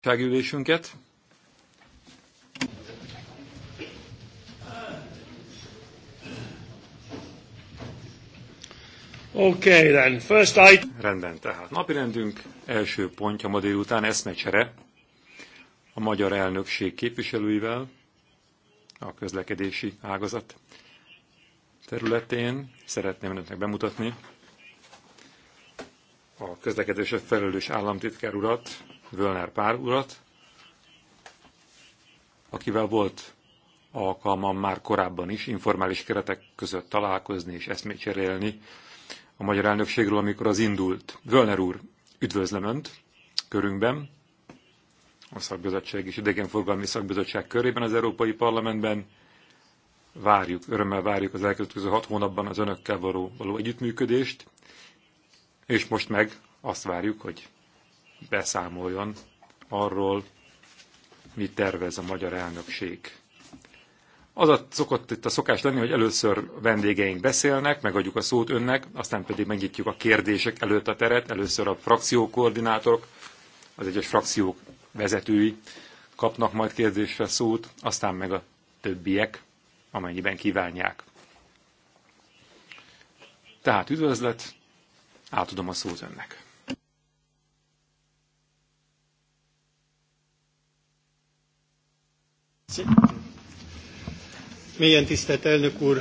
Ságülésünket. Okay, then. First I... Rendben, tehát napirendünk első pontja ma délután eszmecsere a magyar elnökség képviselőivel a közlekedési ágazat területén. Szeretném önöknek bemutatni a közlekedésre felelős államtitkár urat, Völner pár urat, akivel volt alkalmam már korábban is informális keretek között találkozni és eszmét cserélni a magyar elnökségről, amikor az indult. Völner úr, üdvözlöm Önt körünkben, a szakbizottság és idegenforgalmi szakbizottság körében az Európai Parlamentben. Várjuk, örömmel várjuk az elkövetkező hat hónapban az Önökkel való, való együttműködést, és most meg azt várjuk, hogy beszámoljon arról, mit tervez a magyar elnökség. Az a szokott itt a szokás lenni, hogy először vendégeink beszélnek, megadjuk a szót önnek, aztán pedig megnyitjuk a kérdések előtt a teret, először a frakciókoordinátorok, az egyes frakciók vezetői kapnak majd kérdésre szót, aztán meg a többiek, amennyiben kívánják. Tehát üdvözlet, átadom a szót önnek. Mélyen tisztelt elnök úr,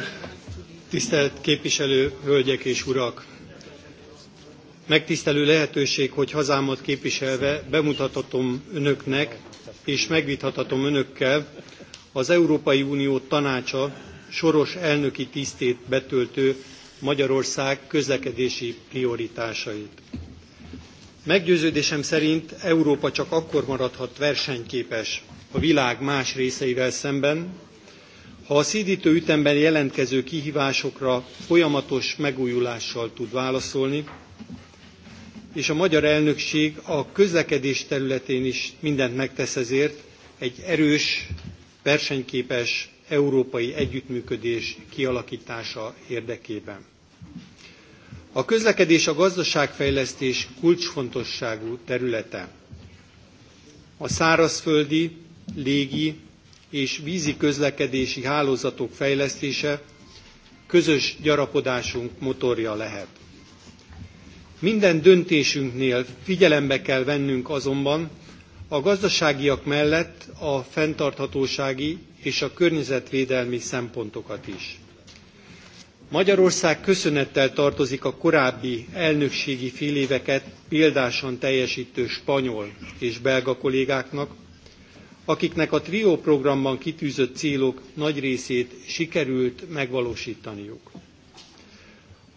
tisztelt képviselő, hölgyek és urak! Megtisztelő lehetőség, hogy hazámat képviselve bemutathatom önöknek és megvithathatom önökkel az Európai Unió tanácsa soros elnöki tisztét betöltő Magyarország közlekedési prioritásait. Meggyőződésem szerint Európa csak akkor maradhat versenyképes, a világ más részeivel szemben, ha a szédítő ütemben jelentkező kihívásokra folyamatos megújulással tud válaszolni, és a magyar elnökség a közlekedés területén is mindent megtesz ezért egy erős, versenyképes európai együttműködés kialakítása érdekében. A közlekedés a gazdaságfejlesztés kulcsfontosságú területe. A szárazföldi légi és vízi közlekedési hálózatok fejlesztése közös gyarapodásunk motorja lehet. Minden döntésünknél figyelembe kell vennünk azonban a gazdaságiak mellett a fenntarthatósági és a környezetvédelmi szempontokat is. Magyarország köszönettel tartozik a korábbi elnökségi féléveket példásan teljesítő spanyol és belga kollégáknak, akiknek a trió programban kitűzött célok nagy részét sikerült megvalósítaniuk.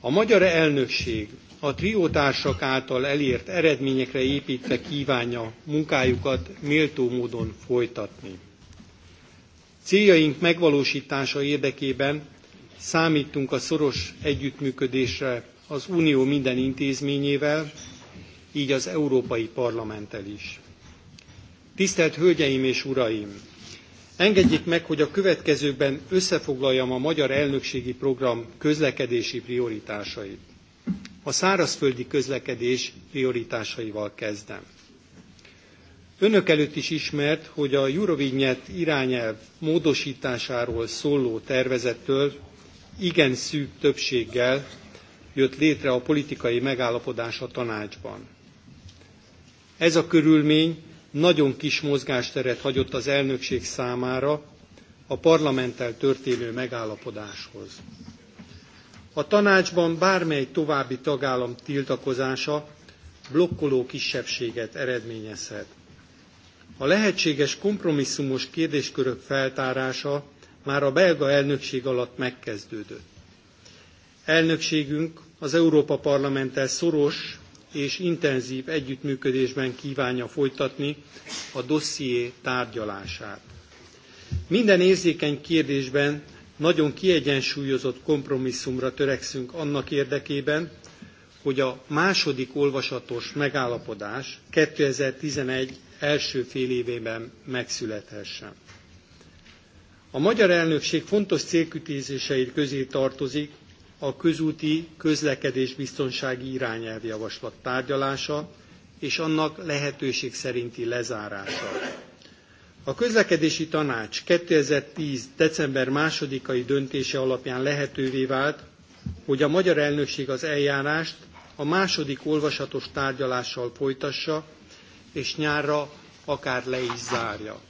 A magyar elnökség a triótársak által elért eredményekre építve kívánja munkájukat méltó módon folytatni. Céljaink megvalósítása érdekében számítunk a szoros együttműködésre az Unió minden intézményével, így az Európai Parlamenttel is. Tisztelt Hölgyeim és Uraim! Engedjék meg, hogy a következőkben összefoglaljam a magyar elnökségi program közlekedési prioritásait. A szárazföldi közlekedés prioritásaival kezdem. Önök előtt is ismert, hogy a Eurovignet irányelv módosításáról szóló tervezettől igen szűk többséggel jött létre a politikai megállapodás a tanácsban. Ez a körülmény nagyon kis mozgásteret hagyott az elnökség számára a parlamenttel történő megállapodáshoz. A tanácsban bármely további tagállam tiltakozása blokkoló kisebbséget eredményezhet. A lehetséges kompromisszumos kérdéskörök feltárása már a belga elnökség alatt megkezdődött. Elnökségünk az Európa Parlamenttel szoros és intenzív együttműködésben kívánja folytatni a dosszié tárgyalását. Minden érzékeny kérdésben nagyon kiegyensúlyozott kompromisszumra törekszünk annak érdekében, hogy a második olvasatos megállapodás 2011 első félévében megszülethessen. A magyar elnökség fontos célkütézéseit közé tartozik a közúti közlekedés biztonsági irányelvjavaslat javaslat tárgyalása és annak lehetőség szerinti lezárása. A közlekedési tanács 2010. december 2-ai döntése alapján lehetővé vált, hogy a magyar elnökség az eljárást a második olvasatos tárgyalással folytassa, és nyárra akár le is zárja.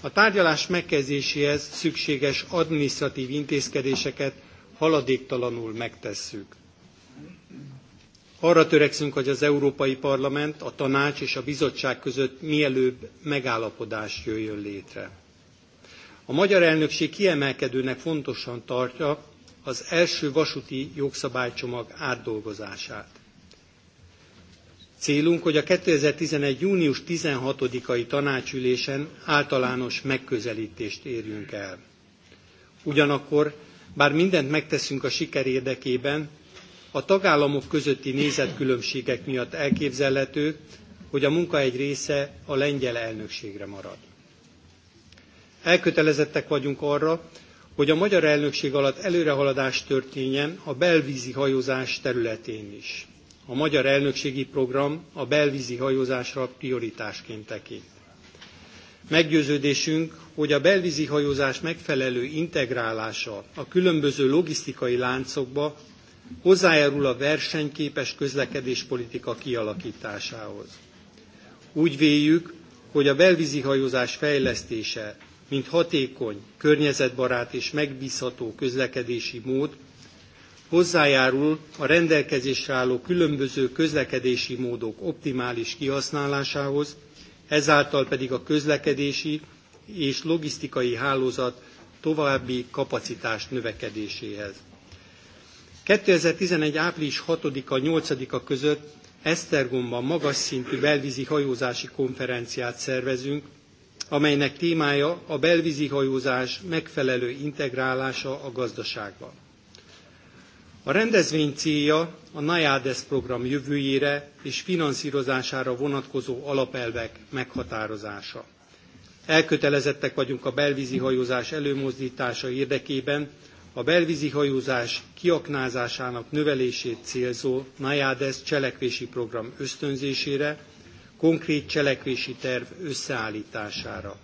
A tárgyalás megkezdéséhez szükséges adminisztratív intézkedéseket haladéktalanul megtesszük. Arra törekszünk, hogy az Európai Parlament, a Tanács és a Bizottság között mielőbb megállapodás jöjjön létre. A magyar elnökség kiemelkedőnek fontosan tartja az első vasúti jogszabálycsomag átdolgozását. Célunk, hogy a 2011. június 16-ai tanácsülésen általános megközelítést érjünk el. Ugyanakkor bár mindent megteszünk a siker érdekében, a tagállamok közötti nézetkülönbségek miatt elképzelhető, hogy a munka egy része a lengyel elnökségre marad. Elkötelezettek vagyunk arra, hogy a magyar elnökség alatt előrehaladás történjen a belvízi hajózás területén is. A magyar elnökségi program a belvízi hajózásra prioritásként tekint. Meggyőződésünk, hogy a belvízi hajózás megfelelő integrálása a különböző logisztikai láncokba hozzájárul a versenyképes közlekedéspolitika kialakításához. Úgy véljük, hogy a belvízi hajózás fejlesztése, mint hatékony, környezetbarát és megbízható közlekedési mód hozzájárul a rendelkezésre álló különböző közlekedési módok optimális kihasználásához, ezáltal pedig a közlekedési és logisztikai hálózat további kapacitás növekedéséhez. 2011. április 6-a 8-a között Esztergomban magas szintű belvízi hajózási konferenciát szervezünk, amelynek témája a belvízi hajózás megfelelő integrálása a gazdaságba. A rendezvény célja a NAJADES program jövőjére és finanszírozására vonatkozó alapelvek meghatározása. Elkötelezettek vagyunk a belvízi hajózás előmozdítása érdekében, a belvízi hajózás kiaknázásának növelését célzó NAJADES cselekvési program ösztönzésére, konkrét cselekvési terv összeállítására.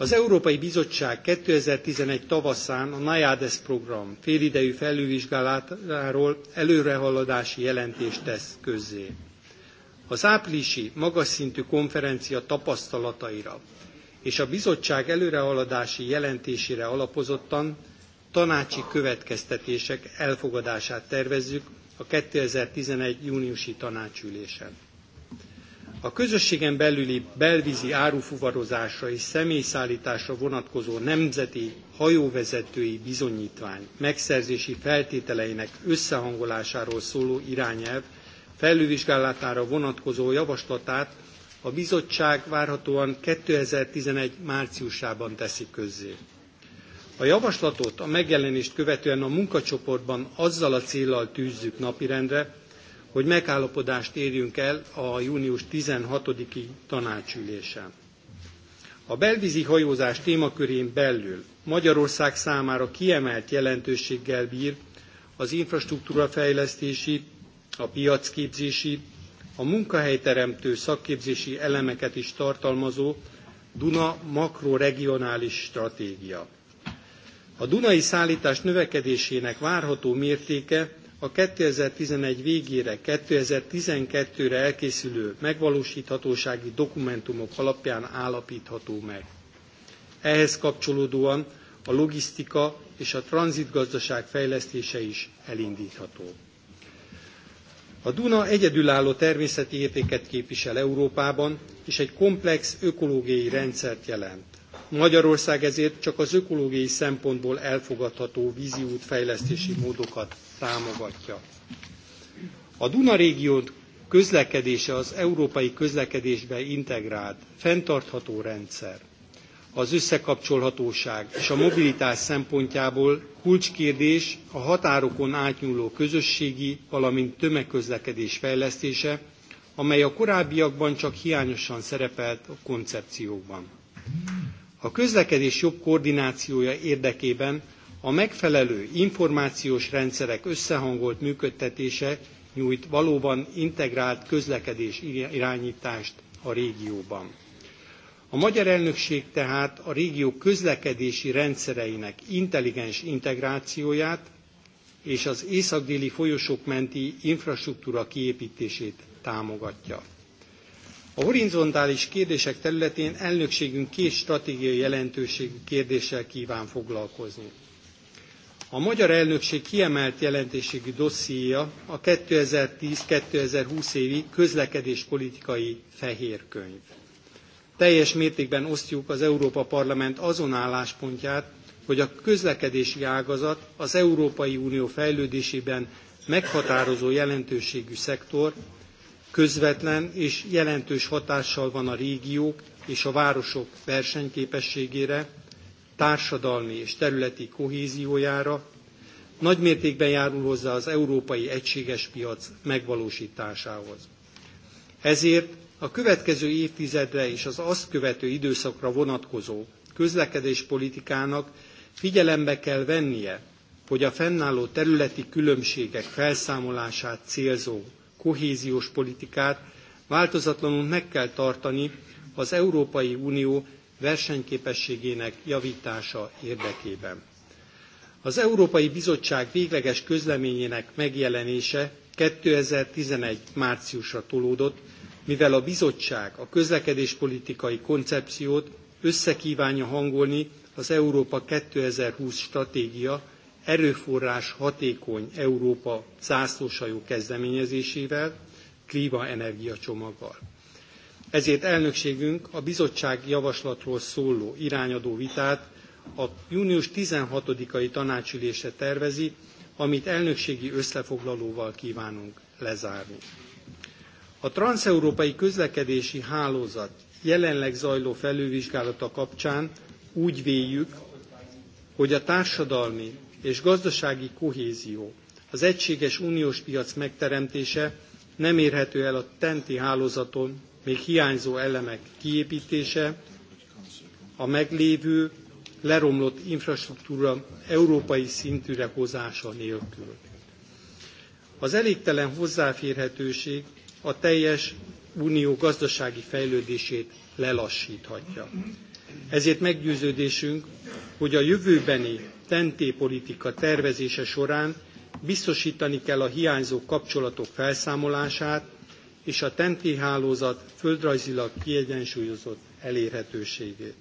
Az Európai Bizottság 2011 tavaszán a nayades program félidejű felülvizsgálatáról előrehaladási jelentést tesz közzé. Az áprilisi magas szintű konferencia tapasztalataira és a bizottság előrehaladási jelentésére alapozottan tanácsi következtetések elfogadását tervezzük a 2011. júniusi tanácsülésen. A közösségen belüli belvízi árufuvarozásra és személyszállításra vonatkozó nemzeti hajóvezetői bizonyítvány megszerzési feltételeinek összehangolásáról szóló irányelv felülvizsgálatára vonatkozó javaslatát a bizottság várhatóan 2011 márciusában teszi közzé. A javaslatot a megjelenést követően a munkacsoportban azzal a céllal tűzzük napirendre, hogy megállapodást érjünk el a június 16-i tanácsülésen. A belvízi hajózás témakörén belül Magyarország számára kiemelt jelentőséggel bír az infrastruktúra fejlesztési, a piacképzési, a munkahelyteremtő szakképzési elemeket is tartalmazó Duna makroregionális stratégia. A dunai szállítás növekedésének várható mértéke a 2011 végére, 2012-re elkészülő megvalósíthatósági dokumentumok alapján állapítható meg. Ehhez kapcsolódóan a logisztika és a tranzitgazdaság fejlesztése is elindítható. A Duna egyedülálló természeti értéket képvisel Európában, és egy komplex ökológiai rendszert jelent. Magyarország ezért csak az ökológiai szempontból elfogadható vízi fejlesztési módokat támogatja. A Duna régió közlekedése az európai közlekedésbe integrált, fenntartható rendszer. Az összekapcsolhatóság és a mobilitás szempontjából kulcskérdés a határokon átnyúló közösségi, valamint tömegközlekedés fejlesztése, amely a korábbiakban csak hiányosan szerepelt a koncepciókban. A közlekedés jobb koordinációja érdekében a megfelelő információs rendszerek összehangolt működtetése nyújt valóban integrált közlekedés irányítást a régióban. A magyar elnökség tehát a régió közlekedési rendszereinek intelligens integrációját és az északdéli folyosók menti infrastruktúra kiépítését támogatja. A horizontális kérdések területén elnökségünk két stratégiai jelentőségű kérdéssel kíván foglalkozni. A magyar elnökség kiemelt jelentőségű dossziéja a 2010-2020 évi közlekedéspolitikai fehérkönyv. Teljes mértékben osztjuk az Európa Parlament azon álláspontját, hogy a közlekedési ágazat az Európai Unió fejlődésében meghatározó jelentőségű szektor, közvetlen és jelentős hatással van a régiók és a városok versenyképességére, társadalmi és területi kohéziójára, nagymértékben járul hozzá az európai egységes piac megvalósításához. Ezért a következő évtizedre és az azt követő időszakra vonatkozó közlekedéspolitikának figyelembe kell vennie, hogy a fennálló területi különbségek felszámolását célzó kohéziós politikát változatlanul meg kell tartani az Európai Unió versenyképességének javítása érdekében. Az Európai Bizottság végleges közleményének megjelenése 2011. márciusra tolódott, mivel a bizottság a közlekedéspolitikai koncepciót összekívánja hangolni az Európa 2020 stratégia erőforrás hatékony Európa zászlósajó kezdeményezésével, klíma-energia csomaggal. Ezért elnökségünk a bizottság javaslatról szóló irányadó vitát a június 16-ai tanácsülésre tervezi, amit elnökségi összefoglalóval kívánunk lezárni. A transeurópai közlekedési hálózat jelenleg zajló felülvizsgálata kapcsán úgy véljük, hogy a társadalmi és gazdasági kohézió, az egységes uniós piac megteremtése nem érhető el a tenti hálózaton még hiányzó elemek kiépítése, a meglévő, leromlott infrastruktúra európai szintűre hozása nélkül. Az elégtelen hozzáférhetőség a teljes unió gazdasági fejlődését lelassíthatja. Ezért meggyőződésünk, hogy a jövőbeni TENTÉ politika tervezése során biztosítani kell a hiányzó kapcsolatok felszámolását és a TENTÉ hálózat földrajzilag kiegyensúlyozott elérhetőségét.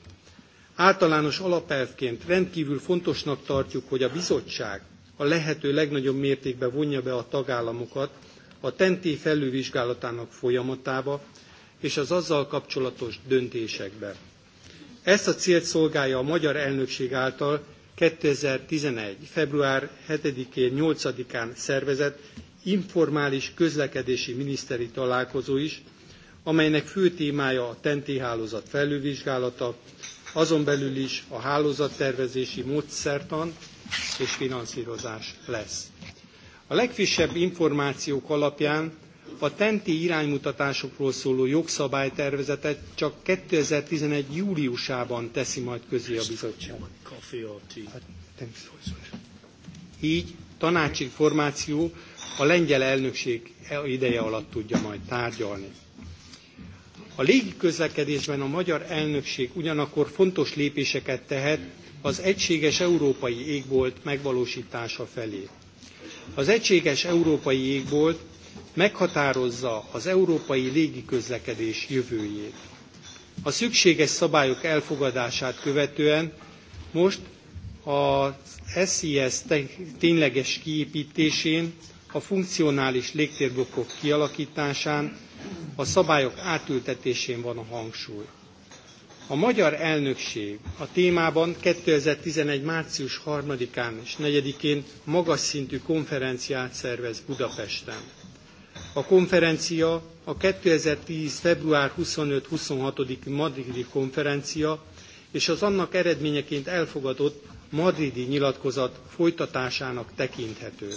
Általános alapelvként rendkívül fontosnak tartjuk, hogy a bizottság a lehető legnagyobb mértékben vonja be a tagállamokat a TENTÉ felülvizsgálatának folyamatába és az azzal kapcsolatos döntésekbe. Ezt a célt szolgálja a magyar elnökség által 2011. február 7-én, 8-án szervezett informális közlekedési miniszteri találkozó is, amelynek fő témája a TENTI hálózat felülvizsgálata, azon belül is a hálózattervezési módszertan és finanszírozás lesz. A legfrissebb információk alapján a tenti iránymutatásokról szóló jogszabálytervezetet csak 2011. júliusában teszi majd közé a bizottság. Így tanácsi formáció a lengyel elnökség ideje alatt tudja majd tárgyalni. A közlekedésben a magyar elnökség ugyanakkor fontos lépéseket tehet az egységes európai égbolt megvalósítása felé. Az egységes európai égbolt meghatározza az európai légiközlekedés jövőjét. A szükséges szabályok elfogadását követően most a SIS tényleges kiépítésén, a funkcionális légtérblokkok kialakításán, a szabályok átültetésén van a hangsúly. A magyar elnökség a témában 2011. március 3-án és 4-én magas szintű konferenciát szervez Budapesten. A konferencia a 2010. február 25-26. madridi konferencia és az annak eredményeként elfogadott madridi nyilatkozat folytatásának tekinthető.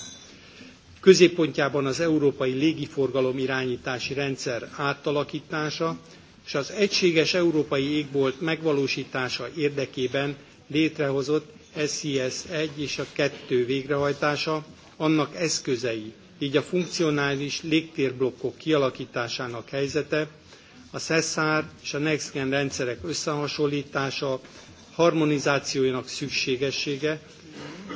Középpontjában az európai légiforgalom irányítási rendszer átalakítása és az egységes európai égbolt megvalósítása érdekében létrehozott SZIS 1 és a 2 végrehajtása, annak eszközei, így a funkcionális légtérblokkok kialakításának helyzete, a SESZÁR és a NextGen rendszerek összehasonlítása, harmonizációjának szükségessége,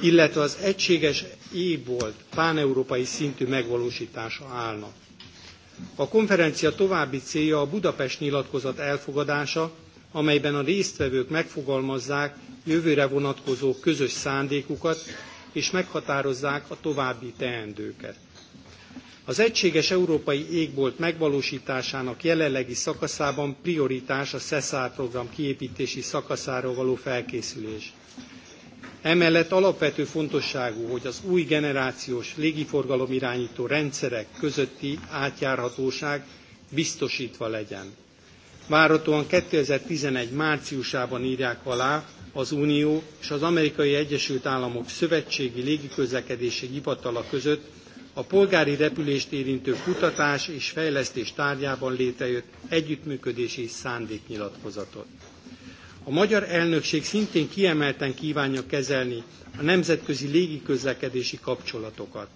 illetve az egységes ébolt páneurópai szintű megvalósítása állna. A konferencia további célja a Budapest nyilatkozat elfogadása, amelyben a résztvevők megfogalmazzák jövőre vonatkozó közös szándékukat, és meghatározzák a további teendőket. Az egységes európai égbolt megvalósításának jelenlegi szakaszában prioritás a SESAR program kiépítési szakaszáról való felkészülés. Emellett alapvető fontosságú, hogy az új generációs légiforgalom irányító rendszerek közötti átjárhatóság biztosítva legyen. Várhatóan 2011 márciusában írják alá az Unió és az Amerikai Egyesült Államok Szövetségi Légiközlekedési Hivatala között a polgári repülést érintő kutatás és fejlesztés tárgyában létrejött együttműködési szándéknyilatkozatot. A magyar elnökség szintén kiemelten kívánja kezelni a nemzetközi légiközlekedési kapcsolatokat.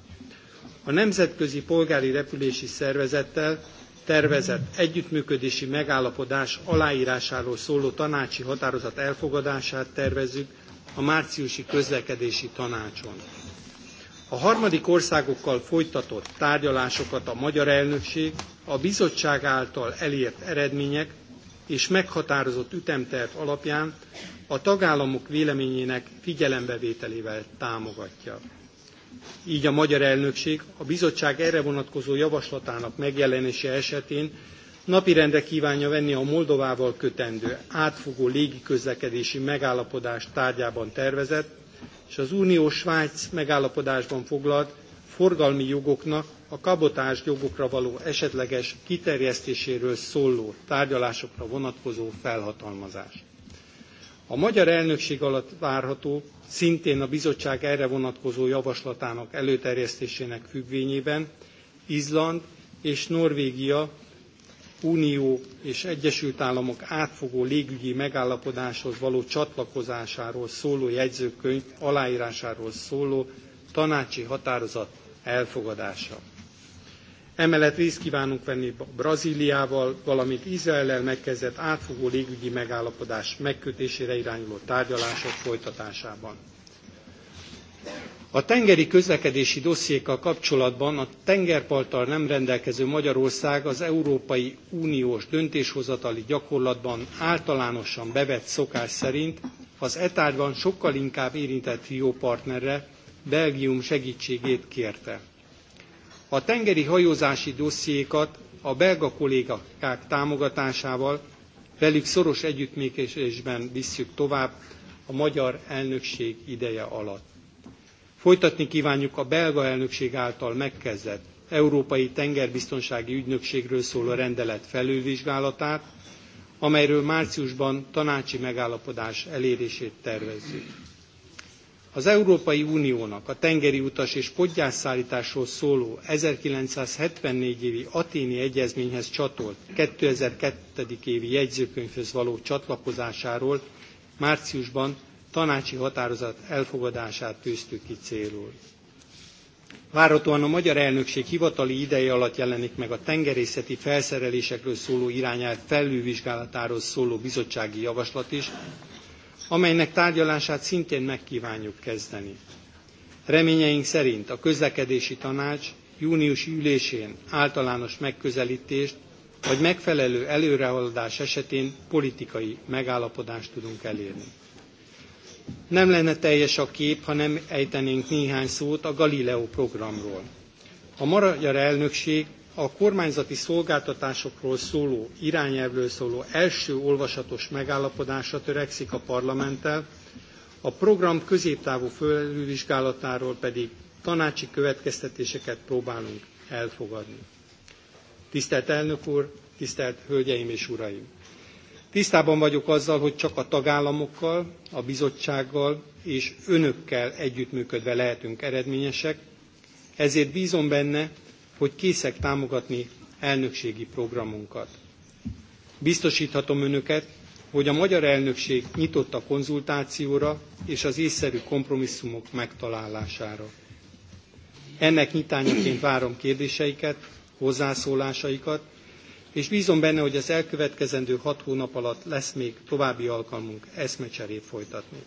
A Nemzetközi Polgári Repülési Szervezettel tervezett együttműködési megállapodás aláírásáról szóló tanácsi határozat elfogadását tervezzük a márciusi közlekedési tanácson. A harmadik országokkal folytatott tárgyalásokat a magyar elnökség, a bizottság által elért eredmények és meghatározott ütemterv alapján a tagállamok véleményének figyelembevételével támogatja. Így a magyar elnökség a bizottság erre vonatkozó javaslatának megjelenése esetén napirendre kívánja venni a Moldovával kötendő átfogó légiközlekedési megállapodás tárgyában tervezett és az Unió-Svájc megállapodásban foglalt forgalmi jogoknak a kabotás jogokra való esetleges kiterjesztéséről szóló tárgyalásokra vonatkozó felhatalmazás. A magyar elnökség alatt várható, szintén a bizottság erre vonatkozó javaslatának előterjesztésének függvényében Izland és Norvégia Unió és Egyesült Államok átfogó légügyi megállapodáshoz való csatlakozásáról szóló jegyzőkönyv aláírásáról szóló tanácsi határozat elfogadása. Emellett részt kívánunk venni Brazíliával, valamint Izraellel megkezdett átfogó légügyi megállapodás megkötésére irányuló tárgyalások folytatásában. A tengeri közlekedési dossziékkal kapcsolatban a tengerparttal nem rendelkező Magyarország az Európai Uniós döntéshozatali gyakorlatban általánosan bevett szokás szerint az etárban sokkal inkább érintett jó partnerre, Belgium segítségét kérte. A tengeri hajózási dossziékat a belga kollégák támogatásával velük szoros együttműködésben visszük tovább a magyar elnökség ideje alatt. Folytatni kívánjuk a belga elnökség által megkezdett Európai Tengerbiztonsági Ügynökségről szóló rendelet felülvizsgálatát, amelyről márciusban tanácsi megállapodás elérését tervezzük. Az Európai Uniónak a tengeri utas és podgyászszállításról szóló 1974 évi aténi egyezményhez csatolt 2002. évi jegyzőkönyvhöz való csatlakozásáról márciusban tanácsi határozat elfogadását tűztük ki célul. Várhatóan a magyar elnökség hivatali ideje alatt jelenik meg a tengerészeti felszerelésekről szóló irányelv felülvizsgálatáról szóló bizottsági javaslat is, amelynek tárgyalását szintén megkívánjuk kezdeni. Reményeink szerint a közlekedési tanács júniusi ülésén általános megközelítést vagy megfelelő előrehaladás esetén politikai megállapodást tudunk elérni. Nem lenne teljes a kép, ha nem ejtenénk néhány szót a Galileo programról. A magyar elnökség a kormányzati szolgáltatásokról szóló irányelvről szóló első olvasatos megállapodásra törekszik a parlamenttel, a program középtávú felülvizsgálatáról pedig tanácsi következtetéseket próbálunk elfogadni. Tisztelt elnök úr, tisztelt hölgyeim és uraim! Tisztában vagyok azzal, hogy csak a tagállamokkal, a bizottsággal és önökkel együttműködve lehetünk eredményesek, ezért bízom benne, hogy készek támogatni elnökségi programunkat. Biztosíthatom önöket, hogy a magyar elnökség nyitott a konzultációra és az észszerű kompromisszumok megtalálására. Ennek nyitányaként várom kérdéseiket, hozzászólásaikat, és bízom benne, hogy az elkövetkezendő hat hónap alatt lesz még további alkalmunk eszmecserét folytatni.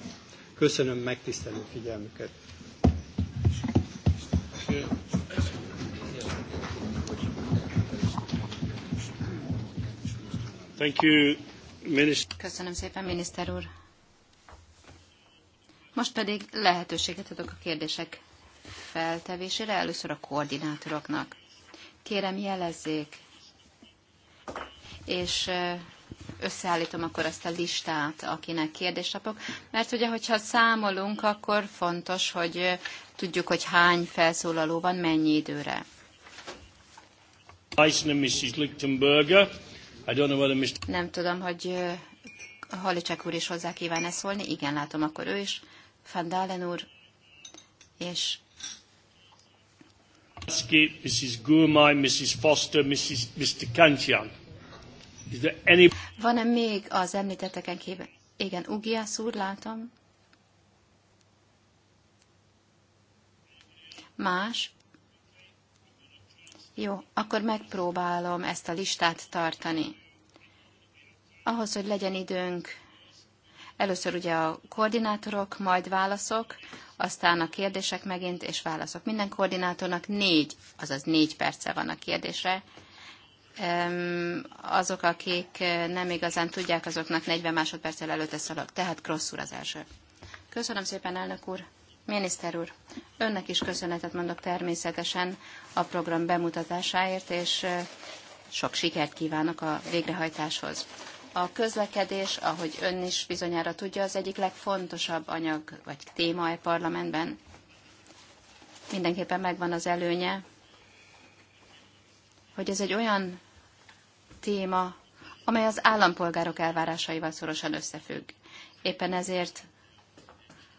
Köszönöm megtisztelő figyelmüket. Thank you, minister. Köszönöm szépen, miniszter úr. Most pedig lehetőséget adok a kérdések feltevésére, először a koordinátoroknak. Kérem jelezzék és összeállítom akkor azt a listát, akinek kérdést kapok, mert ugye, hogyha számolunk, akkor fontos, hogy tudjuk, hogy hány felszólaló van, mennyi időre. Nem tudom, hogy Halicek úr is hozzá kíván -e szólni. Igen, látom, akkor ő is. Van Dalen úr, és Mrs. Gourmay, Mrs. Foster, Mrs. Mr. Kanchian any... Van-e még az említetteken kívül? Igen, Ugiász úr, látom. Más? Jó, akkor megpróbálom ezt a listát tartani. Ahhoz, hogy legyen időnk, először ugye a koordinátorok, majd válaszok, aztán a kérdések megint, és válaszok. Minden koordinátornak négy, azaz négy perce van a kérdésre, azok, akik eh, nem igazán tudják, azoknak 40 másodperccel előtte szólok. Tehát Krossz úr az első. Köszönöm szépen, elnök úr. Miniszter úr, önnek is köszönetet mondok természetesen a program bemutatásáért, és eh, sok sikert kívánok a végrehajtáshoz. A közlekedés, ahogy ön is bizonyára tudja, az egyik legfontosabb anyag vagy téma a e parlamentben. Mindenképpen megvan az előnye, hogy ez egy olyan téma, amely az állampolgárok elvárásaival szorosan összefügg. Éppen ezért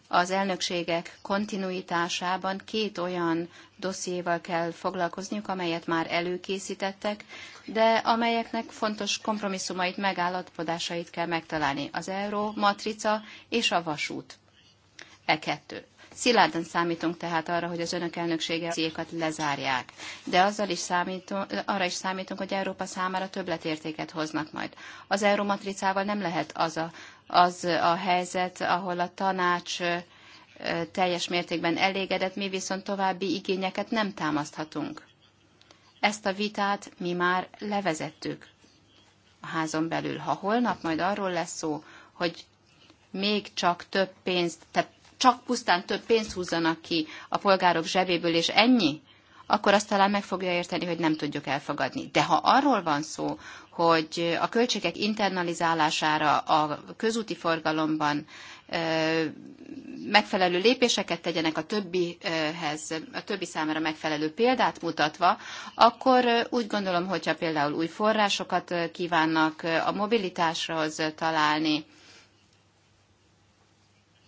az elnökségek kontinuitásában két olyan dossziéval kell foglalkozniuk, amelyet már előkészítettek, de amelyeknek fontos kompromisszumait, megállapodásait kell megtalálni. Az euró, matrica és a vasút. E kettő. Szilárdan számítunk tehát arra, hogy az önök elnöksége célokat lezárják, de azzal is számítunk, arra is számítunk, hogy Európa számára többletértéket hoznak majd. Az Euromatricával nem lehet az a, az a helyzet, ahol a tanács teljes mértékben elégedett, mi viszont további igényeket nem támaszthatunk. Ezt a vitát mi már levezettük a házon belül. Ha holnap majd arról lesz szó, hogy még csak több pénzt, tehát csak pusztán több pénzt húzzanak ki a polgárok zsebéből, és ennyi, akkor azt talán meg fogja érteni, hogy nem tudjuk elfogadni. De ha arról van szó, hogy a költségek internalizálására a közúti forgalomban megfelelő lépéseket tegyenek a többihez, a többi számára megfelelő példát mutatva, akkor úgy gondolom, hogyha például új forrásokat kívánnak a mobilitáshoz találni,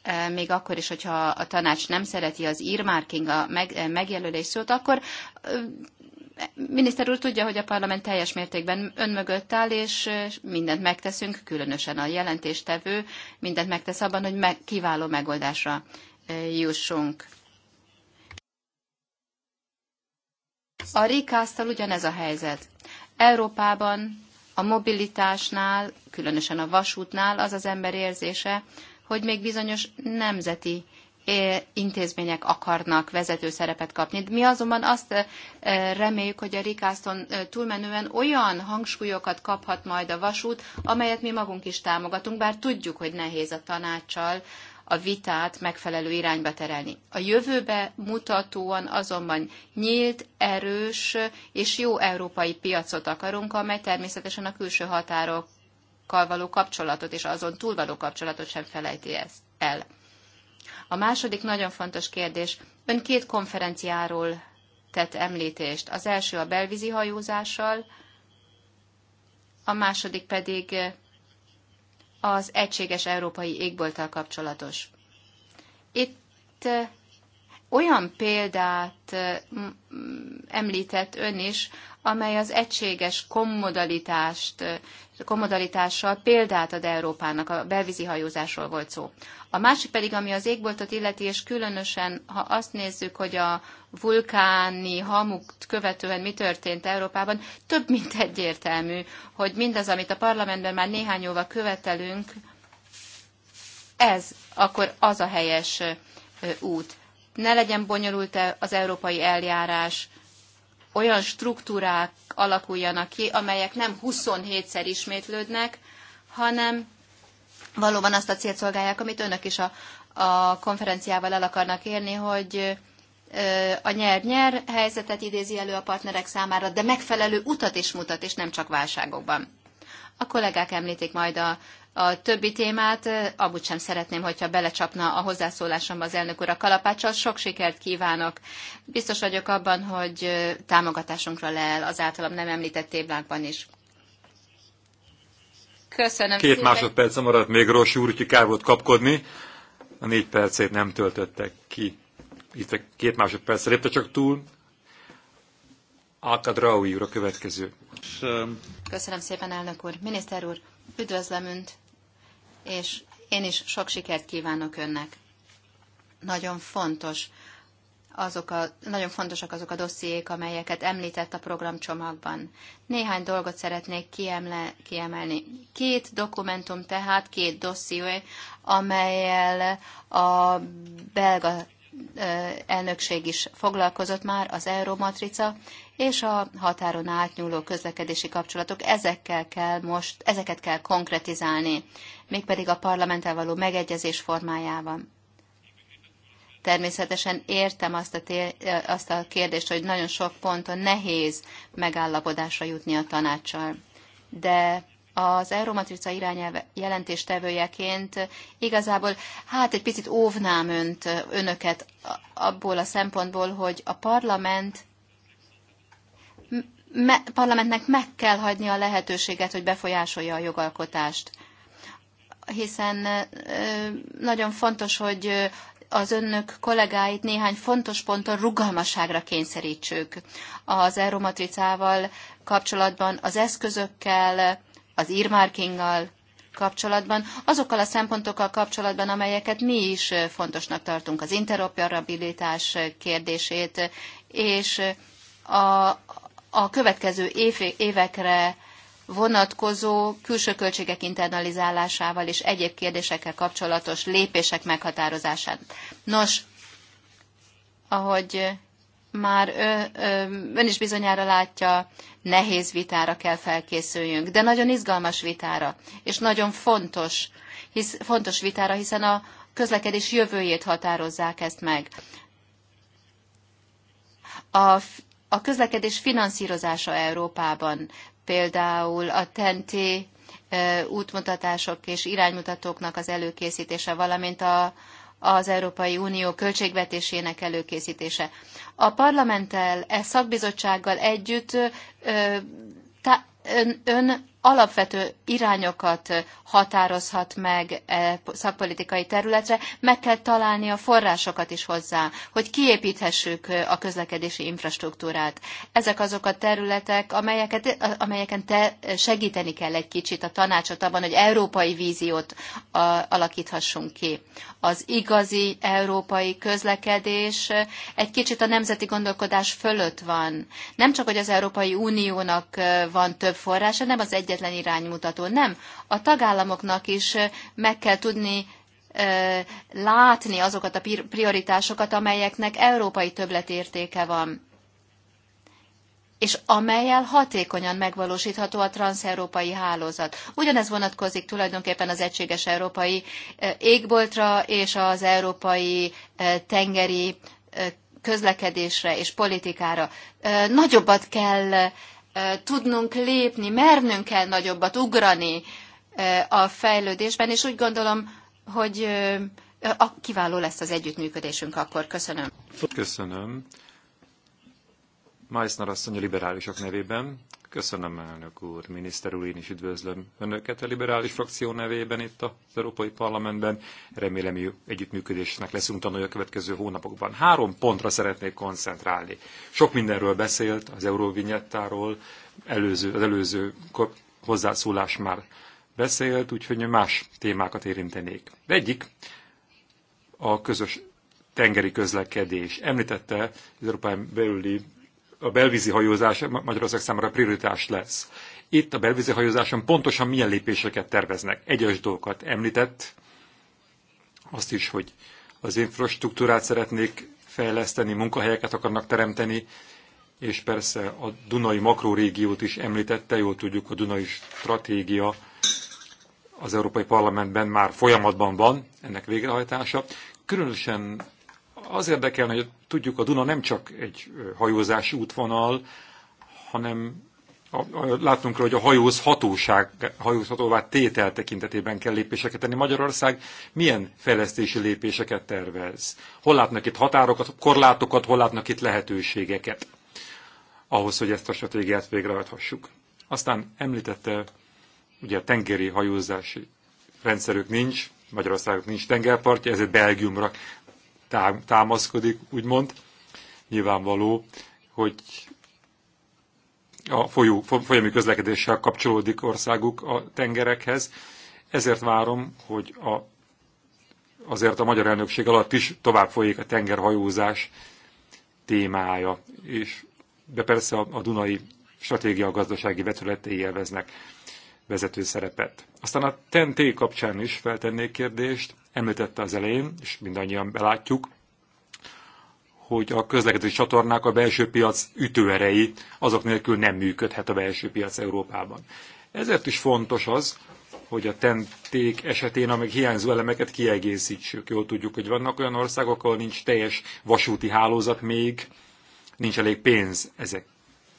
Eh, még akkor is, hogyha a tanács nem szereti az earmarking, a meg, eh, megjelölés szót, akkor eh, miniszter úr tudja, hogy a parlament teljes mértékben ön mögött áll, és mindent megteszünk, különösen a jelentéstevő, mindent megtesz abban, hogy meg, kiváló megoldásra jussunk. A rikásztal ugyanez a helyzet. Európában a mobilitásnál, különösen a vasútnál az az ember érzése, hogy még bizonyos nemzeti eh, intézmények akarnak vezető szerepet kapni. Mi azonban azt eh, reméljük, hogy a Rikászton eh, túlmenően olyan hangsúlyokat kaphat majd a vasút, amelyet mi magunk is támogatunk, bár tudjuk, hogy nehéz a tanácssal a vitát megfelelő irányba terelni. A jövőbe mutatóan azonban nyílt, erős és jó európai piacot akarunk, amely természetesen a külső határok való kapcsolatot és azon túl való kapcsolatot sem felejti el. A második nagyon fontos kérdés, ön két konferenciáról tett említést. Az első a belvízi hajózással, a második pedig az egységes európai égbolttal kapcsolatos. Itt olyan példát említett ön is, amely az egységes kommodalitást, kommodalitással példát ad Európának, a belvízi hajózásról volt szó. A másik pedig, ami az égboltot illeti, és különösen, ha azt nézzük, hogy a vulkáni hamukt követően mi történt Európában, több mint egyértelmű, hogy mindaz, amit a parlamentben már néhány óva követelünk, ez akkor az a helyes út. Ne legyen bonyolult az európai eljárás, olyan struktúrák alakuljanak ki, amelyek nem 27-szer ismétlődnek, hanem valóban azt a célt szolgálják, amit önök is a, a konferenciával el akarnak érni, hogy a nyer-nyer helyzetet idézi elő a partnerek számára, de megfelelő utat is mutat, és nem csak válságokban. A kollégák említik majd a a többi témát amúgy sem szeretném, hogyha belecsapna a hozzászólásomba az elnök úr a kalapáccsal. Sok sikert kívánok. Biztos vagyok abban, hogy támogatásunkra leel az általam nem említett témákban is. Köszönöm Két szépen. másodperc maradt még Rossi úr, úgyhogy kár volt kapkodni. A négy percét nem töltöttek ki. Itt a két másodperc lépte csak túl. Draui úr a következő. Köszönöm szépen, elnök úr. Miniszter úr, üdvözlöm Önt és én is sok sikert kívánok önnek. Nagyon fontos azok a, nagyon fontosak azok a dossziék, amelyeket említett a programcsomagban. Néhány dolgot szeretnék kiemle, kiemelni. Két dokumentum tehát, két dosszié, amelyel a belga elnökség is foglalkozott már, az Euromatrica és a határon átnyúló közlekedési kapcsolatok, ezekkel kell most, ezeket kell konkretizálni, mégpedig a parlamenttel való megegyezés formájában. Természetesen értem azt a, tér, azt a kérdést, hogy nagyon sok ponton nehéz megállapodásra jutni a tanácssal. De az Euromatrica irányelv jelentéstevőjeként igazából hát egy picit óvnám önt, önöket abból a szempontból, hogy a parlament me, parlamentnek meg kell hagyni a lehetőséget, hogy befolyásolja a jogalkotást. Hiszen nagyon fontos, hogy az önök kollégáit néhány fontos ponton rugalmasságra kényszerítsük. Az erromatricával kapcsolatban, az eszközökkel, az earmarkinggal kapcsolatban, azokkal a szempontokkal kapcsolatban, amelyeket mi is fontosnak tartunk, az interoperabilitás kérdését, és a, a következő évekre vonatkozó külső költségek internalizálásával és egyéb kérdésekkel kapcsolatos lépések meghatározását. Nos, ahogy már ö, ön is bizonyára látja, nehéz vitára kell felkészüljünk, de nagyon izgalmas vitára, és nagyon fontos, hisz, fontos vitára, hiszen a közlekedés jövőjét határozzák ezt meg. A a közlekedés finanszírozása Európában, például a TNT útmutatások és iránymutatóknak az előkészítése, valamint a, az Európai Unió költségvetésének előkészítése. A parlamenttel, e szakbizottsággal együtt ö, tá, ön, ön alapvető irányokat határozhat meg e szakpolitikai területre, meg kell találni a forrásokat is hozzá, hogy kiépíthessük a közlekedési infrastruktúrát. Ezek azok a területek, amelyeket, amelyeken te segíteni kell egy kicsit a tanácsot abban, hogy európai víziót alakíthassunk ki. Az igazi európai közlekedés egy kicsit a nemzeti gondolkodás fölött van. Nem csak, hogy az Európai Uniónak van több forrása, nem az egyes egyetlen iránymutató. Nem. A tagállamoknak is meg kell tudni látni azokat a prioritásokat, amelyeknek európai többletértéke van és amelyel hatékonyan megvalósítható a transzeurópai hálózat. Ugyanez vonatkozik tulajdonképpen az egységes európai égboltra és az európai tengeri közlekedésre és politikára. Nagyobbat kell tudnunk lépni, mernünk kell nagyobbat ugrani a fejlődésben, és úgy gondolom, hogy kiváló lesz az együttműködésünk akkor. Köszönöm. Köszönöm. Meissner asszony a liberálisok nevében. Köszönöm, elnök úr, miniszter úr, én is üdvözlöm önöket a liberális frakció nevében itt az Európai Parlamentben. Remélem, együttműködésnek leszünk tanulja a következő hónapokban. Három pontra szeretnék koncentrálni. Sok mindenről beszélt, az euróvinyettáról, előző, az előző hozzászólás már beszélt, úgyhogy más témákat érintenék. De egyik a közös tengeri közlekedés. Említette az Európai belüli a belvízi hajózás Magyarország számára prioritás lesz. Itt a belvízi hajózáson pontosan milyen lépéseket terveznek. Egyes dolgokat említett, azt is, hogy az infrastruktúrát szeretnék fejleszteni, munkahelyeket akarnak teremteni, és persze a Dunai makrórégiót is említette, jól tudjuk, a Dunai stratégia az Európai Parlamentben már folyamatban van, ennek végrehajtása. Különösen az érdekelne, hogy tudjuk, a Duna nem csak egy hajózási útvonal, hanem a, a, látunk hogy a hajózhatóság, hajózhatóvá tétel tekintetében kell lépéseket tenni. Magyarország milyen fejlesztési lépéseket tervez? Hol látnak itt határokat, korlátokat, hol látnak itt lehetőségeket ahhoz, hogy ezt a stratégiát végrehajthassuk? Aztán említette, ugye a tengeri hajózási rendszerük nincs, Magyarországok nincs tengerpartja, ezért Belgiumra támaszkodik, úgymond. Nyilvánvaló, hogy a folyó, folyami közlekedéssel kapcsolódik országuk a tengerekhez. Ezért várom, hogy a, azért a magyar elnökség alatt is tovább folyik a tengerhajózás témája, és de persze a, a Dunai stratégia gazdasági vetületei élveznek vezető szerepet. Aztán a TNT kapcsán is feltennék kérdést, említette az elején, és mindannyian belátjuk, hogy a közlekedési csatornák a belső piac ütőerei, azok nélkül nem működhet a belső piac Európában. Ezért is fontos az, hogy a tenték esetén a még hiányzó elemeket kiegészítsük. Jól tudjuk, hogy vannak olyan országok, ahol nincs teljes vasúti hálózat még, nincs elég pénz ezek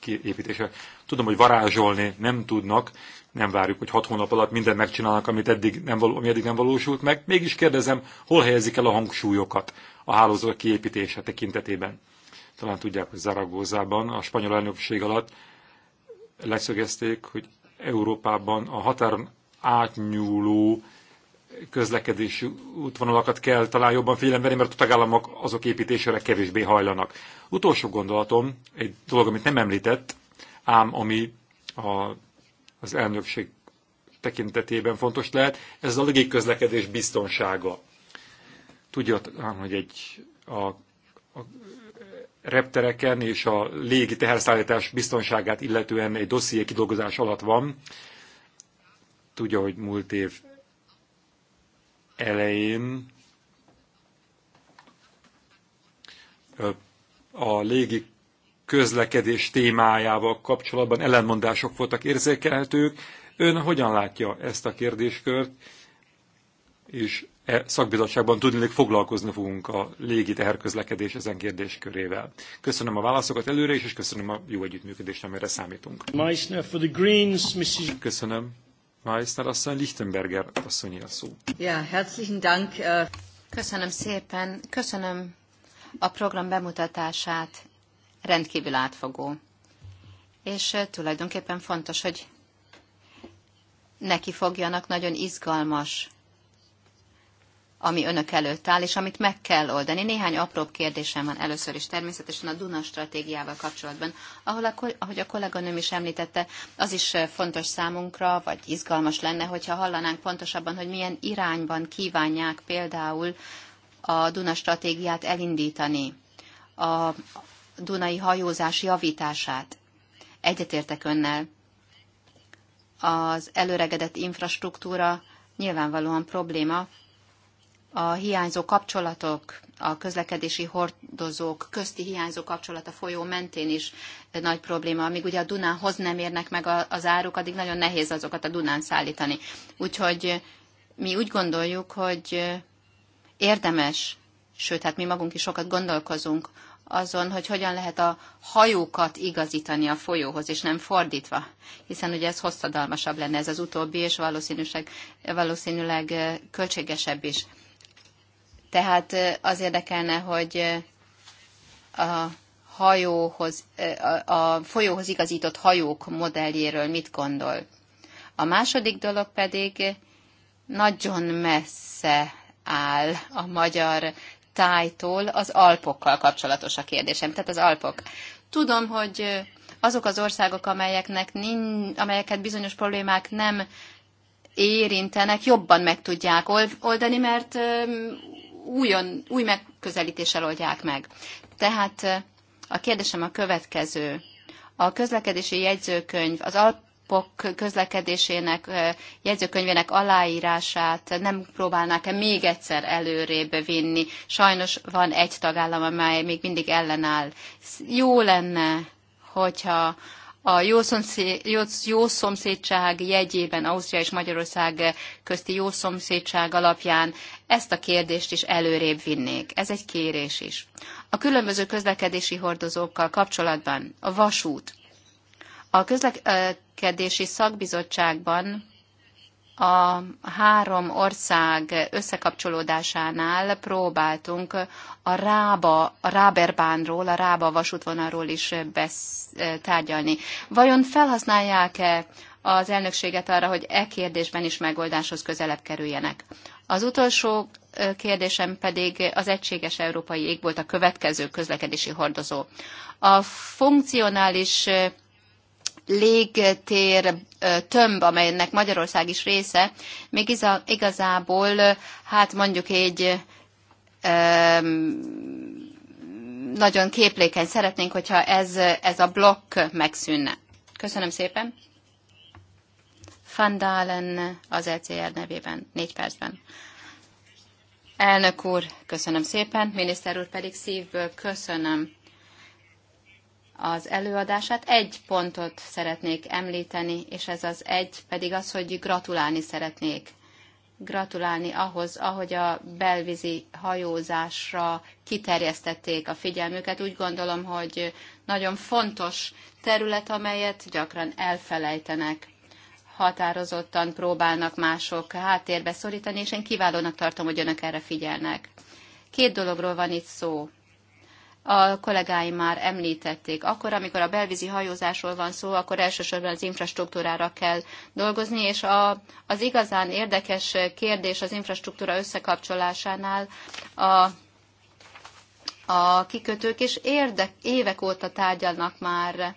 építése. Tudom, hogy varázsolni nem tudnak, nem várjuk, hogy hat hónap alatt mindent megcsinálnak, amit eddig nem, való, ami eddig nem valósult meg. Mégis kérdezem, hol helyezik el a hangsúlyokat a hálózat kiépítése tekintetében? Talán tudják, hogy Zaragozában a spanyol elnökség alatt leszögezték, hogy Európában a határon átnyúló közlekedési útvonalakat kell talán jobban figyelembeni, mert a tagállamok azok építésére kevésbé hajlanak. Utolsó gondolatom, egy dolog, amit nem említett, ám ami a az elnökség tekintetében fontos lehet, ez a légiközlekedés biztonsága. Tudja, hogy egy a, a reptereken és a légi teherszállítás biztonságát illetően egy dosszié kidolgozás alatt van. Tudja, hogy múlt év elején a légi közlekedés témájával kapcsolatban ellenmondások voltak érzékelhetők. Ön hogyan látja ezt a kérdéskört, és e szakbizottságban tudnék foglalkozni fogunk a légi teherközlekedés ezen kérdéskörével. Köszönöm a válaszokat előre is, és köszönöm a jó együttműködést, amire számítunk. Meissner for the Greens, Mrs. Köszönöm. Meissner asszony, Lichtenberger asszonyi a szó. Ja, herzlichen Dank. Köszönöm szépen. Köszönöm a program bemutatását rendkívül átfogó. És eh, tulajdonképpen fontos, hogy neki fogjanak nagyon izgalmas, ami önök előtt áll, és amit meg kell oldani. Néhány apró kérdésem van először is, természetesen a Duna stratégiával kapcsolatban, ahol, a, ahogy a kolléganőm is említette, az is eh, fontos számunkra, vagy izgalmas lenne, hogyha hallanánk pontosabban, hogy milyen irányban kívánják például a Duna stratégiát elindítani a, dunai hajózás javítását. Egyetértek önnel. Az előregedett infrastruktúra nyilvánvalóan probléma. A hiányzó kapcsolatok, a közlekedési hordozók közti hiányzó kapcsolat a folyó mentén is nagy probléma. Amíg ugye a Dunánhoz nem érnek meg az áruk, addig nagyon nehéz azokat a Dunán szállítani. Úgyhogy mi úgy gondoljuk, hogy érdemes, sőt, hát mi magunk is sokat gondolkozunk azon, hogy hogyan lehet a hajókat igazítani a folyóhoz, és nem fordítva, hiszen ugye ez hosszadalmasabb lenne ez az utóbbi, és valószínűleg, valószínűleg költségesebb is. Tehát az érdekelne, hogy a hajóhoz, a folyóhoz igazított hajók modelljéről mit gondol. A második dolog pedig nagyon messze áll a magyar tájtól az Alpokkal kapcsolatos a kérdésem, tehát az Alpok. Tudom, hogy azok az országok, amelyeknek nin, amelyeket bizonyos problémák nem érintenek, jobban meg tudják oldani, mert újon, új megközelítéssel oldják meg. Tehát a kérdésem a következő. A közlekedési jegyzőkönyv az Alp alapok közlekedésének jegyzőkönyvének aláírását nem próbálnák-e még egyszer előrébb vinni. Sajnos van egy tagállam, amely még mindig ellenáll. Jó lenne, hogyha a jó szomszédság jegyében Ausztria és Magyarország közti jó szomszédság alapján ezt a kérdést is előrébb vinnék. Ez egy kérés is. A különböző közlekedési hordozókkal kapcsolatban a vasút a közlekedési szakbizottságban a három ország összekapcsolódásánál próbáltunk a Rába, a Ráberbánról, a Rába vasútvonalról is tárgyalni. Vajon felhasználják-e az elnökséget arra, hogy e kérdésben is megoldáshoz közelebb kerüljenek? Az utolsó kérdésem pedig az egységes európai ég volt a következő közlekedési hordozó. A funkcionális légtér tömb, amelynek Magyarország is része, még igazából, hát mondjuk egy nagyon képlékeny szeretnénk, hogyha ez, ez a blokk megszűnne. Köszönöm szépen. Fandalen az ECR nevében, négy percben. Elnök úr, köszönöm szépen, miniszter úr pedig szívből köszönöm az előadását. Egy pontot szeretnék említeni, és ez az egy pedig az, hogy gratulálni szeretnék. Gratulálni ahhoz, ahogy a belvízi hajózásra kiterjesztették a figyelmüket. Úgy gondolom, hogy nagyon fontos terület, amelyet gyakran elfelejtenek határozottan próbálnak mások háttérbe szorítani, és én kiválónak tartom, hogy önök erre figyelnek. Két dologról van itt szó a kollégáim már említették. Akkor, amikor a belvízi hajózásról van szó, akkor elsősorban az infrastruktúrára kell dolgozni, és a, az igazán érdekes kérdés az infrastruktúra összekapcsolásánál a a kikötők, és érdek, évek óta tárgyalnak már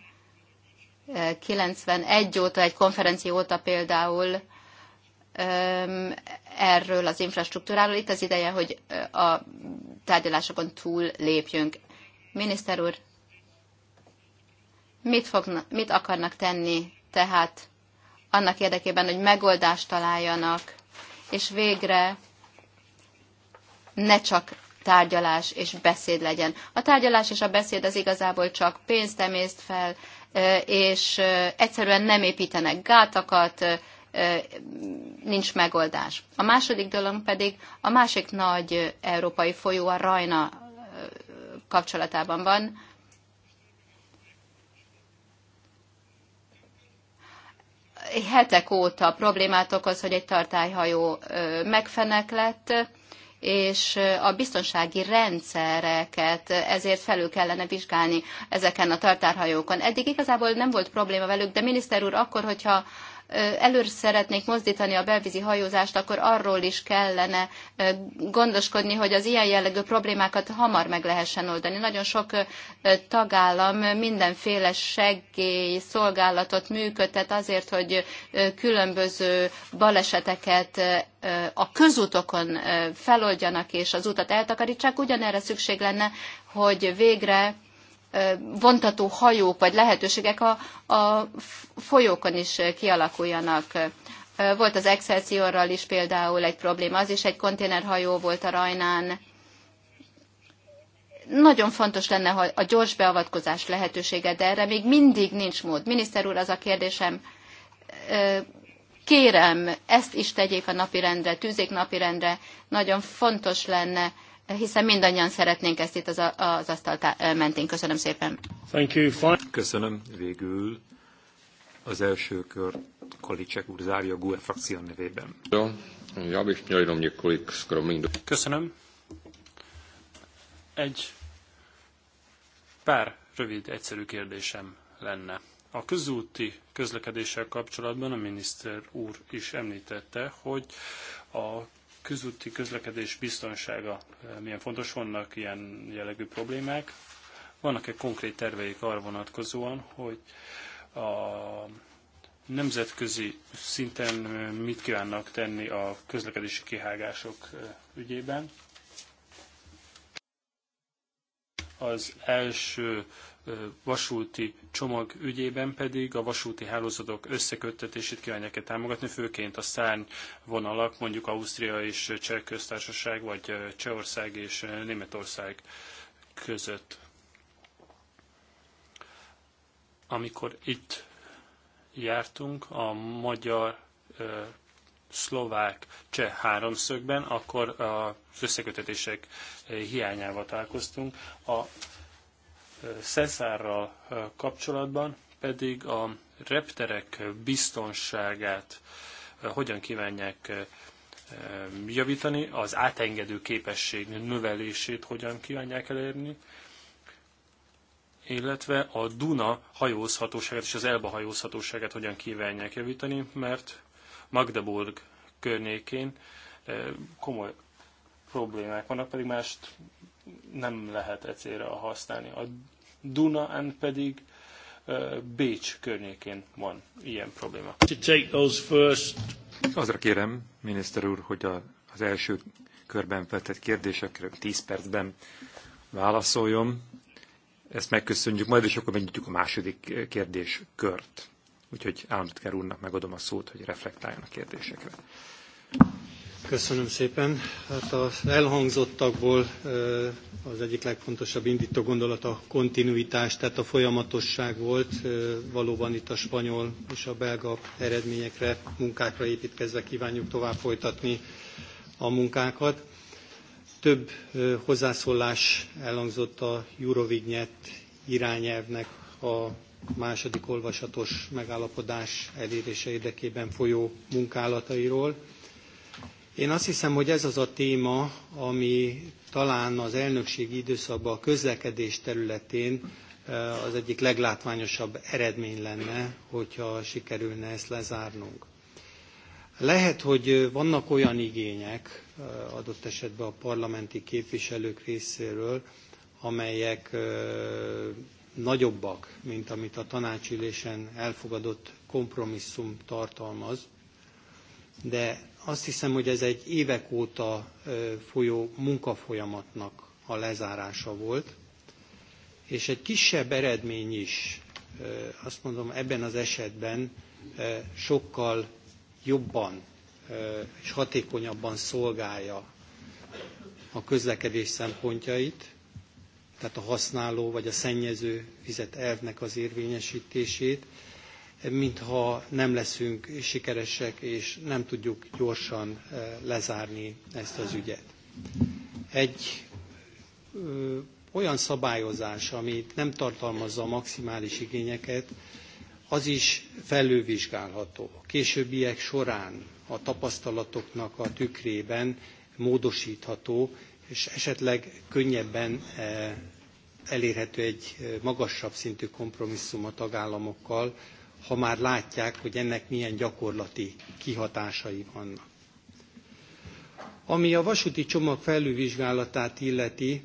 91 óta, egy konferenció óta például erről az infrastruktúráról. Itt az ideje, hogy a tárgyalásokon túl lépjünk. Miniszter úr, mit, fogna, mit akarnak tenni tehát annak érdekében, hogy megoldást találjanak, és végre ne csak tárgyalás és beszéd legyen. A tárgyalás és a beszéd az igazából csak pénzt emészt fel, és egyszerűen nem építenek gátakat, nincs megoldás. A második dolog pedig a másik nagy európai folyó, a Rajna kapcsolatában van. Hetek óta problémát okoz, hogy egy tartályhajó megfenek lett, és a biztonsági rendszereket ezért felül kellene vizsgálni ezeken a tartárhajókon. Eddig igazából nem volt probléma velük, de miniszter úr, akkor, hogyha előre szeretnék mozdítani a belvízi hajózást, akkor arról is kellene gondoskodni, hogy az ilyen jellegű problémákat hamar meg lehessen oldani. Nagyon sok tagállam mindenféle segély, szolgálatot működtet azért, hogy különböző baleseteket a közutokon feloldjanak és az utat eltakarítsák. Ugyanerre szükség lenne, hogy végre vontató hajók vagy lehetőségek a, a folyókon is kialakuljanak. Volt az Excelsiorral is például egy probléma, az is egy konténerhajó volt a Rajnán. Nagyon fontos lenne ha a gyors beavatkozás lehetősége, de erre még mindig nincs mód. Miniszter úr, az a kérdésem, kérem, ezt is tegyék a napirendre, tűzék napirendre, nagyon fontos lenne, hiszen mindannyian szeretnénk ezt itt az, az asztal mentén. Köszönöm szépen. Thank you. Fine. Köszönöm. Végül az első kör Kolicek úr zárja a GUE frakció nevében. Köszönöm. Egy pár rövid, egyszerű kérdésem lenne. A közúti közlekedéssel kapcsolatban a miniszter úr is említette, hogy a közúti közlekedés biztonsága eh, milyen fontos, vannak ilyen jellegű problémák. Vannak-e konkrét terveik arra vonatkozóan, hogy a nemzetközi szinten eh, mit kívánnak tenni a közlekedési kihágások eh, ügyében? az első vasúti csomag ügyében pedig a vasúti hálózatok összeköttetését kívánják-e támogatni, főként a szárny vonalak, mondjuk Ausztria és Cseh köztársaság, vagy Csehország és Németország között. Amikor itt jártunk, a magyar szlovák cseh háromszögben, akkor az összekötetések hiányával találkoztunk. A Szeszárral kapcsolatban pedig a repterek biztonságát hogyan kívánják javítani, az átengedő képesség növelését hogyan kívánják elérni, illetve a Duna hajózhatóságát és az Elba hajózhatóságát hogyan kívánják javítani, mert Magdeburg környékén komoly problémák vannak, pedig mást nem lehet ecélre használni. A Dunán pedig Bécs környékén van ilyen probléma. Azra kérem, miniszter úr, hogy a, az első körben feltett kérdésekre 10 percben válaszoljon. Ezt megköszönjük majd, és akkor megnyitjuk a második kérdéskört. Úgyhogy államtitkár úrnak megadom a szót, hogy reflektáljon a kérdésekre. Köszönöm szépen. Hát az elhangzottakból eh, az egyik legfontosabb indító gondolat a kontinuitás, tehát a folyamatosság volt. Eh, valóban itt a spanyol és a belga eredményekre, munkákra építkezve kívánjuk tovább folytatni a munkákat. Több eh, hozzászólás elhangzott a Eurovignet irányelvnek a második olvasatos megállapodás elérése érdekében folyó munkálatairól. Én azt hiszem, hogy ez az a téma, ami talán az elnökségi időszakban a közlekedés területén eh, az egyik leglátványosabb eredmény lenne, hogyha sikerülne ezt lezárnunk. Lehet, hogy vannak olyan igények, eh, adott esetben a parlamenti képviselők részéről, amelyek eh, nagyobbak, mint amit a tanácsülésen elfogadott kompromisszum tartalmaz, de azt hiszem, hogy ez egy évek óta folyó munkafolyamatnak a lezárása volt, és egy kisebb eredmény is, azt mondom, ebben az esetben sokkal jobban és hatékonyabban szolgálja a közlekedés szempontjait, tehát a használó vagy a szennyező fizet elvnek az érvényesítését, mintha nem leszünk sikeresek, és nem tudjuk gyorsan eh, lezárni ezt az ügyet. Egy ö, olyan szabályozás, ami nem tartalmazza a maximális igényeket, az is felülvizsgálható. A későbbiek során a tapasztalatoknak a tükrében módosítható, és esetleg könnyebben eh, elérhető egy eh, magasabb szintű kompromisszum a tagállamokkal, ha már látják, hogy ennek milyen gyakorlati kihatásai vannak. Ami a vasúti csomag felülvizsgálatát illeti,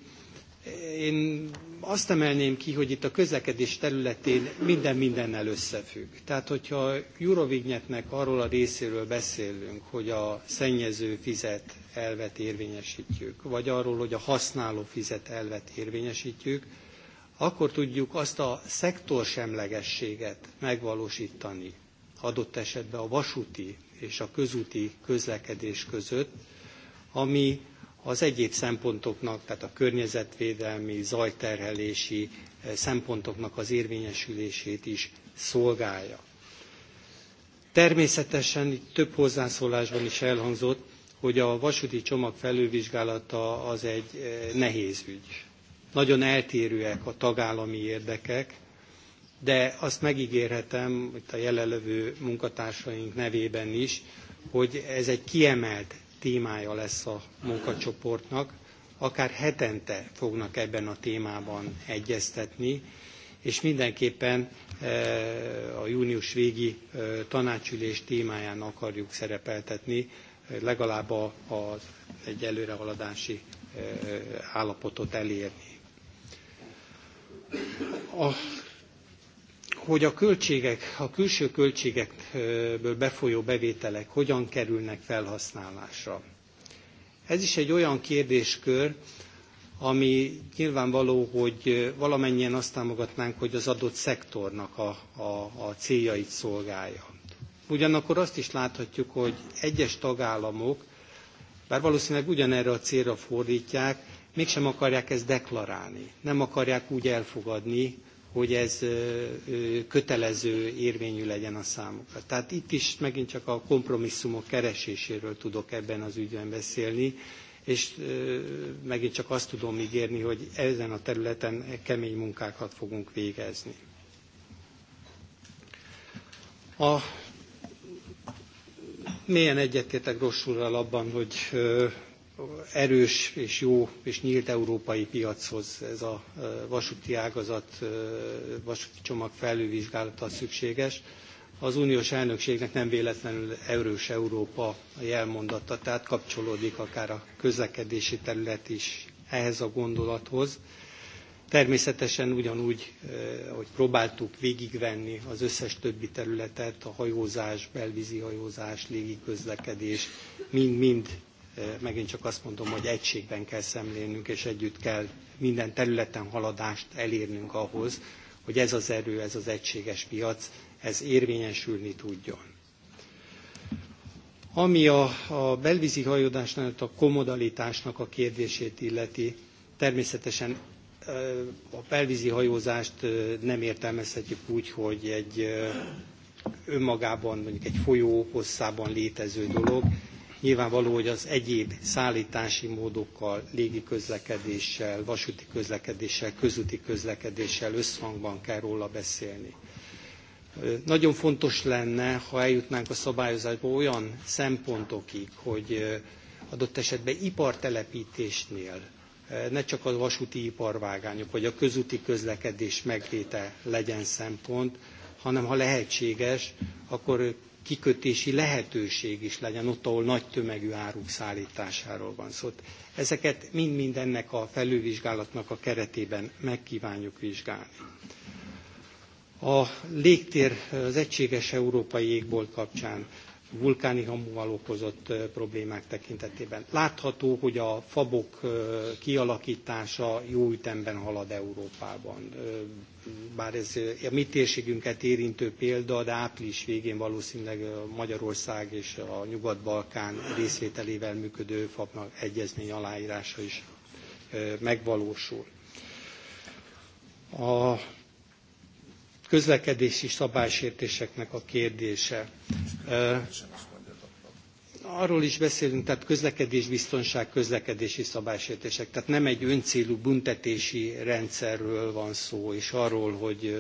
én azt emelném ki, hogy itt a közlekedés területén minden mindennel összefügg. Tehát, hogyha Eurovignyetnek arról a részéről beszélünk, hogy a szennyező fizet elvet érvényesítjük, vagy arról, hogy a használó fizet elvet érvényesítjük, akkor tudjuk azt a szektorsemlegességet megvalósítani, adott esetben a vasúti és a közúti közlekedés között, ami az egyéb szempontoknak, tehát a környezetvédelmi, zajterhelési eh, szempontoknak az érvényesülését is szolgálja. Természetesen itt több hozzászólásban is elhangzott, hogy a vasúti csomag felülvizsgálata az egy eh, nehéz ügy. Nagyon eltérőek a tagállami érdekek, de azt megígérhetem itt a jelenlevő munkatársaink nevében is, hogy ez egy kiemelt témája lesz a munkacsoportnak, akár hetente fognak ebben a témában egyeztetni, és mindenképpen e, a június végi e, tanácsülés témáján akarjuk szerepeltetni e, legalább az egy előrehaladási állapotot elérni. A hogy a költségek, a külső költségekből befolyó bevételek hogyan kerülnek felhasználásra. Ez is egy olyan kérdéskör, ami nyilvánvaló, hogy valamennyien azt támogatnánk, hogy az adott szektornak a, a, a céljait szolgálja. Ugyanakkor azt is láthatjuk, hogy egyes tagállamok, bár valószínűleg ugyanerre a célra fordítják, mégsem akarják ezt deklarálni, nem akarják úgy elfogadni, hogy ez kötelező érvényű legyen a számukra. Tehát itt is megint csak a kompromisszumok kereséséről tudok ebben az ügyben beszélni, és megint csak azt tudom ígérni, hogy ezen a területen kemény munkákat fogunk végezni. A mélyen egyetértek Ross abban, hogy erős és jó és nyílt európai piachoz ez a vasúti ágazat, vasúti csomag felülvizsgálata szükséges. Az uniós elnökségnek nem véletlenül erős Európa a jelmondata, tehát kapcsolódik akár a közlekedési terület is ehhez a gondolathoz. Természetesen ugyanúgy, hogy próbáltuk végigvenni az összes többi területet, a hajózás, belvízi hajózás, légiközlekedés, mind-mind megint csak azt mondom, hogy egységben kell szemlélnünk, és együtt kell minden területen haladást elérnünk ahhoz, hogy ez az erő, ez az egységes piac, ez érvényesülni tudjon. Ami a, a belvízi hajódásnál a komodalitásnak a kérdését illeti, természetesen a belvízi hajózást nem értelmezhetjük úgy, hogy egy önmagában mondjuk egy folyó hosszában létező dolog, Nyilvánvaló, hogy az egyéb szállítási módokkal, légi közlekedéssel, vasúti közlekedéssel, közúti közlekedéssel összhangban kell róla beszélni. Nagyon fontos lenne, ha eljutnánk a szabályozásba olyan szempontokig, hogy adott esetben ipartelepítésnél ne csak a vasúti iparvágányok vagy a közúti közlekedés megléte legyen szempont, hanem ha lehetséges, akkor kikötési lehetőség is legyen ott, ahol nagy tömegű áruk szállításáról van szó. Szóval ezeket mind-mind ennek a felülvizsgálatnak a keretében megkívánjuk vizsgálni. A légtér az egységes európai égbolt kapcsán vulkáni hamuval okozott problémák tekintetében. Látható, hogy a fabok kialakítása jó ütemben halad Európában. Bár ez a mi térségünket érintő példa, de április végén valószínűleg Magyarország és a Nyugat-Balkán részvételével működő fabnak egyezmény aláírása is megvalósul. A közlekedési szabálysértéseknek a kérdése. Arról is beszélünk, tehát közlekedésbiztonság, közlekedési szabálysértések. Tehát nem egy öncélú büntetési rendszerről van szó, és arról, hogy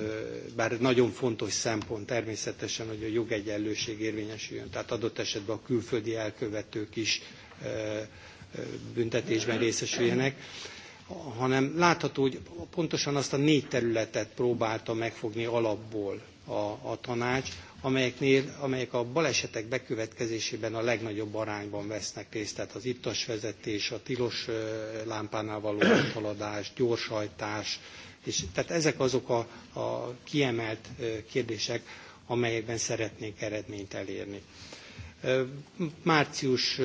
bár nagyon fontos szempont természetesen, hogy a jogegyenlőség érvényesüljön, tehát adott esetben a külföldi elkövetők is büntetésben részesüljenek hanem látható, hogy pontosan azt a négy területet próbálta megfogni alapból a, a tanács, amelyeknél, amelyek a balesetek bekövetkezésében a legnagyobb arányban vesznek részt, tehát az ittas vezetés, a tilos lámpánál való haladás, gyorshajtás, és tehát ezek azok a, a kiemelt kérdések, amelyekben szeretnénk eredményt elérni. Március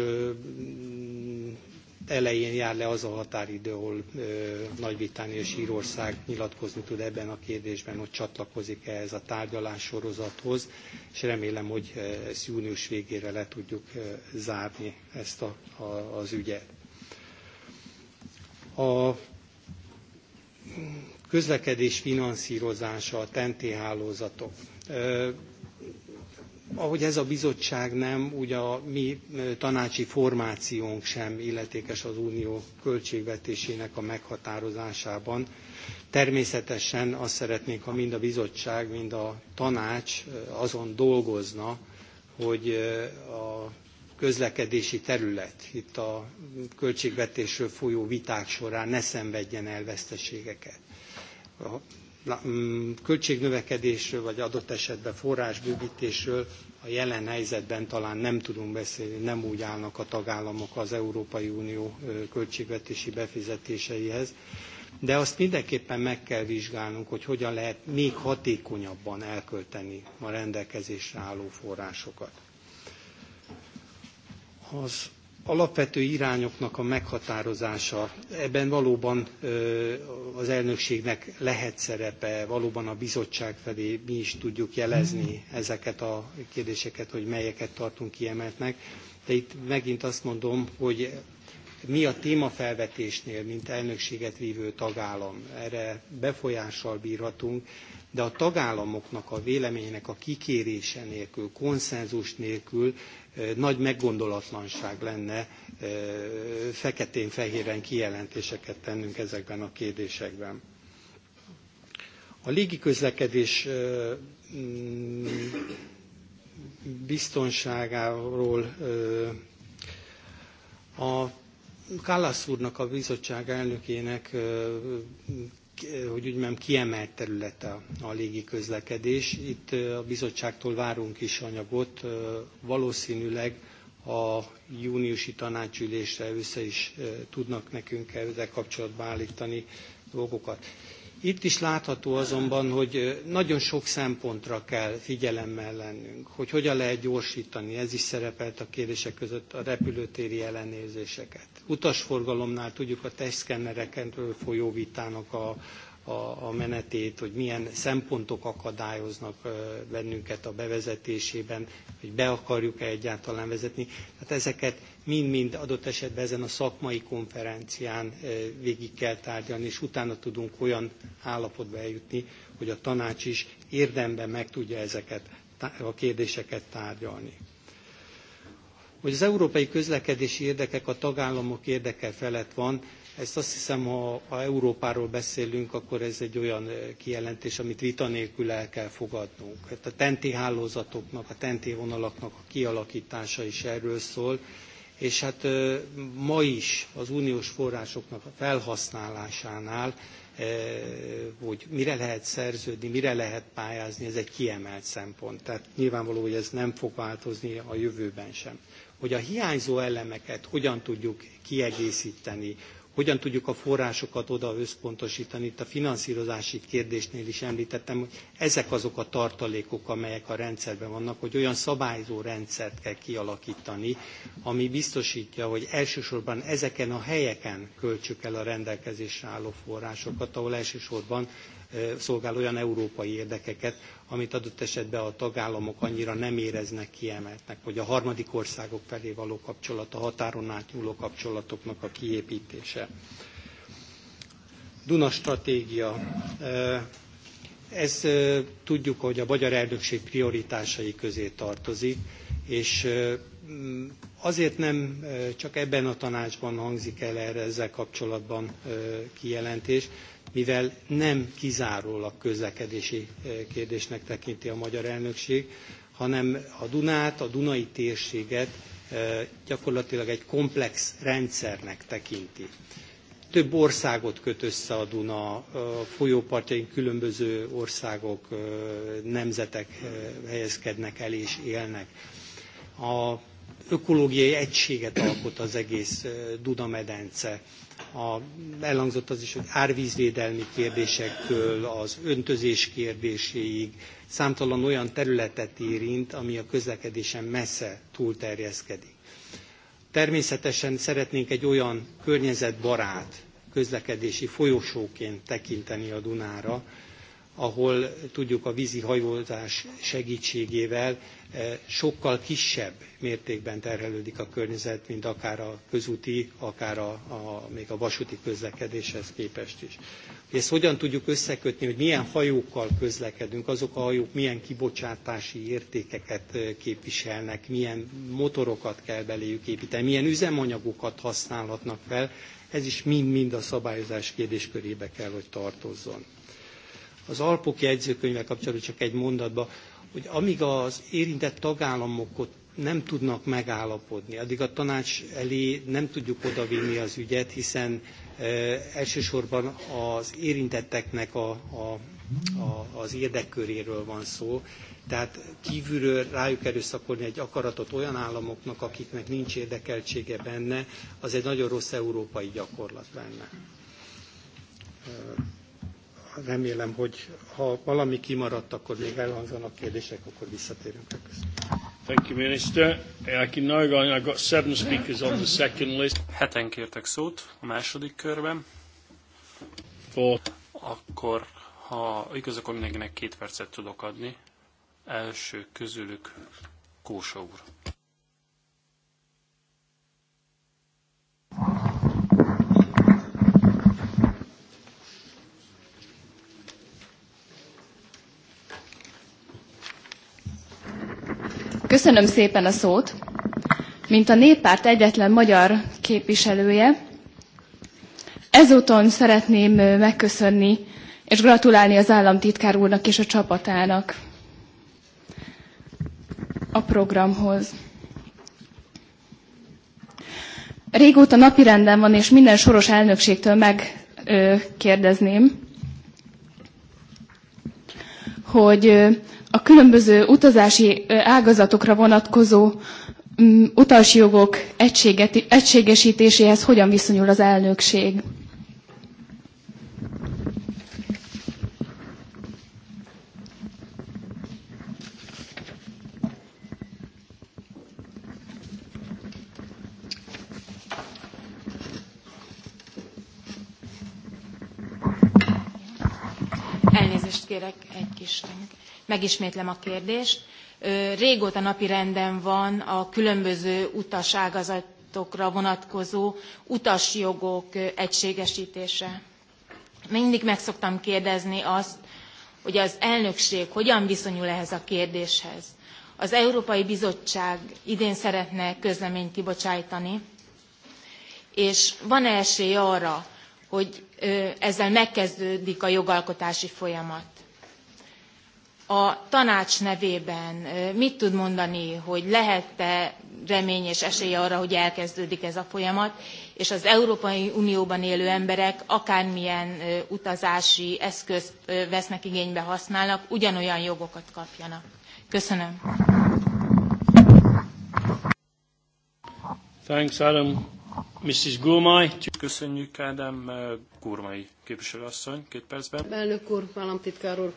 elején jár le az a határidő, ahol Nagy-Britannia és Írország nyilatkozni tud ebben a kérdésben, hogy csatlakozik -e ez a tárgyalássorozathoz, és remélem, hogy ezt június végére le tudjuk zárni ezt a, a, az ügyet. A közlekedés finanszírozása, a TNT hálózatok ahogy ez a bizottság nem, úgy a mi tanácsi formációnk sem illetékes az unió költségvetésének a meghatározásában. Természetesen azt szeretnénk, ha mind a bizottság, mind a tanács azon dolgozna, hogy a közlekedési terület itt a költségvetésről folyó viták során ne szenvedjen el veszteségeket Mm, költségnövekedésről, vagy adott esetben forrásbővítésről a jelen helyzetben talán nem tudunk beszélni, nem úgy állnak a tagállamok az Európai Unió költségvetési befizetéseihez. De azt mindenképpen meg kell vizsgálnunk, hogy hogyan lehet még hatékonyabban elkölteni a rendelkezésre álló forrásokat. Az alapvető irányoknak a meghatározása, ebben valóban az elnökségnek lehet szerepe, valóban a bizottság felé mi is tudjuk jelezni mhm. ezeket a kérdéseket, hogy melyeket tartunk kiemeltnek. De itt megint azt mondom, hogy mi a témafelvetésnél, mint elnökséget vívő tagállam, erre befolyással bírhatunk, de a tagállamoknak a véleményének a kikérése nélkül, konszenzus nélkül nagy meggondolatlanság lenne feketén-fehéren kijelentéseket tennünk ezekben a kérdésekben. A légiközlekedés mm, biztonságáról a Kállász úrnak, a bizottság elnökének hogy úgy mondjam, kiemelt terület a, a légi közlekedés. Itt a bizottságtól várunk is anyagot, valószínűleg a júniusi tanácsülésre össze is tudnak nekünk ezzel kapcsolatban állítani dolgokat. Itt is látható azonban, hogy nagyon sok szempontra kell figyelemmel lennünk, hogy hogyan lehet gyorsítani, ez is szerepelt a kérdések között a repülőtéri ellenőrzéseket. Utasforgalomnál tudjuk a testszkennerekről folyó vitának a, a, a menetét, hogy milyen szempontok akadályoznak bennünket a bevezetésében, hogy be akarjuk-e egyáltalán vezetni. Tehát ezeket mind-mind adott esetben ezen a szakmai konferencián végig kell tárgyalni, és utána tudunk olyan állapotba eljutni, hogy a tanács is érdemben meg tudja ezeket a kérdéseket tárgyalni hogy az európai közlekedési érdekek a tagállamok érdeke felett van, ezt azt hiszem, ha, ha Európáról beszélünk, akkor ez egy olyan eh, kijelentés, amit vita nélkül el kell fogadnunk. Hát a tenti hálózatoknak, a tenti vonalaknak a kialakítása is erről szól, és hát eh, ma is az uniós forrásoknak a felhasználásánál eh, hogy mire lehet szerződni, mire lehet pályázni, ez egy kiemelt szempont. Tehát nyilvánvaló, hogy ez nem fog változni a jövőben sem. Hogy a hiányzó elemeket hogyan tudjuk kiegészíteni, hogyan tudjuk a forrásokat oda összpontosítani. Itt a finanszírozási kérdésnél is említettem, hogy ezek azok a tartalékok, amelyek a rendszerben vannak, hogy olyan szabályzó rendszert kell kialakítani, ami biztosítja, hogy elsősorban ezeken a helyeken költsük el a rendelkezésre álló forrásokat, ahol elsősorban szolgál olyan európai érdekeket, amit adott esetben a tagállamok annyira nem éreznek kiemeltnek, hogy a harmadik országok felé való kapcsolat, a határon átnyúló kapcsolatoknak a kiépítése. Duna stratégia. Ez tudjuk, hogy a magyar elnökség prioritásai közé tartozik, és azért nem csak ebben a tanácsban hangzik el erre ezzel kapcsolatban kijelentés, mivel nem kizárólag közlekedési eh, kérdésnek tekinti a magyar elnökség, hanem a Dunát, a Dunai térséget eh, gyakorlatilag egy komplex rendszernek tekinti. Több országot köt össze a Duna, a folyópartjain különböző országok, eh, nemzetek helyezkednek el és élnek. A ökológiai egységet alkot az egész Duna-medence. A, elhangzott az is, hogy árvízvédelmi kérdésektől az öntözés kérdéséig számtalan olyan területet érint, ami a közlekedésen messze túlterjeszkedik. Természetesen szeretnénk egy olyan környezetbarát közlekedési folyosóként tekinteni a Dunára, ahol tudjuk a vízi hajózás segítségével eh, sokkal kisebb mértékben terhelődik a környezet, mint akár a közúti, akár a, a, még a vasúti közlekedéshez képest is. Ezt hogyan tudjuk összekötni, hogy milyen hajókkal közlekedünk, azok a hajók milyen kibocsátási értékeket eh, képviselnek, milyen motorokat kell beléjük építeni, milyen üzemanyagokat használhatnak fel, ez is mind-mind a szabályozás kérdéskörébe kell, hogy tartozzon. Az Alpok jegyzőkönyve kapcsolatban csak egy mondatban, hogy amíg az érintett tagállamok nem tudnak megállapodni, addig a tanács elé nem tudjuk odavinni az ügyet, hiszen e, elsősorban az érintetteknek a, a, a, az érdekköréről van szó, tehát kívülről rájuk erőszakolni egy akaratot olyan államoknak, akiknek nincs érdekeltsége benne, az egy nagyon rossz európai gyakorlat lenne. E, remélem, hogy ha valami kimaradt, akkor még elhangzanak kérdések, akkor visszatérünk. Thank you, Minister. I can now go I've got seven speakers on the second list. Heten kértek szót a második körben. Four. Akkor, ha igaz, akkor mindenkinek két percet tudok adni. Első közülük Kósa úr. Köszönöm szépen a szót. Mint a néppárt egyetlen magyar képviselője, ezúton szeretném megköszönni és gratulálni az államtitkár úrnak és a csapatának a programhoz. Régóta napirenden van, és minden soros elnökségtől megkérdezném, hogy a különböző utazási ágazatokra vonatkozó mm, utalsi jogok egységesítéséhez hogyan viszonyul az elnökség? Elnézést kérek, egy kis megismétlem a kérdést. Régóta napirenden van a különböző utaságazatokra vonatkozó utasjogok egységesítése. Mindig meg szoktam kérdezni azt, hogy az elnökség hogyan viszonyul ehhez a kérdéshez. Az Európai Bizottság idén szeretne közleményt kibocsájtani, és van-e esély arra, hogy ezzel megkezdődik a jogalkotási folyamat? a tanács nevében mit tud mondani, hogy lehet-e remény és esélye arra, hogy elkezdődik ez a folyamat, és az Európai Unióban élő emberek akármilyen utazási eszközt vesznek igénybe, használnak, ugyanolyan jogokat kapjanak. Köszönöm. Thanks, Adam. Mrs. Gurmai. Köszönjük, Ádám. Gurmai képviselőasszony, két percben. Elnök úr, államtitkár úr.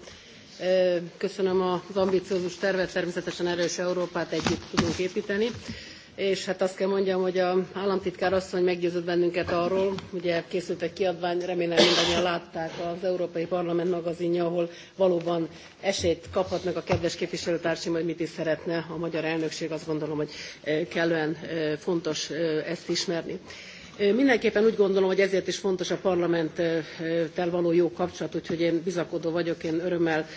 Köszönöm az ambiciózus tervet, természetesen erős Európát együtt tudunk építeni. És hát azt kell mondjam, hogy a államtitkár asszony meggyőzött bennünket arról, ugye készült egy kiadvány, remélem mindannyian látták az Európai Parlament magazinja, ahol valóban esélyt kaphatnak a kedves képviselőtársaim, hogy mit is szeretne a magyar elnökség. Azt gondolom, hogy kellően fontos ezt ismerni. Mindenképpen úgy gondolom, hogy ezért is fontos a parlamenttel való jó kapcsolat, úgyhogy én bizakodó vagyok, én örömmel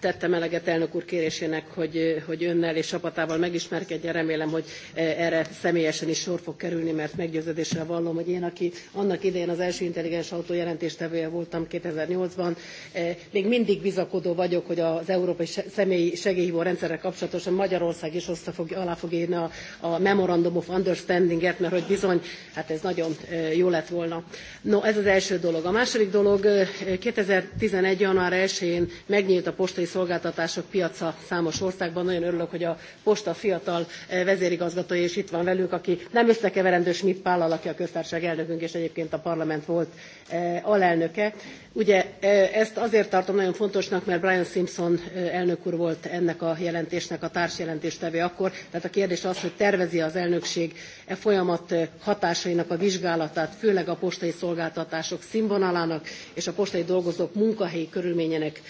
tettem eleget elnök úr kérésének, hogy, hogy önnel és csapatával megismerkedjen. Remélem, hogy erre személyesen is sor fog kerülni, mert meggyőződéssel vallom, hogy én, aki annak idején az első intelligens autó jelentéstevője voltam 2008-ban, még mindig bizakodó vagyok, hogy az európai személyi segélyhívó rendszerrel kapcsolatosan Magyarország is fog, alá fog írni a, a Memorandum of Understanding-et, mert hogy bizony, hát ez nagyon jó lett volna. No, ez az első dolog. A második dolog, 2011. január 1-én megnyílt nyílt a postai szolgáltatások piaca számos országban. Nagyon örülök, hogy a posta fiatal eh, vezérigazgatója is itt van velünk, aki nem összekeverendő Schmidt Pállal, aki a köztársaság elnökünk, és egyébként a parlament volt eh, alelnöke. Ugye eh, ezt azért tartom nagyon fontosnak, mert Brian Simpson elnök úr volt ennek a jelentésnek a társjelentéstevő akkor. Tehát a kérdés az, hogy tervezi az elnökség e folyamat hatásainak a vizsgálatát, főleg a postai szolgáltatások színvonalának és a postai dolgozók munkahelyi körülményeinek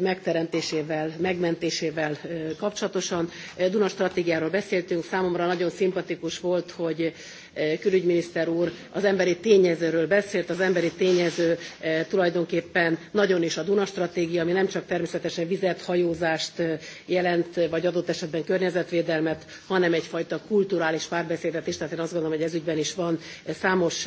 megteremtésével, megmentésével kapcsolatosan. Duna stratégiáról beszéltünk, számomra nagyon szimpatikus volt, hogy Eh, külügyminiszter úr az emberi tényezőről beszélt, az emberi tényező eh, tulajdonképpen nagyon is a Duna stratégia, ami nem csak természetesen vizet, hajózást eh, jelent, vagy adott esetben környezetvédelmet, hanem egyfajta kulturális párbeszédet is, tehát én azt gondolom, hogy ez ügyben is van számos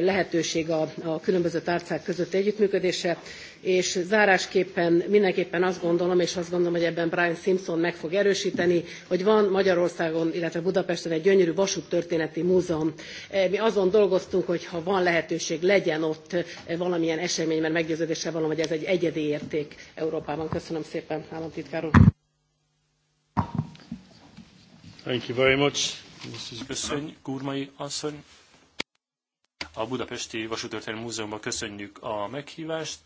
lehetőség a, a különböző tárcák között együttműködésre és zárásképpen mindenképpen azt gondolom, és azt gondolom, hogy ebben Brian Simpson meg fog erősíteni, hogy van Magyarországon, illetve Budapesten egy gyönyörű vasúttörténeti múzeum. E, mi azon dolgoztunk, hogy ha van lehetőség, legyen ott e, valamilyen esemény, mert meggyőződéssel van, hogy ez egy egyedi érték Európában. Köszönöm szépen, államtitkár úr. Thank you very much. Köszönj, Gurmai asszony. A Budapesti Vasútörténelmi Múzeumban köszönjük a meghívást.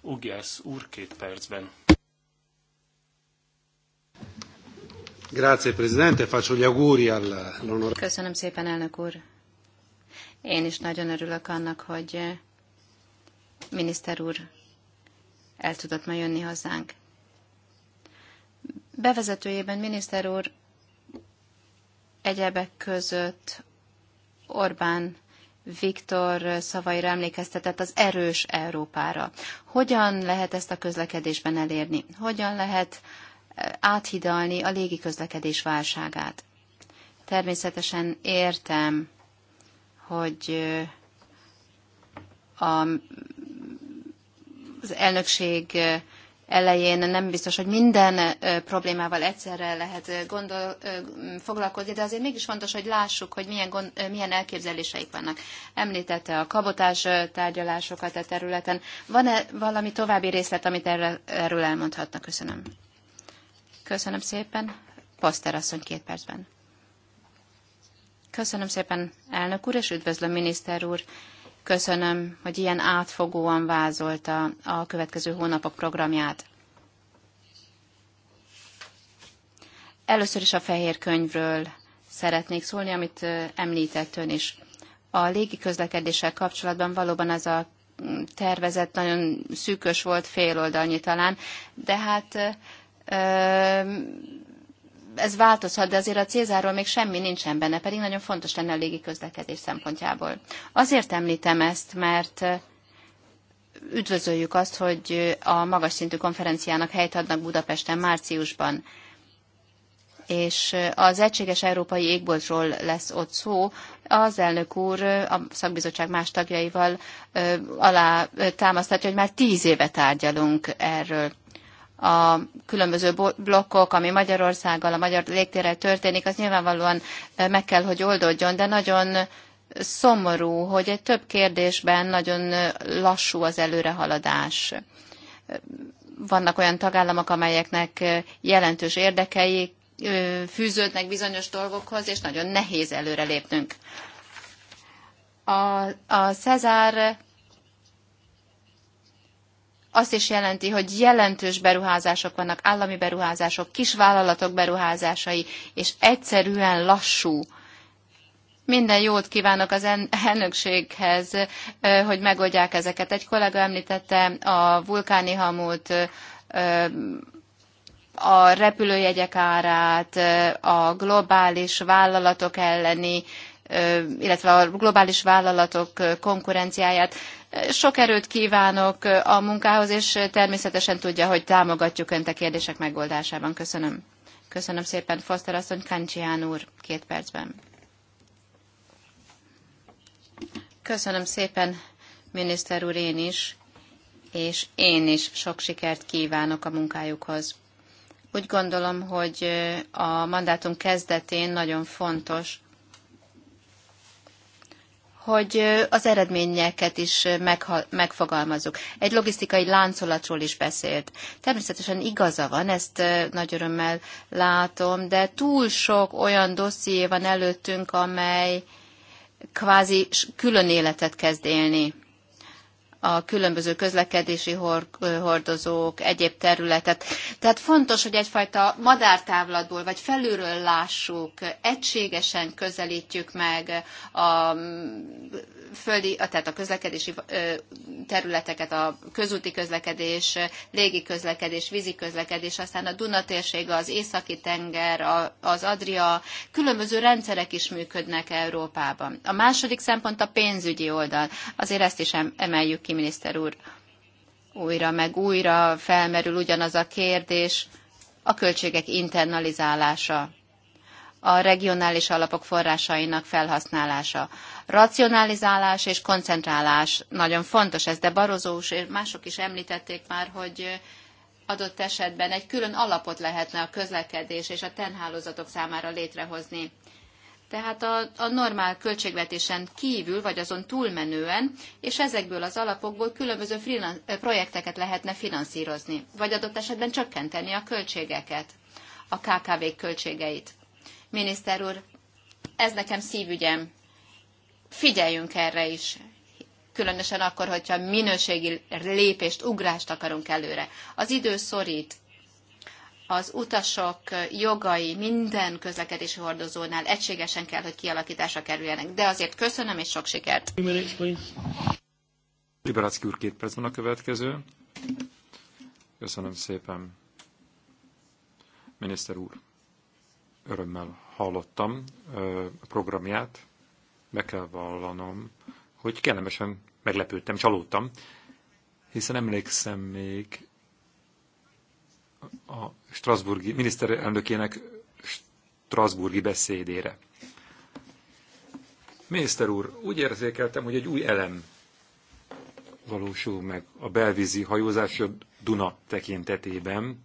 Ugyász úr két percben. Grazie Presidente, faccio gli auguri Köszönöm szépen, elnök úr. Én is nagyon örülök annak, hogy miniszter úr el tudott ma jönni hozzánk. Bevezetőjében miniszter úr egyebek között Orbán Viktor szavaira emlékeztetett az erős Európára. Hogyan lehet ezt a közlekedésben elérni? Hogyan lehet áthidalni a légiközlekedés válságát. Természetesen értem, hogy a, az elnökség elején nem biztos, hogy minden problémával egyszerre lehet gondol, foglalkozni, de azért mégis fontos, hogy lássuk, hogy milyen, gond, milyen elképzeléseik vannak. Említette a kabotás tárgyalásokat a területen. Van-e valami további részlet, amit erről elmondhatnak? Köszönöm. Köszönöm szépen. Poszter asszony két percben. Köszönöm szépen, elnök úr, és üdvözlöm, miniszter úr. Köszönöm, hogy ilyen átfogóan vázolta a következő hónapok programját. Először is a fehér könyvről szeretnék szólni, amit említett ön is. A légi közlekedéssel kapcsolatban valóban az a tervezet nagyon szűkös volt, fél oldalnyi talán, de hát ez változhat, de azért a Cézáról még semmi nincsen benne, pedig nagyon fontos lenne a légi közlekedés szempontjából. Azért említem ezt, mert üdvözöljük azt, hogy a magas szintű konferenciának helyt adnak Budapesten márciusban és az Egységes Európai Égboltról lesz ott szó. Az elnök úr a szakbizottság más tagjaival alá támasztatja, hogy már tíz éve tárgyalunk erről a különböző blokkok, ami Magyarországgal, a magyar légtérrel történik, az nyilvánvalóan meg kell, hogy oldódjon, de nagyon szomorú, hogy egy több kérdésben nagyon lassú az előrehaladás. Vannak olyan tagállamok, amelyeknek jelentős érdekei fűződnek bizonyos dolgokhoz, és nagyon nehéz előrelépnünk. A, a Cezár azt is jelenti, hogy jelentős beruházások vannak, állami beruházások, kisvállalatok beruházásai, és egyszerűen lassú. Minden jót kívánok az elnökséghez, hogy megoldják ezeket. Egy kollega említette a vulkáni hamut, a repülőjegyek árát, a globális vállalatok elleni illetve a globális vállalatok konkurenciáját. Sok erőt kívánok a munkához, és természetesen tudja, hogy támogatjuk Önt a kérdések megoldásában. Köszönöm. Köszönöm szépen, Foster asszony, Kancsián úr, két percben. Köszönöm szépen, miniszter úr, én is, és én is sok sikert kívánok a munkájukhoz. Úgy gondolom, hogy a mandátum kezdetén nagyon fontos, hogy az eredményeket is megfogalmazzuk. Egy logisztikai láncolatról is beszélt. Természetesen igaza van, ezt nagy örömmel látom, de túl sok olyan dosszié van előttünk, amely kvázi külön életet kezd élni a különböző közlekedési hordozók, egyéb területet. Tehát fontos, hogy egyfajta madártávlatból, vagy felülről lássuk, egységesen közelítjük meg a földi, tehát a közlekedési területeket, a közúti közlekedés, légi közlekedés, vízi közlekedés, aztán a Duna térsége, az északi tenger, az Adria, különböző rendszerek is működnek Európában. A második szempont a pénzügyi oldal. Azért ezt is emeljük ki, miniszter úr. Újra meg újra felmerül ugyanaz a kérdés, a költségek internalizálása, a regionális alapok forrásainak felhasználása Racionalizálás és koncentrálás nagyon fontos ez, de Barozó és mások is említették már, hogy adott esetben egy külön alapot lehetne a közlekedés és a tenhálózatok számára létrehozni. Tehát a, a normál költségvetésen kívül, vagy azon túlmenően, és ezekből az alapokból különböző projekteket lehetne finanszírozni, vagy adott esetben csökkenteni a költségeket, a KKV költségeit. Miniszter úr, ez nekem szívügyem figyeljünk erre is, különösen akkor, hogyha minőségi lépést, ugrást akarunk előre. Az idő szorít, az utasok jogai minden közlekedési hordozónál egységesen kell, hogy kialakításra kerüljenek. De azért köszönöm, és sok sikert! Liberácki úr, két van a következő. Köszönöm szépen. Miniszter úr, örömmel hallottam a programját, be kell vallanom, hogy kellemesen meglepődtem, csalódtam, hiszen emlékszem még a Strasburgi miniszterelnökének Strasburgi beszédére. Miniszter úr, úgy érzékeltem, hogy egy új elem valósul meg a belvízi hajózás a Duna tekintetében.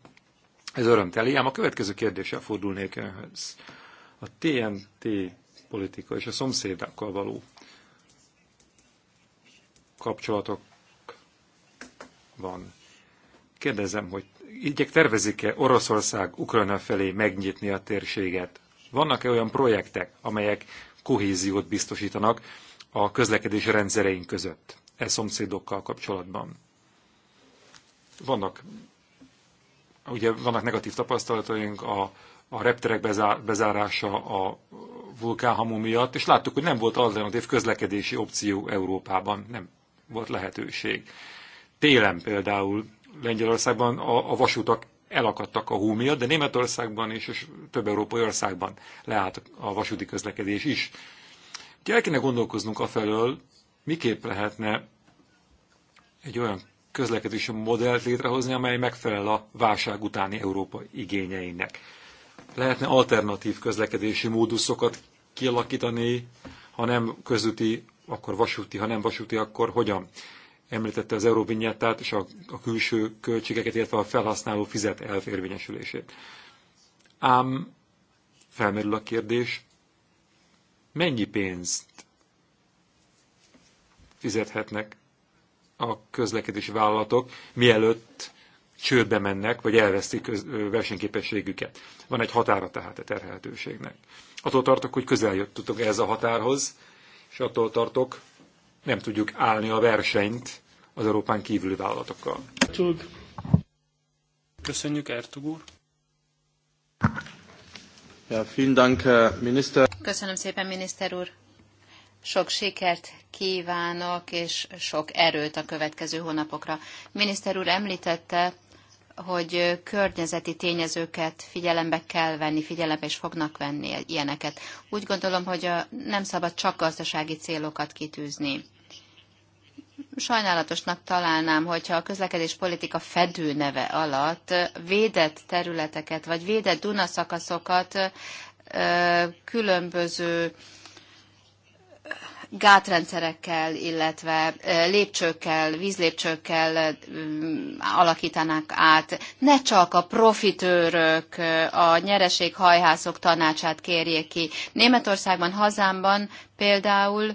Ez örömteli, ám a következő kérdéssel fordulnék önhöz. A TNT politika és a szomszédákkal való kapcsolatok van. Kérdezem, hogy igyek tervezik-e Oroszország Ukrajna felé megnyitni a térséget? Vannak-e olyan projektek, amelyek kohéziót biztosítanak a közlekedés rendszereink között, e szomszédokkal kapcsolatban? Vannak, ugye vannak negatív tapasztalataink a a repterek bezárása a vulkánhamu miatt, és láttuk, hogy nem volt alternatív közlekedési opció Európában, nem volt lehetőség. Télen például Lengyelországban a, a vasutak elakadtak a hó miatt, de Németországban és, és több európai országban leállt a vasúti közlekedés is. Úgyhogy el kéne gondolkoznunk afelől, miképp lehetne egy olyan közlekedési modellt létrehozni, amely megfelel a válság utáni Európa igényeinek lehetne alternatív közlekedési móduszokat kialakítani, ha nem közúti, akkor vasúti, ha nem vasúti, akkor hogyan? Említette az euróvinyettát és a, a külső költségeket, illetve a felhasználó fizet elférvényesülését. Ám felmerül a kérdés, mennyi pénzt fizethetnek a közlekedési vállalatok, mielőtt csődbe mennek, vagy elvesztik versenyképességüket. Van egy határa tehát a terhelhetőségnek. Attól tartok, hogy közel jöttünk ehhez a határhoz, és attól tartok, nem tudjuk állni a versenyt az Európán kívüli vállalatokkal. Köszönjük, Ertug úr. Ja, vielen Dank, Minister. Köszönöm szépen, miniszter úr. Sok sikert kívánok, és sok erőt a következő hónapokra. Miniszter úr említette hogy környezeti tényezőket figyelembe kell venni, figyelembe is fognak venni ilyeneket. Úgy gondolom, hogy a, nem szabad csak gazdasági célokat kitűzni. Sajnálatosnak találnám, hogyha a közlekedés politika neve alatt védett területeket, vagy védett Dunaszakaszokat különböző gátrendszerekkel, illetve lépcsőkkel, vízlépcsőkkel alakítanák át. Ne csak a profitőrök, a nyereséghajhászok tanácsát kérjék ki. Németországban, hazámban például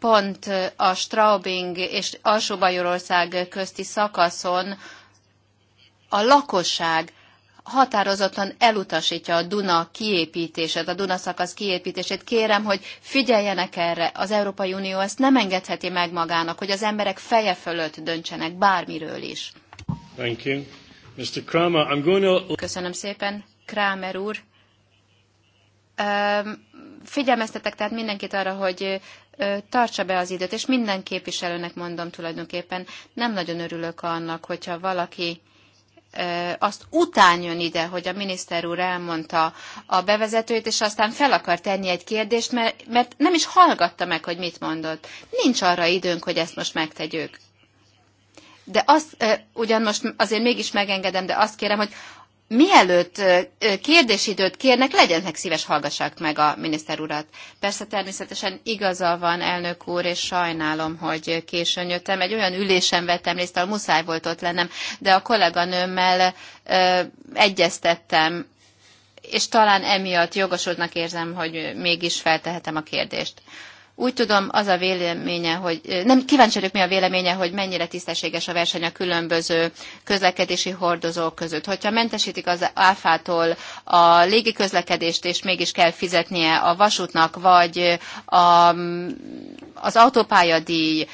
pont a Straubing és Alsó-Bajorország közti szakaszon a lakosság határozottan elutasítja a Duna kiépítését, a Duna szakasz kiépítését. Kérem, hogy figyeljenek erre, az Európai Unió ezt nem engedheti meg magának, hogy az emberek feje fölött döntsenek bármiről is. Thank you. Mr. Kramer, I'm going to... Köszönöm szépen, Kramer úr. Figyelmeztetek tehát mindenkit arra, hogy tartsa be az időt, és minden képviselőnek mondom tulajdonképpen, nem nagyon örülök annak, hogyha valaki azt után jön ide, hogy a miniszter úr elmondta a bevezetőjét, és aztán fel akar tenni egy kérdést, mert, mert nem is hallgatta meg, hogy mit mondott. Nincs arra időnk, hogy ezt most megtegyük. De azt, ugyan most azért mégis megengedem, de azt kérem, hogy mielőtt kérdésidőt kérnek, legyenek szíves, hallgassák meg a miniszter urat. Persze természetesen igaza van, elnök úr, és sajnálom, hogy későn jöttem. Egy olyan ülésen vettem részt, ahol muszáj volt ott lennem, de a kolléganőmmel ö, egyeztettem, és talán emiatt jogosultnak érzem, hogy mégis feltehetem a kérdést. Úgy tudom, az a véleménye, hogy nem kíváncsi vagyok, mi a véleménye, hogy mennyire tisztességes a verseny a különböző közlekedési hordozók között. Hogyha mentesítik az áfától a légi közlekedést, és mégis kell fizetnie a vasútnak, vagy a, az autópályadíj,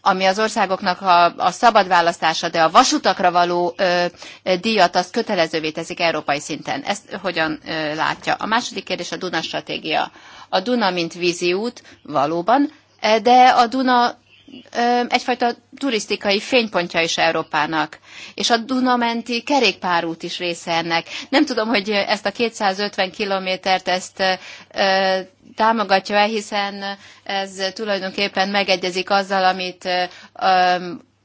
ami az országoknak a, a szabad választása, de a vasutakra való ö, díjat azt kötelezővé teszik európai szinten. Ezt hogyan ö, látja? A második kérdés a Duna stratégia. Ö, a Duna, mint vízi út valóban, e, de a Duna e, egyfajta turisztikai fénypontja is Európának. És a Dunamenti kerékpárút is része ennek. Nem tudom, hogy ezt a 250 kilométert ezt e, támogatja-e, hiszen ez tulajdonképpen megegyezik azzal, amit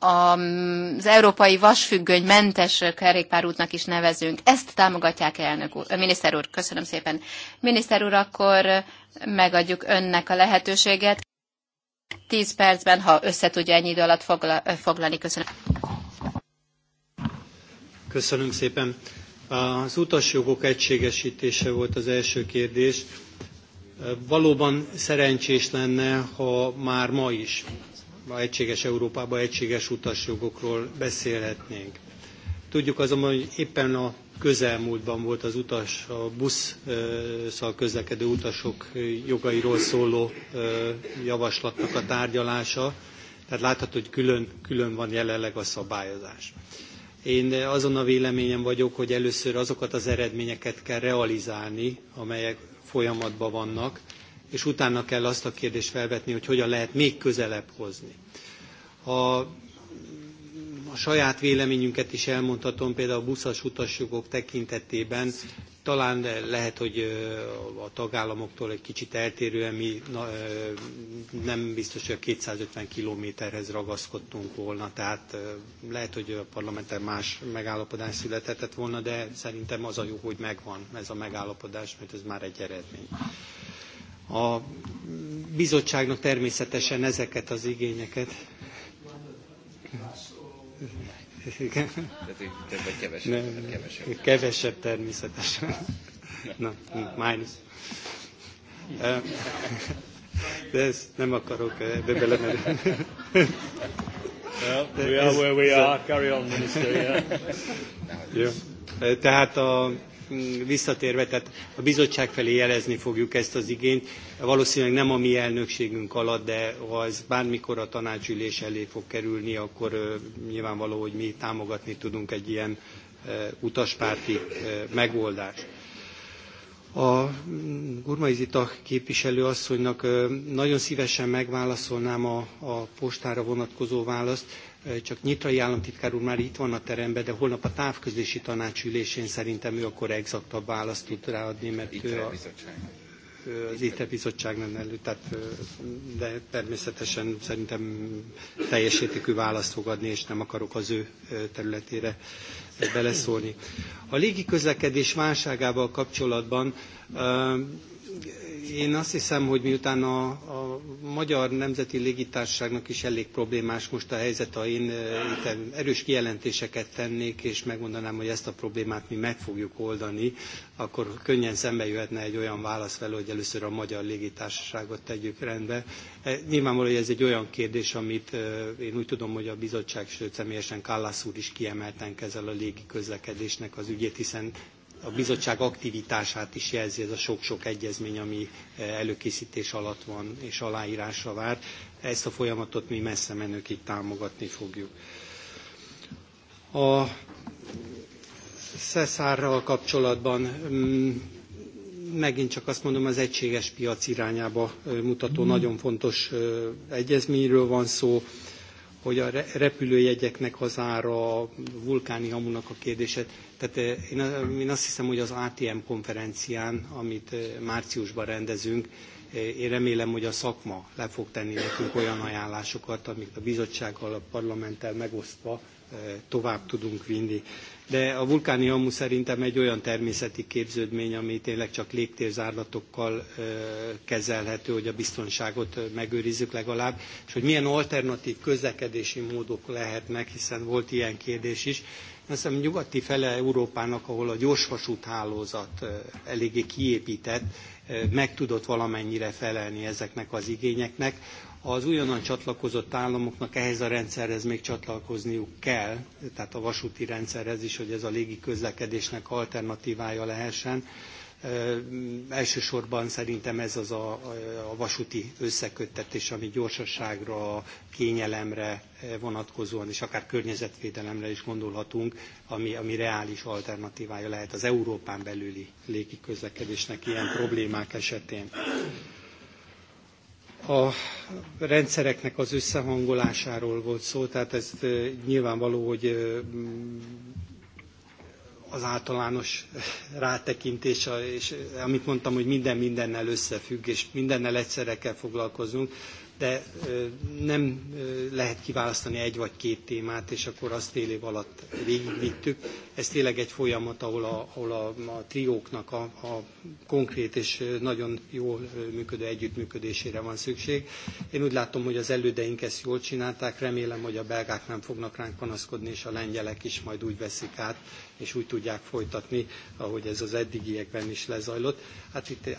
az európai vasfüggöny mentes kerékpárútnak is nevezünk. Ezt támogatják elnök úr, miniszter úr, köszönöm szépen. Miniszter úr, akkor megadjuk önnek a lehetőséget. Tíz percben, ha összetudja ennyi idő alatt fogla, foglalni. Köszönöm. Köszönöm szépen. Az utasjogok egységesítése volt az első kérdés. Valóban szerencsés lenne, ha már ma is egységes Európában egységes utasjogokról beszélhetnénk. Tudjuk azonban, hogy éppen a közelmúltban volt az utas, a busszal közlekedő utasok jogairól szóló javaslatnak a tárgyalása, tehát látható, hogy külön, külön van jelenleg a szabályozás. Én azon a véleményem vagyok, hogy először azokat az eredményeket kell realizálni, amelyek folyamatban vannak, és utána kell azt a kérdést felvetni, hogy hogyan lehet még közelebb hozni. A a saját véleményünket is elmondhatom, például a buszas utasjogok tekintetében talán lehet, hogy a tagállamoktól egy kicsit eltérően mi na, nem biztos, hogy a 250 kilométerhez ragaszkodtunk volna, tehát lehet, hogy a parlamenten más megállapodás születhetett volna, de szerintem az a jó, hogy megvan ez a megállapodás, mert ez már egy eredmény a bizottságnak természetesen ezeket az igényeket. Igen. Több vagy kevesebb? Nem, kevesebb. kevesebb természetesen. Na, minus. De ezt nem akarok ebbe belemenni. Yeah, we are where we are. Carry on, minister. Yeah. Yeah. Tehát a, visszatérve, tehát a bizottság felé jelezni fogjuk ezt az igényt. Valószínűleg nem a mi elnökségünk alatt, de ha ez bármikor a tanácsülés elé fog kerülni, akkor nyilvánvaló, hogy mi támogatni tudunk egy ilyen utaspárti megoldást. A mm, Gurmai Zita képviselő asszonynak nagyon szívesen megválaszolnám a, a postára vonatkozó választ csak nyitrai államtitkár úr már itt van a teremben, de holnap a távközlési tanács ülésén szerintem ő akkor exaktabb választ tud ráadni, mert ő a, az bizottság nem elő, tehát, de természetesen szerintem teljes értékű választ fog adni, és nem akarok az ő területére beleszólni. A légiközlekedés válságával kapcsolatban én azt hiszem, hogy miután a, a Magyar Nemzeti Légitársaságnak is elég problémás most a helyzet, ha én erős kijelentéseket tennék, és megmondanám, hogy ezt a problémát mi meg fogjuk oldani, akkor könnyen szembe jöhetne egy olyan válasz vele, hogy először a Magyar Légitársaságot tegyük rendbe. E, nyilvánvaló, hogy ez egy olyan kérdés, amit én úgy tudom, hogy a bizottság, sőt személyesen Kállász úr is kiemelten kezel a légiközlekedésnek az ügyét, hiszen a bizottság aktivitását is jelzi ez a sok-sok egyezmény, ami eh, előkészítés alatt van és aláírásra vár. Ezt a folyamatot mi messze menőkig támogatni fogjuk. A Szeszárral kapcsolatban mm, megint csak azt mondom, az egységes piac irányába eh, mutató mm-hmm. nagyon fontos eh, egyezményről van szó hogy a repülőjegyeknek az ára, a vulkáni hamunak a kérdése. Tehát eh, én azt hiszem, hogy az ATM konferencián, amit eh, márciusban rendezünk, eh, én remélem, hogy a szakma le fog tenni nekünk olyan ajánlásokat, amit a bizottsággal, a parlamenttel megosztva tovább tudunk vinni de a vulkáni hamu szerintem egy olyan természeti képződmény, ami tényleg csak légtérzárlatokkal kezelhető, hogy a biztonságot megőrizzük legalább, és hogy milyen alternatív közlekedési módok lehetnek, hiszen volt ilyen kérdés is. Azt hiszem, nyugati fele Európának, ahol a gyorsvasút hálózat eléggé kiépített, meg tudott valamennyire felelni ezeknek az igényeknek az újonnan csatlakozott államoknak ehhez a rendszerhez még csatlakozniuk kell, tehát a vasúti rendszerhez is, hogy ez a légi közlekedésnek alternatívája lehessen. Elsősorban szerintem ez az a, a vasúti összeköttetés, ami gyorsaságra, kényelemre vonatkozóan, és akár környezetvédelemre is gondolhatunk, ami, ami reális alternatívája lehet az Európán belüli légi közlekedésnek ilyen problémák esetén a rendszereknek az összehangolásáról volt szó, tehát ez nyilvánvaló, hogy mm, az általános rátekintés, és amit mondtam, hogy minden mindennel összefügg, és mindennel egyszerre kell foglalkoznunk, de nem lehet kiválasztani egy vagy két témát, és akkor azt fél év alatt végigvittük. Ez tényleg egy folyamat, ahol a, ahol a, a trióknak a, a konkrét és nagyon jól működő együttműködésére van szükség. Én úgy látom, hogy az elődeink ezt jól csinálták, remélem, hogy a belgák nem fognak ránk panaszkodni, és a lengyelek is majd úgy veszik át, és úgy tudják folytatni, ahogy ez az eddigiekben is lezajlott. Hát itt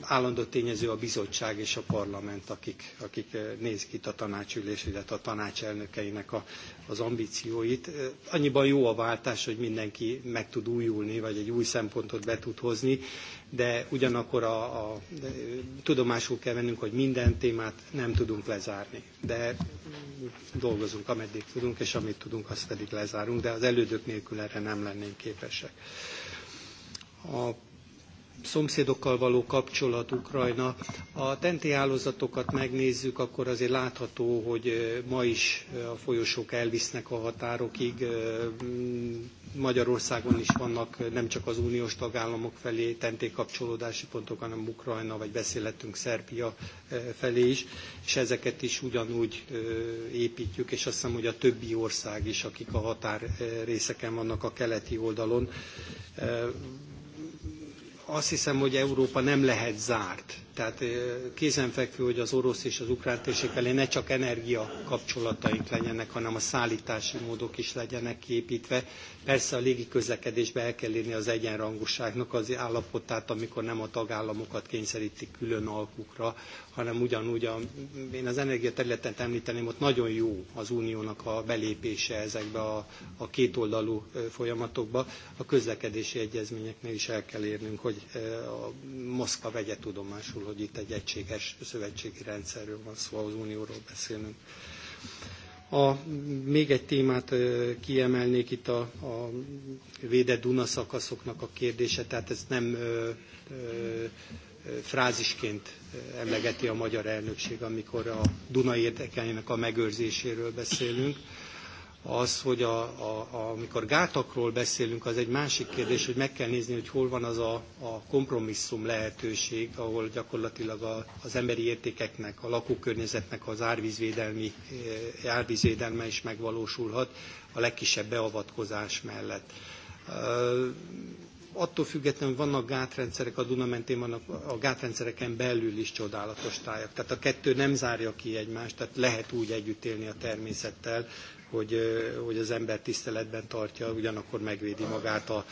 állandó tényező a bizottság és a parlament, akik, akik eh, nézik itt a tanácsülés, illetve a tanács elnökeinek a az ambícióit. Annyiban jó a váltás, hogy mindenki meg tud újulni, vagy egy új szempontot be tud hozni, de ugyanakkor a, a tudomásul kell vennünk, hogy minden témát nem tudunk lezárni. De dolgozunk, ameddig tudunk, és amit tudunk, azt pedig lezárunk, de az elődök nélkül erre nem lennénk képesek. A szomszédokkal való kapcsolat Ukrajna. A tenti hálózatokat megnézzük, akkor azért látható, hogy ma is a folyosók elvisznek a határokig. Magyarországon is vannak nem csak az uniós tagállamok felé tenté kapcsolódási pontok, hanem Ukrajna, vagy beszélhetünk Szerbia felé is, és ezeket is ugyanúgy építjük, és azt hiszem, hogy a többi ország is, akik a határ részeken vannak a keleti oldalon azt hiszem, hogy Európa nem lehet zárt. Tehát kézenfekvő, hogy az orosz és az ukrán térség felé ne csak energia kapcsolataink legyenek, hanem a szállítási módok is legyenek kiépítve. Persze a légi közlekedésbe el kell érni az egyenrangúságnak az állapotát, amikor nem a tagállamokat kényszerítik külön alkukra, hanem ugyanúgy, a, én az energiaterületet említeném, ott nagyon jó az uniónak a belépése ezekbe a, a kétoldalú folyamatokba. A közlekedési egyezményeknél is el kell érnünk, hogy a Moszkva vegye tudomásul, hogy itt egy egységes szövetségi rendszerről van szó, szóval az unióról beszélünk. A, még egy témát kiemelnék itt a, a védett Duna szakaszoknak a kérdése, tehát ez nem ö, ö, frázisként emlegeti a magyar elnökség, amikor a Duna érdekeljének a megőrzéséről beszélünk az, hogy a, a, a, amikor gátakról beszélünk, az egy másik kérdés, hogy meg kell nézni, hogy hol van az a, a kompromisszum lehetőség, ahol gyakorlatilag a, az emberi értékeknek, a lakókörnyezetnek az árvízvédelmi, eh, árvízvédelme is megvalósulhat a legkisebb beavatkozás mellett. Eh, attól függetlenül vannak gátrendszerek, a Duna mentén vannak a gátrendszereken belül is csodálatos tájak. Tehát a kettő nem zárja ki egymást, tehát lehet úgy együtt élni a természettel, hogy, hogy az ember tiszteletben tartja, ugyanakkor megvédi magát a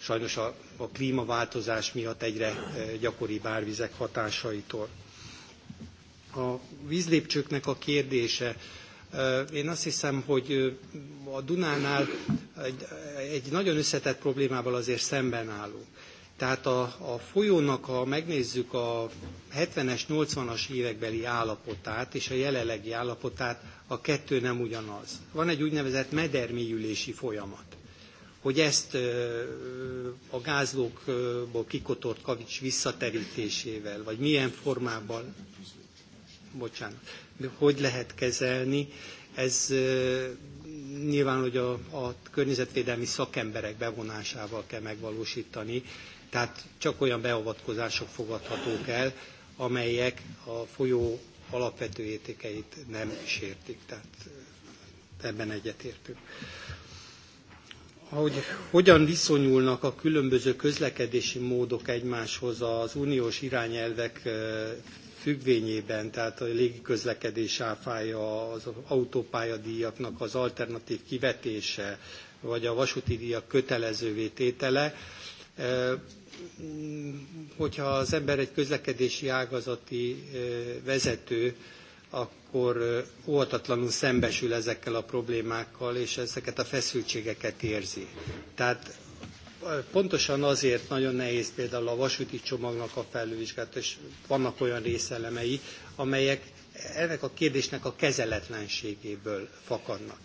sajnos a, a klímaváltozás miatt egyre gyakoribb árvizek hatásaitól. A vízlépcsőknek a kérdése, én azt hiszem, hogy a Dunánál egy, egy nagyon összetett problémával azért szemben állunk. Tehát a, a folyónak, ha megnézzük a 70-es, 80-as évekbeli állapotát és a jelenlegi állapotát, a kettő nem ugyanaz. Van egy úgynevezett medermélyülési folyamat. Hogy ezt a gázlókból kikotort kavics visszaterítésével, vagy milyen formában, bocsánat, hogy lehet kezelni, ez nyilván, hogy a, a környezetvédelmi szakemberek bevonásával kell megvalósítani, tehát csak olyan beavatkozások fogadhatók el, amelyek a folyó alapvető értékeit nem sértik. Tehát eh, ebben egyetértünk. Hogy hogyan viszonyulnak a különböző közlekedési módok egymáshoz az uniós irányelvek eh, függvényében, tehát a légiközlekedés áfája, az autópályadíjaknak az alternatív kivetése, vagy a vasúti díjak kötelezővé tétele, Hogyha az ember egy közlekedési ágazati vezető, akkor óvatatlanul szembesül ezekkel a problémákkal, és ezeket a feszültségeket érzi. Tehát pontosan azért nagyon nehéz például a vasúti csomagnak a felülvizsgálat, és vannak olyan részelemei, amelyek ennek a kérdésnek a kezeletlenségéből fakadnak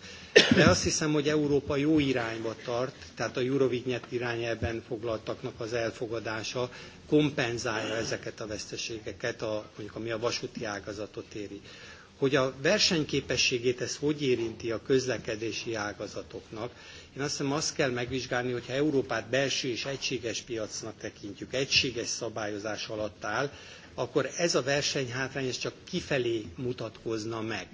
de azt hiszem, hogy Európa jó irányba tart, tehát a Eurovignet irányelben foglaltaknak az elfogadása kompenzálja ezeket a veszteségeket, a, mondjuk ami a vasúti ágazatot éri. Hogy a versenyképességét ez hogy érinti a közlekedési ágazatoknak, én azt hiszem azt kell megvizsgálni, hogyha Európát belső és egységes piacnak tekintjük, egységes szabályozás alatt áll, akkor ez a versenyhátrány ez csak kifelé mutatkozna meg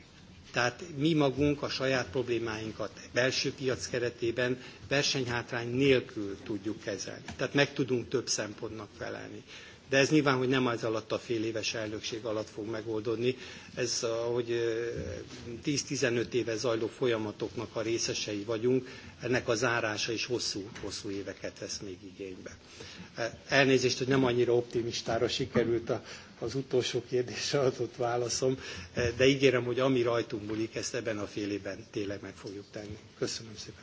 tehát mi magunk a saját problémáinkat belső piac keretében versenyhátrány nélkül tudjuk kezelni. Tehát meg tudunk több szempontnak felelni. De ez nyilván, hogy nem az alatt a fél éves elnökség alatt fog megoldódni. Ez, hogy 10-15 éve zajló folyamatoknak a részesei vagyunk, ennek a zárása is hosszú, hosszú éveket vesz még igénybe. Elnézést, hogy nem annyira optimistára sikerült a az utolsó kérdésre adott válaszom, eh, de ígérem, hogy ami rajtunk múlik, ezt ebben a fél évben tényleg meg fogjuk tenni. Köszönöm szépen.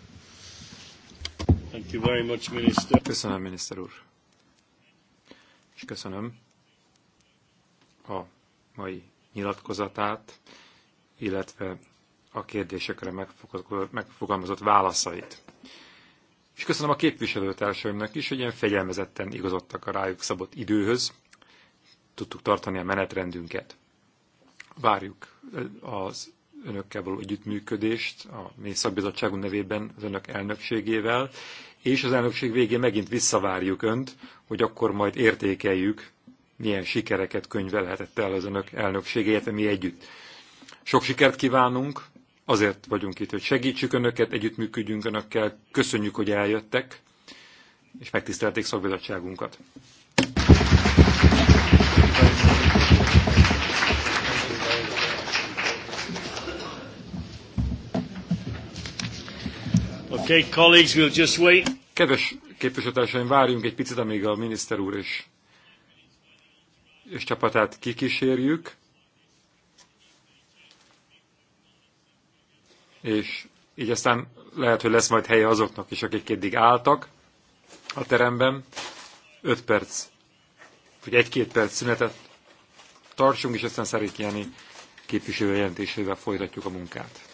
Thank you very much, minister. Köszönöm, miniszter úr. És köszönöm a mai nyilatkozatát, illetve a kérdésekre megfogalmazott válaszait. És köszönöm a képviselőtársaimnak is, hogy ilyen fegyelmezetten igazodtak a rájuk szabott időhöz, tudtuk tartani a menetrendünket. Várjuk az önökkel való együttműködést a mi nevében az önök elnökségével, és az elnökség végén megint visszavárjuk önt, hogy akkor majd értékeljük, milyen sikereket könyvelhetett el az önök elnökségéért, mi együtt. Sok sikert kívánunk, azért vagyunk itt, hogy segítsük önöket, együttműködjünk önökkel, köszönjük, hogy eljöttek, és megtisztelték szakbizottságunkat. Okay, colleagues, we'll just wait. Kedves képviselőtársaim, várjunk egy picit, amíg a miniszter úr és, és csapatát kikísérjük. És így aztán lehet, hogy lesz majd helye azoknak is, akik eddig álltak a teremben. 5 perc hogy egy-két perc szünetet tartsunk, és aztán Szerik Jani képviselő jelentésével folytatjuk a munkát.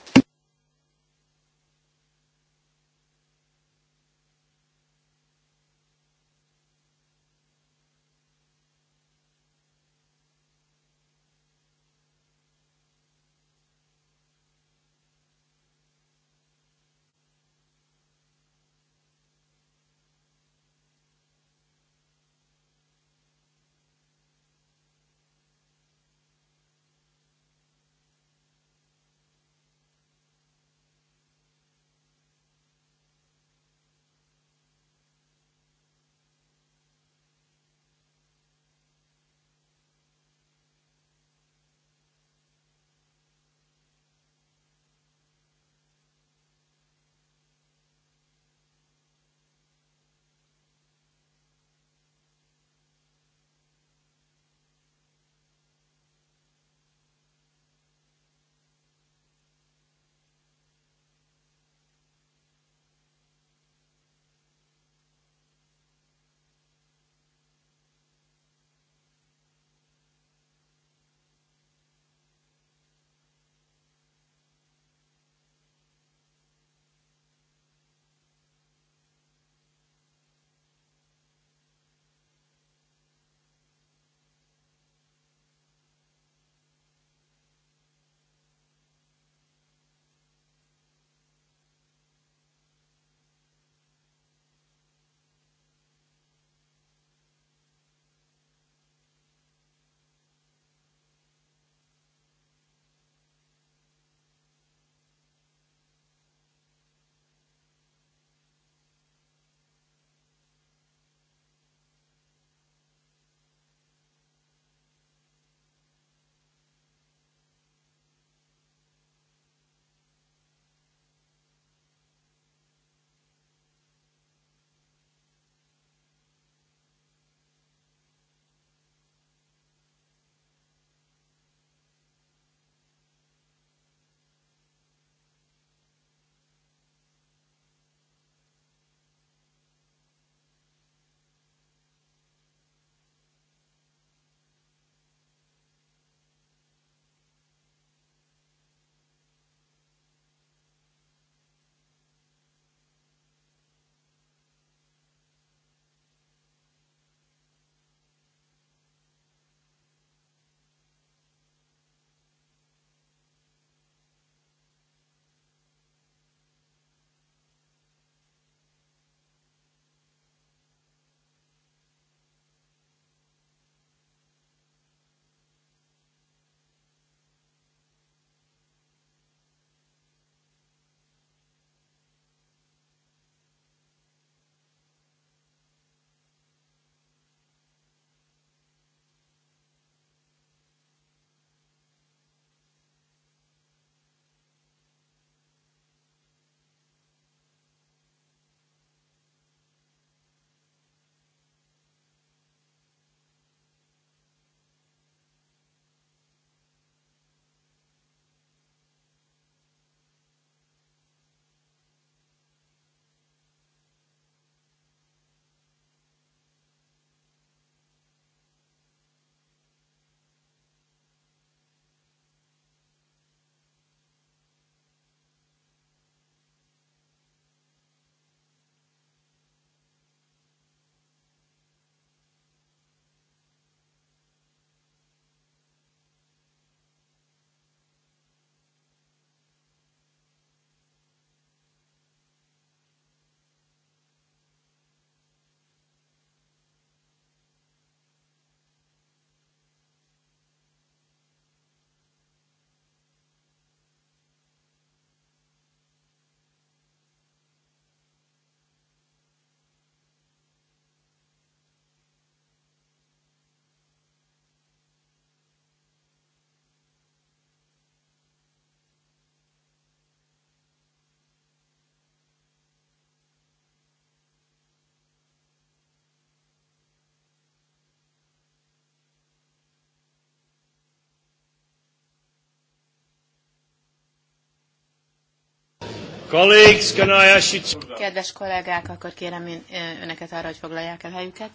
Kedves kollégák, akkor kérem én, önöket arra, hogy foglalják el helyüket.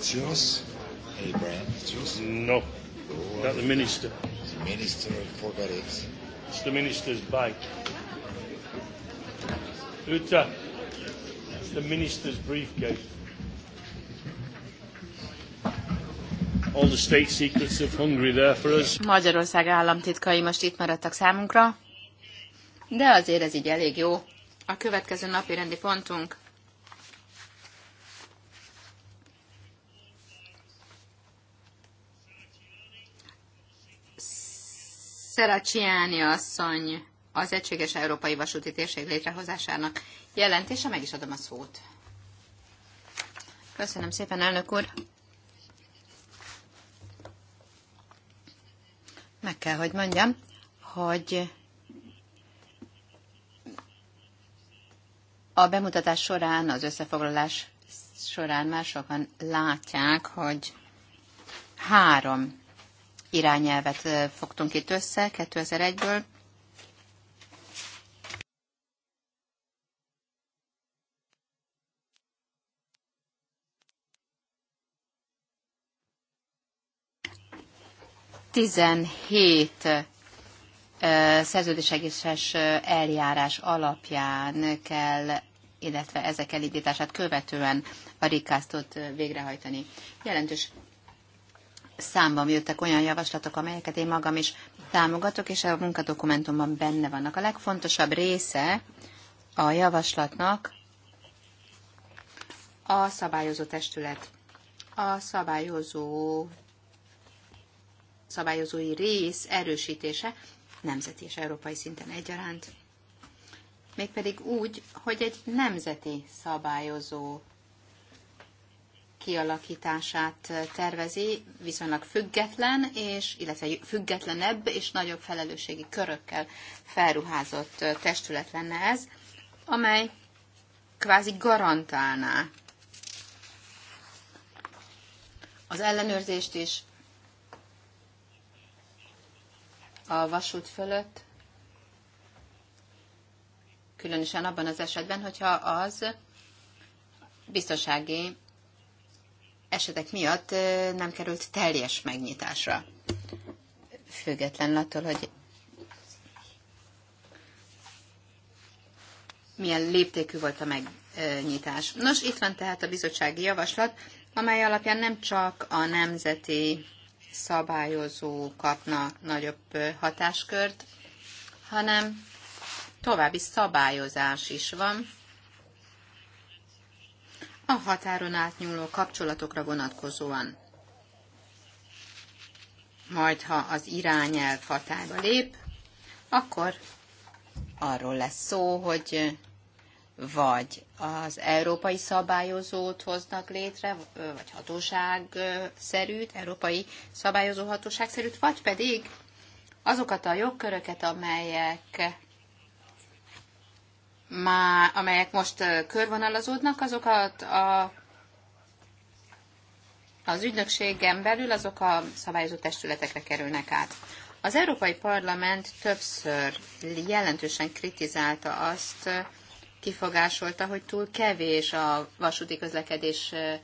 It's yours, Abraham. It's yours. No. Oh, That the minister. The minister forgot it. It's the minister's bike. Uta, it's the minister's briefcase. all the state secrets of Hungary there for us. Magyarország államtitkai most itt maradtak számunkra, de azért ez így elég jó. A következő napi rendi pontunk Szeracsiáni asszony az Egységes Európai Vasúti Térség létrehozásának jelentése, meg is adom a szót. Köszönöm szépen, elnök úr! meg kell, hogy mondjam, hogy a bemutatás során, az összefoglalás során már sokan látják, hogy három irányelvet fogtunk itt össze 2001-ből, 17 szerződésegészes eljárás alapján kell, illetve ezek elindítását követően a rikáztot végrehajtani. Jelentős számban jöttek olyan javaslatok, amelyeket én magam is támogatok, és a munkadokumentumban benne vannak. A legfontosabb része a javaslatnak a szabályozó testület. A szabályozó szabályozói rész erősítése nemzeti és európai szinten egyaránt. Mégpedig úgy, hogy egy nemzeti szabályozó kialakítását tervezi viszonylag független, és, illetve függetlenebb és nagyobb felelősségi körökkel felruházott testület lenne ez, amely kvázi garantálná az ellenőrzést is, a vasút fölött, különösen abban az esetben, hogyha az biztonsági esetek miatt nem került teljes megnyitásra. Független attól, hogy milyen léptékű volt a megnyitás. Nos, itt van tehát a bizottsági javaslat, amely alapján nem csak a nemzeti szabályozó kapna nagyobb hatáskört, hanem további szabályozás is van a határon átnyúló kapcsolatokra vonatkozóan. Majd, ha az irányelv hatályba lép, akkor arról lesz szó, hogy vagy az európai szabályozót hoznak létre, vagy hatóságszerűt, európai szabályozó hatóságszerűt, vagy pedig azokat a jogköröket, amelyek má, amelyek most körvonalazódnak, azokat a, az ügynökségen belül azok a szabályozó testületekre kerülnek át. Az Európai Parlament többször jelentősen kritizálta azt, kifogásolta, hogy túl kevés a vasúti közlekedésre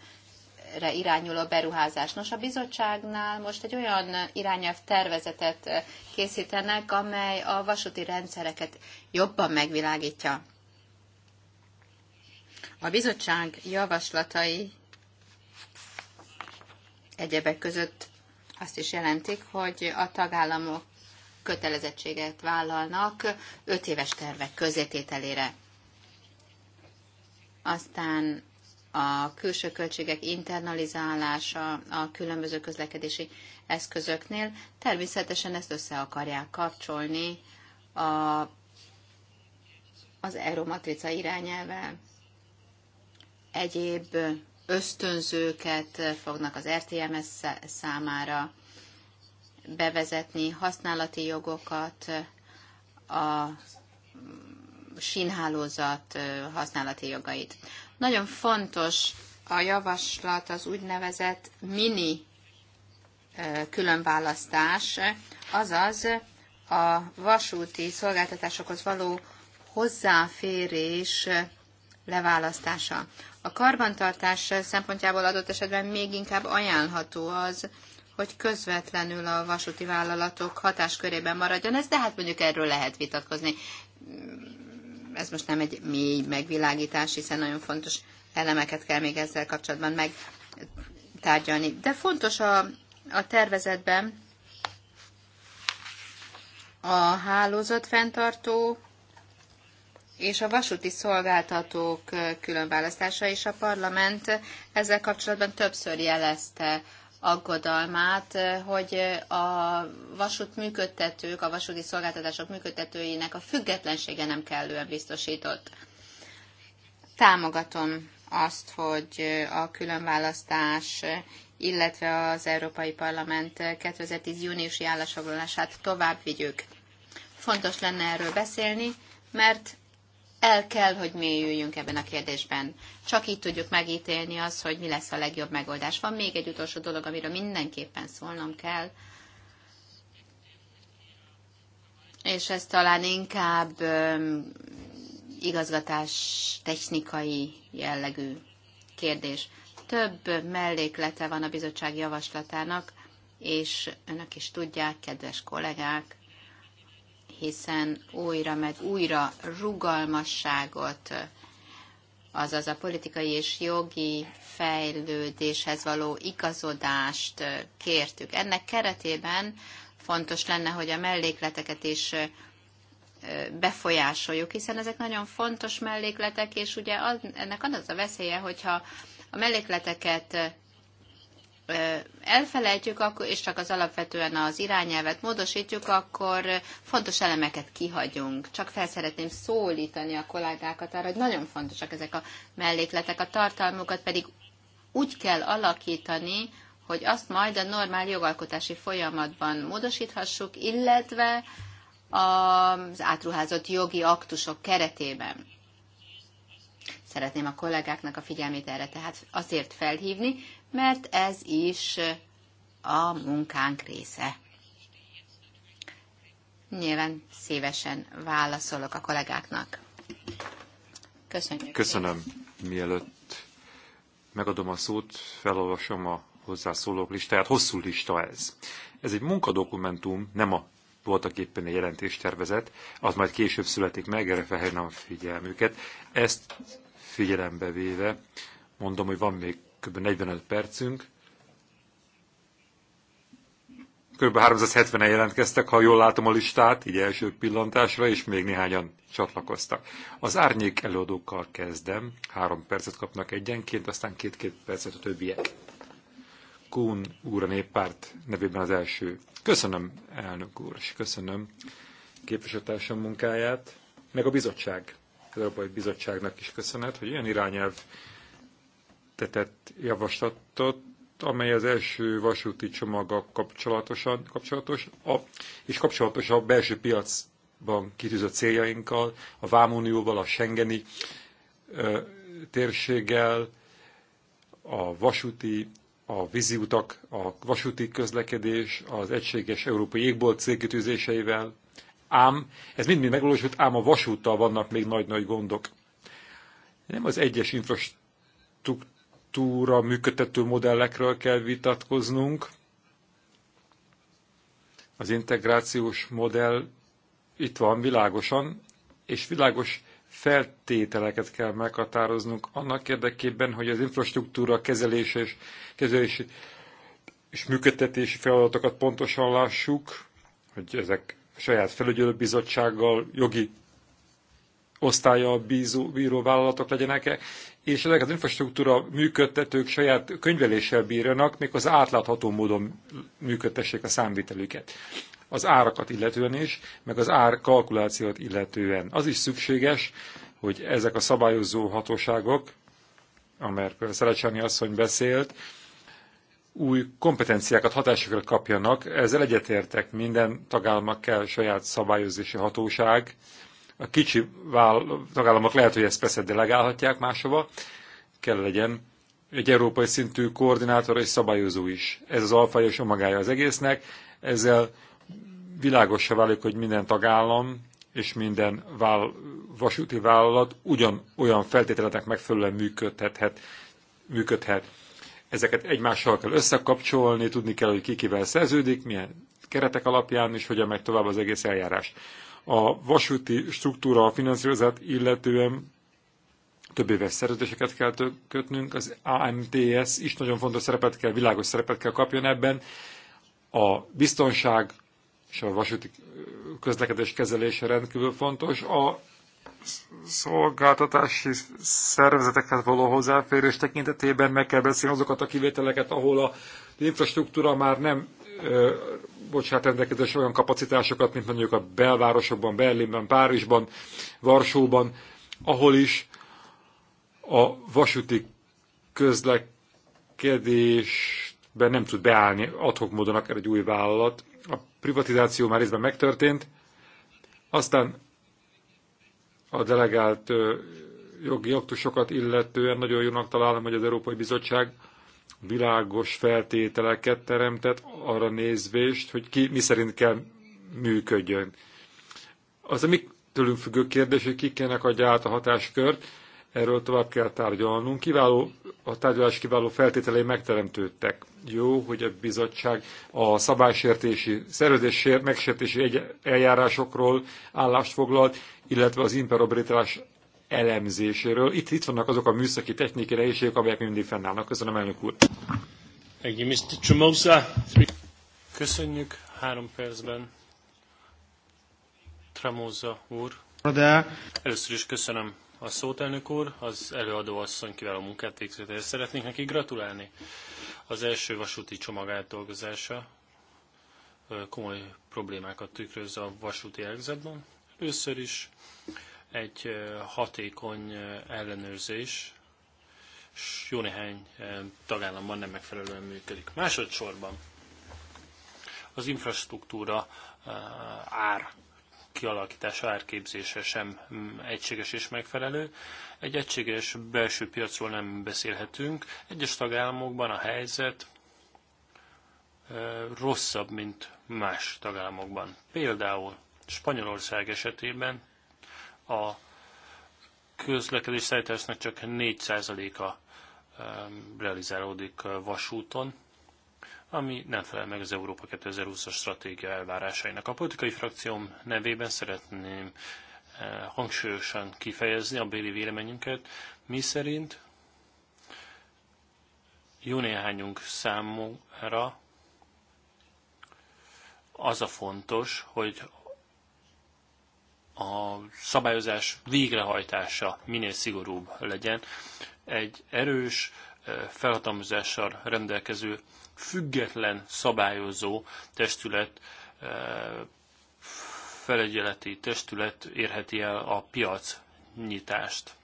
irányuló beruházás. Nos, a bizottságnál most egy olyan irányelv tervezetet készítenek, amely a vasúti rendszereket jobban megvilágítja. A bizottság javaslatai egyebek között azt is jelentik, hogy a tagállamok kötelezettséget vállalnak öt éves tervek közétételére aztán a külső költségek internalizálása a különböző közlekedési eszközöknél. Természetesen ezt össze akarják kapcsolni a, az euromatrica irányelvel. Egyéb ösztönzőket fognak az RTMS számára bevezetni, használati jogokat, a sínhálózat használati jogait. Nagyon fontos a javaslat az úgynevezett mini különválasztás, azaz a vasúti szolgáltatásokhoz való hozzáférés leválasztása. A karbantartás szempontjából adott esetben még inkább ajánlható az, hogy közvetlenül a vasúti vállalatok hatáskörében maradjon ez, de hát mondjuk erről lehet vitatkozni ez most nem egy mély megvilágítás, hiszen nagyon fontos elemeket kell még ezzel kapcsolatban megtárgyalni. De fontos a, a tervezetben a hálózat fenntartó és a vasúti szolgáltatók különválasztása, és a parlament ezzel kapcsolatban többször jelezte aggodalmát, eh, hogy eh, a vasút működtetők, a vasúti szolgáltatások működtetőinek a függetlensége nem kellően biztosított. Támogatom azt, hogy eh, a különválasztás, illetve az Európai Parlament 2010. júniusi állásfoglalását tovább vigyük. Fontos lenne erről beszélni, mert el kell, hogy mélyüljünk ebben a kérdésben. Csak így tudjuk megítélni azt, hogy mi lesz a legjobb megoldás. Van még egy utolsó dolog, amiről mindenképpen szólnom kell, és ez talán inkább um, igazgatás technikai jellegű kérdés. Több melléklete van a bizottság javaslatának, és önök is tudják, kedves kollégák, hiszen újra meg újra rugalmasságot, azaz a politikai és jogi fejlődéshez való igazodást kértük. Ennek keretében fontos lenne, hogy a mellékleteket is befolyásoljuk, hiszen ezek nagyon fontos mellékletek, és ugye az, ennek az a veszélye, hogyha a mellékleteket elfelejtjük, akkor, és csak az alapvetően az irányelvet módosítjuk, akkor fontos elemeket kihagyunk. Csak fel szeretném szólítani a kollégákat arra, hogy nagyon fontosak ezek a mellékletek, a tartalmukat pedig úgy kell alakítani, hogy azt majd a normál jogalkotási folyamatban módosíthassuk, illetve az átruházott jogi aktusok keretében. Szeretném a kollégáknak a figyelmét erre tehát azért felhívni, mert ez is a munkánk része. Nyilván szívesen válaszolok a kollégáknak. Köszönjük. Köszönöm. Mielőtt megadom a szót, felolvasom a hozzászólók listáját. Hosszú lista ez. Ez egy munkadokumentum, nem a voltak éppen egy jelentéstervezet, az majd később születik meg, erre felhelyem a figyelmüket. Ezt figyelembe véve mondom, hogy van még kb. 45 percünk. Kb. 370-en jelentkeztek, ha jól látom a listát, így első pillantásra, és még néhányan csatlakoztak. Az árnyék előadókkal kezdem, három percet kapnak egyenként, aztán két-két percet a többiek. Kún úr a néppárt nevében az első. Köszönöm, elnök úr, és köszönöm képviselőtársam munkáját, meg a bizottság, az Európai Bizottságnak is köszönet, hogy ilyen irányelv tetett javaslatot, amely az első vasúti csomaga kapcsolatosan, kapcsolatos, a, és kapcsolatos a belső piacban kitűzött céljainkkal, a Vámunióval, a Schengeni ö, térséggel, a vasúti, a vízi a vasúti közlekedés, az egységes európai égbolt célkitűzéseivel, ám ez mind-mind megvalósult, ám a vasúttal vannak még nagy-nagy gondok. Nem az egyes infrastruktúra struktúra, működtető modellekről kell vitatkoznunk. Az integrációs modell itt van világosan, és világos feltételeket kell meghatároznunk annak érdekében, hogy az infrastruktúra kezelése és, kezelési és működtetési feladatokat pontosan lássuk, hogy ezek saját felügyelőbizottsággal, jogi osztálya a bíró vállalatok legyenek-e, és ezek az infrastruktúra működtetők saját könyveléssel bírjanak, még az átlátható módon működtessék a számvitelüket. Az árakat illetően is, meg az ár kalkulációt illetően. Az is szükséges, hogy ezek a szabályozó hatóságok, amelyekről Szerecsáni asszony beszélt, új kompetenciákat, hatásokra kapjanak. Ezzel egyetértek, minden tagállamnak kell saját szabályozási hatóság, a kicsi vállal, tagállamok lehet, hogy ezt persze delegálhatják máshova, kell legyen egy európai szintű koordinátor és szabályozó is. Ez az alfa és omagája az egésznek, ezzel világosra válik, hogy minden tagállam és minden vál, vasúti vállalat ugyan olyan feltételeknek megfelelően működhet, működhet. Ezeket egymással kell összekapcsolni, tudni kell, hogy kikivel szerződik, milyen keretek alapján, és hogyan megy tovább az egész eljárás a vasúti struktúra a illetően több éves szerződéseket kell kötnünk, az AMTS is nagyon fontos szerepet kell, világos szerepet kell kapjon ebben. A biztonság és a vasúti közlekedés kezelése rendkívül fontos. A szolgáltatási szervezetekhez való hozzáférés tekintetében meg kell beszélni azokat a kivételeket, ahol a infrastruktúra már nem bocsát rendelkezés olyan kapacitásokat, mint mondjuk a belvárosokban, Berlinben, Párizsban, Varsóban, ahol is a vasúti közlekedésben nem tud beállni adhok módon akár egy új vállalat. A privatizáció már részben megtörtént, aztán a delegált jogi aktusokat illetően nagyon jónak találom, hogy az Európai Bizottság világos feltételeket teremtett arra nézvést, hogy ki mi szerint kell működjön. Az a mi tőlünk függő kérdés, hogy kiknek adja át a hatáskört, erről tovább kell tárgyalnunk. Kiváló, a tárgyalás kiváló feltételei megteremtődtek. Jó, hogy a bizottság a szabálysértési, szerződés megsértési eljárásokról állást foglalt, illetve az imperobritás elemzéséről. Itt, itt vannak azok a műszaki technikai nehézségek, amelyek mindig fennállnak. Köszönöm, elnök úr. Thank you, Mr. Köszönjük három percben. Tramóza úr. De... Először is köszönöm a szót, elnök úr. Az előadó asszony kiváló munkát végzett, és szeretnék neki gratulálni. Az első vasúti csomag átdolgozása komoly problémákat tükröz a vasúti ágazatban. Először is egy hatékony ellenőrzés, és jó néhány tagállamban nem megfelelően működik. Másodszorban az infrastruktúra ár kialakítása, árképzése sem egységes és megfelelő. Egy egységes belső piacról nem beszélhetünk. Egyes tagállamokban a helyzet rosszabb, mint más tagállamokban. Például Spanyolország esetében a közlekedés szállításnak csak 4%-a realizálódik vasúton, ami nem felel meg az Európa 2020-as stratégia elvárásainak. A politikai frakcióm nevében szeretném e, hangsúlyosan kifejezni a béli véleményünket, mi szerint jó néhányunk számára az a fontos, hogy a szabályozás végrehajtása minél szigorúbb legyen. Egy erős eh, felhatalmazással rendelkező független szabályozó testület eh, felegyeleti testület érheti el a piac nyitást.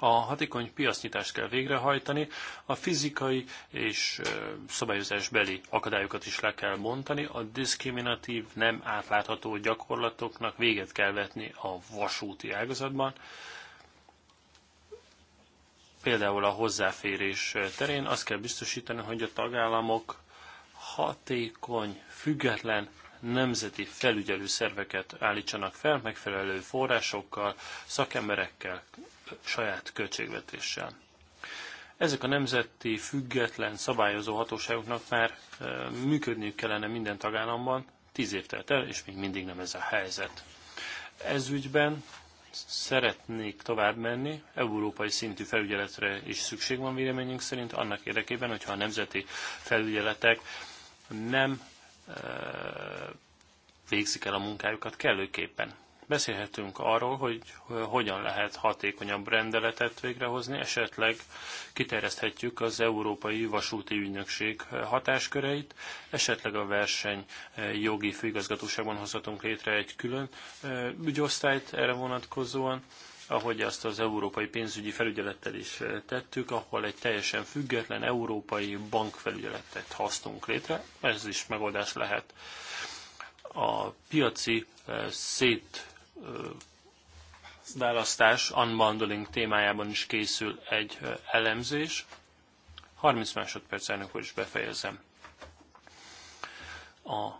A hatékony piacnyitást kell végrehajtani, a fizikai és szabályozásbeli akadályokat is le kell bontani, a diszkriminatív, nem átlátható gyakorlatoknak véget kell vetni a vasúti ágazatban, például a hozzáférés terén azt kell biztosítani, hogy a tagállamok hatékony, független nemzeti felügyelő szerveket állítsanak fel, megfelelő forrásokkal, szakemberekkel, saját költségvetéssel. Ezek a nemzeti független szabályozó hatóságoknak már működniük kellene minden tagállamban, tíz év telt el, és még mindig nem ez a helyzet. Ez ügyben szeretnék tovább menni, európai szintű felügyeletre is szükség van véleményünk szerint, annak érdekében, hogyha a nemzeti felügyeletek nem végzik el a munkájukat kellőképpen. Beszélhetünk arról, hogy hogyan lehet hatékonyabb rendeletet végrehozni, esetleg kiterjeszthetjük az Európai Vasúti Ügynökség hatásköreit, esetleg a verseny jogi főigazgatóságban hozhatunk létre egy külön ügyosztályt erre vonatkozóan, ahogy azt az európai pénzügyi felügyelettel is tettük, ahol egy teljesen független európai bankfelügyeletet hoztunk létre, ez is megoldás lehet. A piaci szét választás unbundling témájában is készül egy elemzés. 30 másodperc elnök is befejezem. A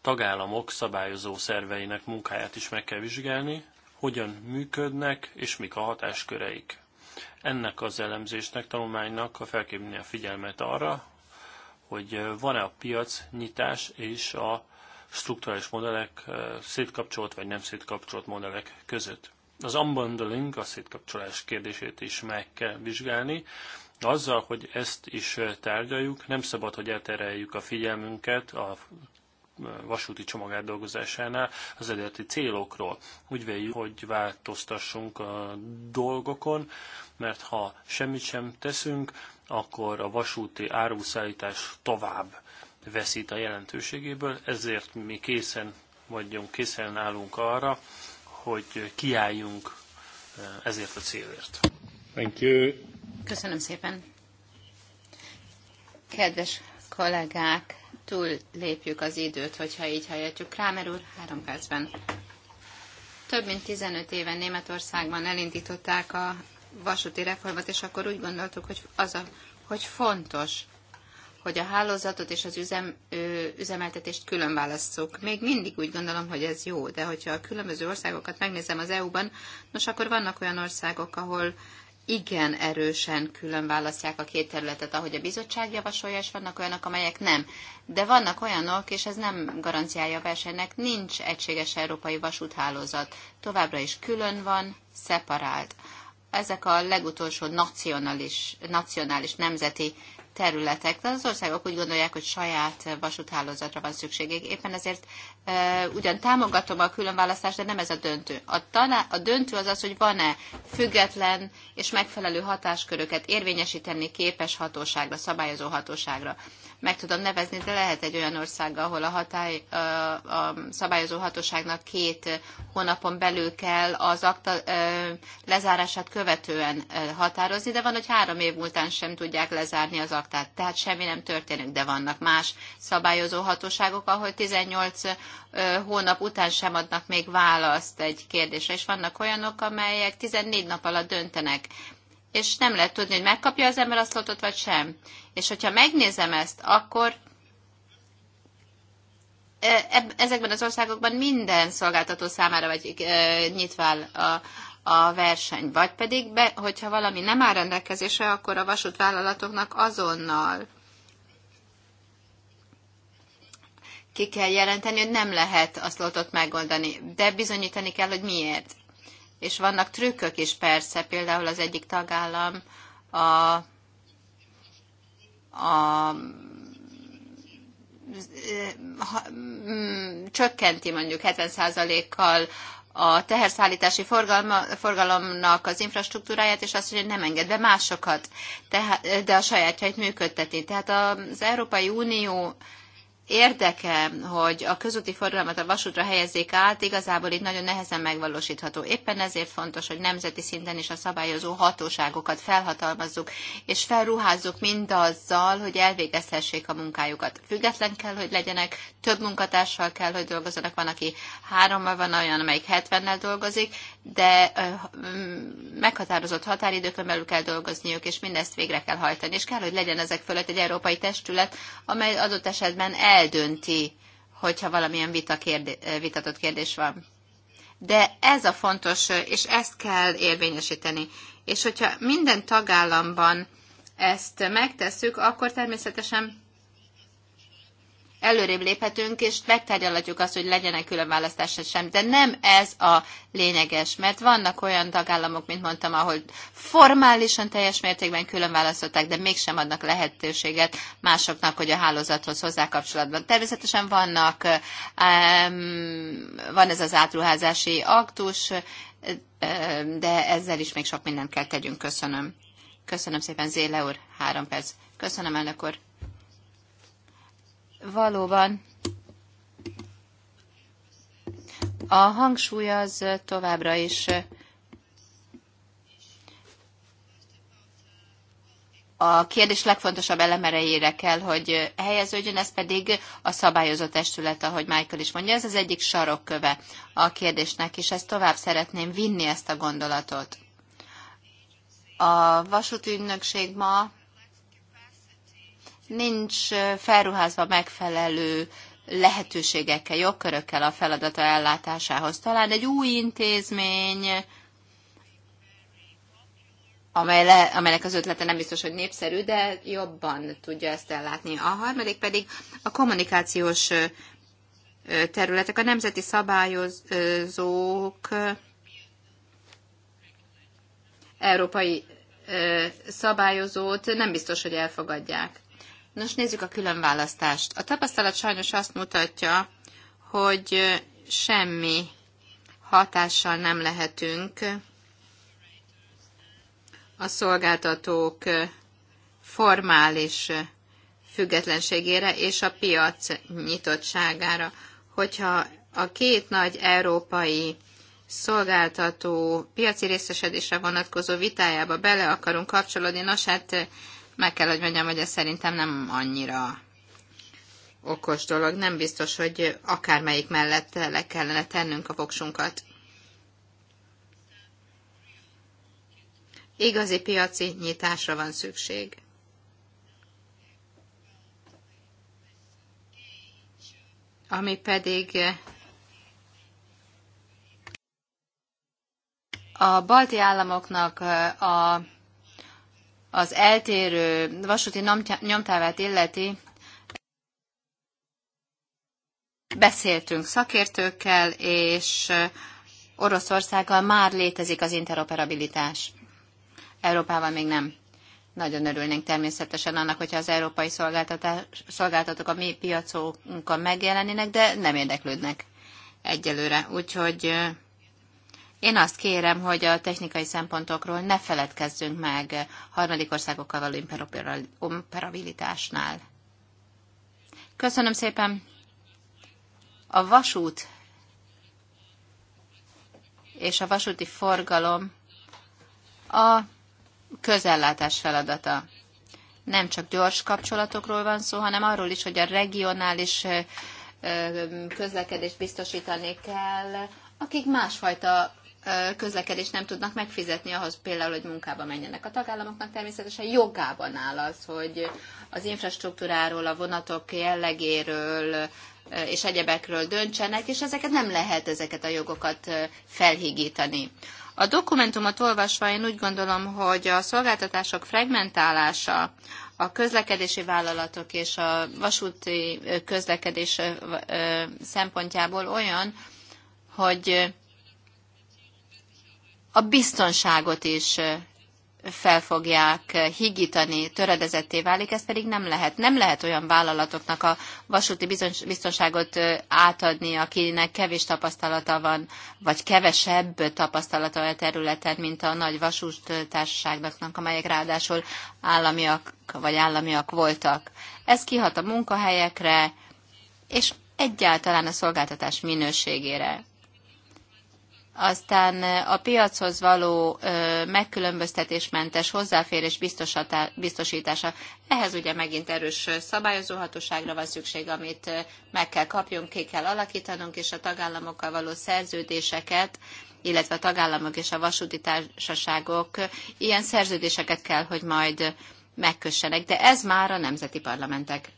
tagállamok szabályozó szerveinek munkáját is meg kell vizsgálni, hogyan működnek és mik a hatásköreik. Ennek az elemzésnek, tanulmánynak a kell a figyelmet arra, hogy van-e a piac nyitás és a strukturális modellek szétkapcsolt vagy nem szétkapcsolt modellek között. Az unbundling, a szétkapcsolás kérdését is meg kell vizsgálni. Azzal, hogy ezt is tárgyaljuk, nem szabad, hogy eltereljük a figyelmünket a vasúti csomag átdolgozásánál az eredeti célokról. Úgy véljük, hogy változtassunk a dolgokon, mert ha semmit sem teszünk, akkor a vasúti áruszállítás tovább veszít a jelentőségéből, ezért mi készen vagyunk, készen állunk arra, hogy kiálljunk eh, ezért a célért. Thank you. Köszönöm szépen. Kedves kollégák, túl lépjük az időt, hogyha így hajtjuk Krámer úr, három percben. Több mint 15 éven Németországban elindították a vasúti reformot, és akkor úgy gondoltuk, hogy az a, hogy fontos, hogy a hálózatot és az üzem, ö, üzemeltetést külön válasszuk. Még mindig úgy gondolom, hogy ez jó, de hogyha a különböző országokat megnézem az EU-ban, nos akkor vannak olyan országok, ahol igen erősen külön választják a két területet, ahogy a bizottság javasolja, és vannak olyanok, amelyek nem. De vannak olyanok, és ez nem garanciája a versenynek, nincs egységes európai vasúthálózat. Továbbra is külön van, szeparált. Ezek a legutolsó nacionalis, nacionális nemzeti területek. De az országok úgy gondolják, hogy saját vasúthálózatra van szükségük. Éppen ezért e, ugyan támogatom a különválasztást, de nem ez a döntő. A, taná, a döntő az az, hogy van-e független és megfelelő hatásköröket érvényesíteni képes hatóságra, szabályozó hatóságra meg tudom nevezni, de lehet egy olyan ország, ahol a, hatály, a, szabályozó hatóságnak két hónapon belül kell az akta lezárását követően határozni, de van, hogy három év után sem tudják lezárni az aktát, tehát semmi nem történik, de vannak más szabályozó hatóságok, ahol 18 hónap után sem adnak még választ egy kérdésre, és vannak olyanok, amelyek 14 nap alatt döntenek és nem lehet tudni, hogy megkapja az ember a szlotot, vagy sem. És hogyha megnézem ezt, akkor e, ezekben az országokban minden szolgáltató számára vagy e, nyitva a, a verseny, vagy pedig, be, hogyha valami nem áll rendelkezésre, akkor a vasútvállalatoknak azonnal ki kell jelenteni, hogy nem lehet a szlotot megoldani, de bizonyítani kell, hogy miért és vannak trükkök is persze, például az egyik tagállam a, a mm, csökkenti mondjuk 70%-kal a teherszállítási forgalma, forgalomnak az infrastruktúráját, és azt, hogy nem enged be másokat, de a sajátjait működteti. Tehát az Európai Unió érdeke, hogy a közúti forgalmat a vasútra helyezzék át, igazából itt nagyon nehezen megvalósítható. Éppen ezért fontos, hogy nemzeti szinten is a szabályozó hatóságokat felhatalmazzuk, és felruházzuk mindazzal, hogy elvégezhessék a munkájukat. Független kell, hogy legyenek, több munkatársal kell, hogy dolgozzanak. Van, aki hárommal van, olyan, amelyik 70-nel dolgozik, de mm, meghatározott határidőkön belül kell dolgozniuk, és mindezt végre kell hajtani. És kell, hogy legyen ezek fölött egy európai testület, amely adott esetben el eldönti, hogyha valamilyen vita kérdé, eh, vitatott kérdés van. De ez a fontos, eh, és ezt kell érvényesíteni. És hogyha minden tagállamban ezt megtesszük, akkor természetesen előrébb léphetünk, és megtárgyalhatjuk azt, hogy legyenek külön választás sem. De nem ez a lényeges, mert vannak olyan tagállamok, mint mondtam, ahol formálisan teljes mértékben külön választották, de mégsem adnak lehetőséget másoknak, hogy a hálózathoz hozzákapcsolatban. Természetesen vannak, van ez az átruházási aktus, de ezzel is még sok mindent kell tegyünk. Köszönöm. Köszönöm szépen, Zéle úr, három perc. Köszönöm, elnök úr valóban a hangsúly az továbbra is a kérdés legfontosabb elemereire kell, hogy helyeződjön, ez pedig a szabályozó testület, ahogy Michael is mondja, ez az egyik sarokköve a kérdésnek, és ezt tovább szeretném vinni ezt a gondolatot. A vasútügynökség ma nincs felruházva megfelelő lehetőségekkel, jogkörökkel a feladata ellátásához. Talán egy új intézmény, amely le, amelynek az ötlete nem biztos, hogy népszerű, de jobban tudja ezt ellátni. A harmadik pedig a kommunikációs területek, a nemzeti szabályozók, európai szabályozót nem biztos, hogy elfogadják. Nos, nézzük a különválasztást. A tapasztalat sajnos azt mutatja, hogy semmi hatással nem lehetünk a szolgáltatók formális függetlenségére és a piac nyitottságára. Hogyha a két nagy európai szolgáltató piaci részesedésre vonatkozó vitájába bele akarunk kapcsolódni, nos hát meg kell, hogy mondjam, hogy ez szerintem nem annyira okos dolog. Nem biztos, hogy akármelyik mellett le kellene tennünk a voksunkat. Igazi piaci nyitásra van szükség. Ami pedig a balti államoknak a az eltérő vasúti nyomtávát illeti, beszéltünk szakértőkkel, és Oroszországgal már létezik az interoperabilitás. Európával még nem. Nagyon örülnénk természetesen annak, hogyha az európai szolgáltatók a mi piacunkon megjelenének, de nem érdeklődnek egyelőre. Úgyhogy én azt kérem, hogy a technikai szempontokról ne feledkezzünk meg harmadik országokkal való imperabilitásnál. Köszönöm szépen. A vasút és a vasúti forgalom a közellátás feladata. Nem csak gyors kapcsolatokról van szó, hanem arról is, hogy a regionális közlekedést biztosítani kell, akik másfajta közlekedést nem tudnak megfizetni ahhoz például, hogy munkába menjenek. A tagállamoknak természetesen jogában áll az, hogy az infrastruktúráról, a vonatok jellegéről és egyebekről döntsenek, és ezeket nem lehet ezeket a jogokat felhigítani. A dokumentumot olvasva én úgy gondolom, hogy a szolgáltatások fragmentálása, a közlekedési vállalatok és a vasúti közlekedés szempontjából olyan, hogy a biztonságot is fel fogják higítani, töredezetté válik, ez pedig nem lehet. Nem lehet olyan vállalatoknak a vasúti biztonságot átadni, akinek kevés tapasztalata van, vagy kevesebb tapasztalata a területen, mint a nagy társaságnak, amelyek ráadásul államiak vagy államiak voltak. Ez kihat a munkahelyekre, és egyáltalán a szolgáltatás minőségére aztán a piachoz való megkülönböztetésmentes hozzáférés biztosítása. Ehhez ugye megint erős szabályozóhatóságra van szükség, amit meg kell kapjunk, ki kell alakítanunk, és a tagállamokkal való szerződéseket, illetve a tagállamok és a vasúti társaságok ilyen szerződéseket kell, hogy majd megkössenek. De ez már a nemzeti parlamentek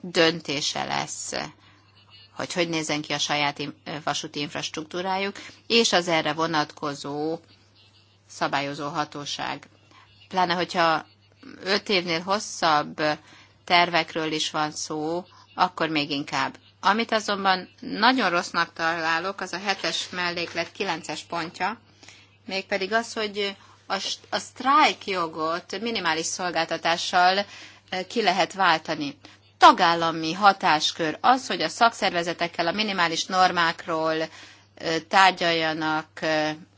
döntése lesz hogy hogy nézzen ki a saját vasúti infrastruktúrájuk, és az erre vonatkozó szabályozó hatóság. Pláne, hogyha öt évnél hosszabb tervekről is van szó, akkor még inkább. Amit azonban nagyon rossznak találok, az a hetes melléklet kilences pontja, mégpedig az, hogy a, a sztrájk jogot minimális szolgáltatással ki lehet váltani tagállami hatáskör az, hogy a szakszervezetekkel a minimális normákról tárgyaljanak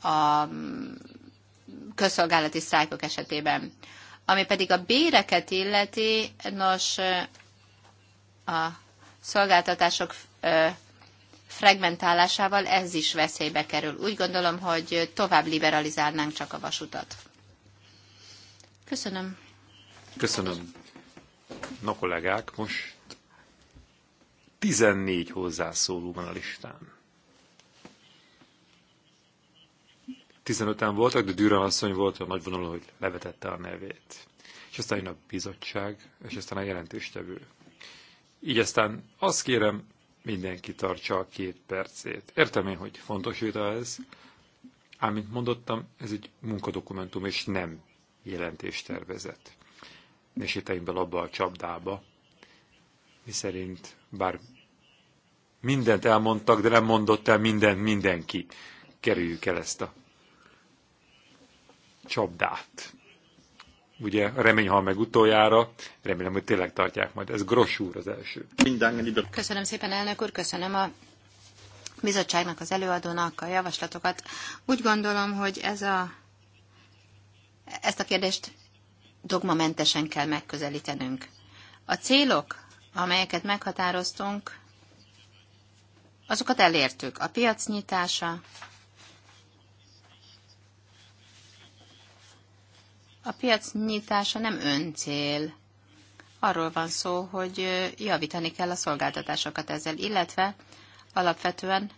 a mm, közszolgálati szájkok esetében. Ami pedig a béreket illeti, nos, a szolgáltatások fragmentálásával ez is veszélybe kerül. Úgy gondolom, hogy tovább liberalizálnánk csak a vasutat. Köszönöm. Köszönöm. Na kollégák, most 14 hozzászóló van a listán. 15-en voltak, de Dürren asszony volt a nagyvonalú, hogy levetette a nevét. És aztán jön a bizottság, és aztán a jelentéstevő. Így aztán azt kérem, mindenki tartsa a két percét. Értem én, hogy fontos vita ez, ám mint mondottam, ez egy munkadokumentum, és nem jelentéstervezet ne sétáljunk bele abba a csapdába, miszerint bár mindent elmondtak, de nem mondott el mindent mindenki. Kerüljük el ezt a csapdát. Ugye a remény hal meg utoljára, remélem, hogy tényleg tartják majd. Ez Gross úr az első. Köszönöm szépen, elnök úr, köszönöm a bizottságnak, az előadónak a javaslatokat. Úgy gondolom, hogy ez a, ezt a kérdést dogmamentesen kell megközelítenünk. A célok, amelyeket meghatároztunk, azokat elértük. A piac nyitása, A piac nyitása nem öncél. Arról van szó, hogy javítani kell a szolgáltatásokat ezzel, illetve alapvetően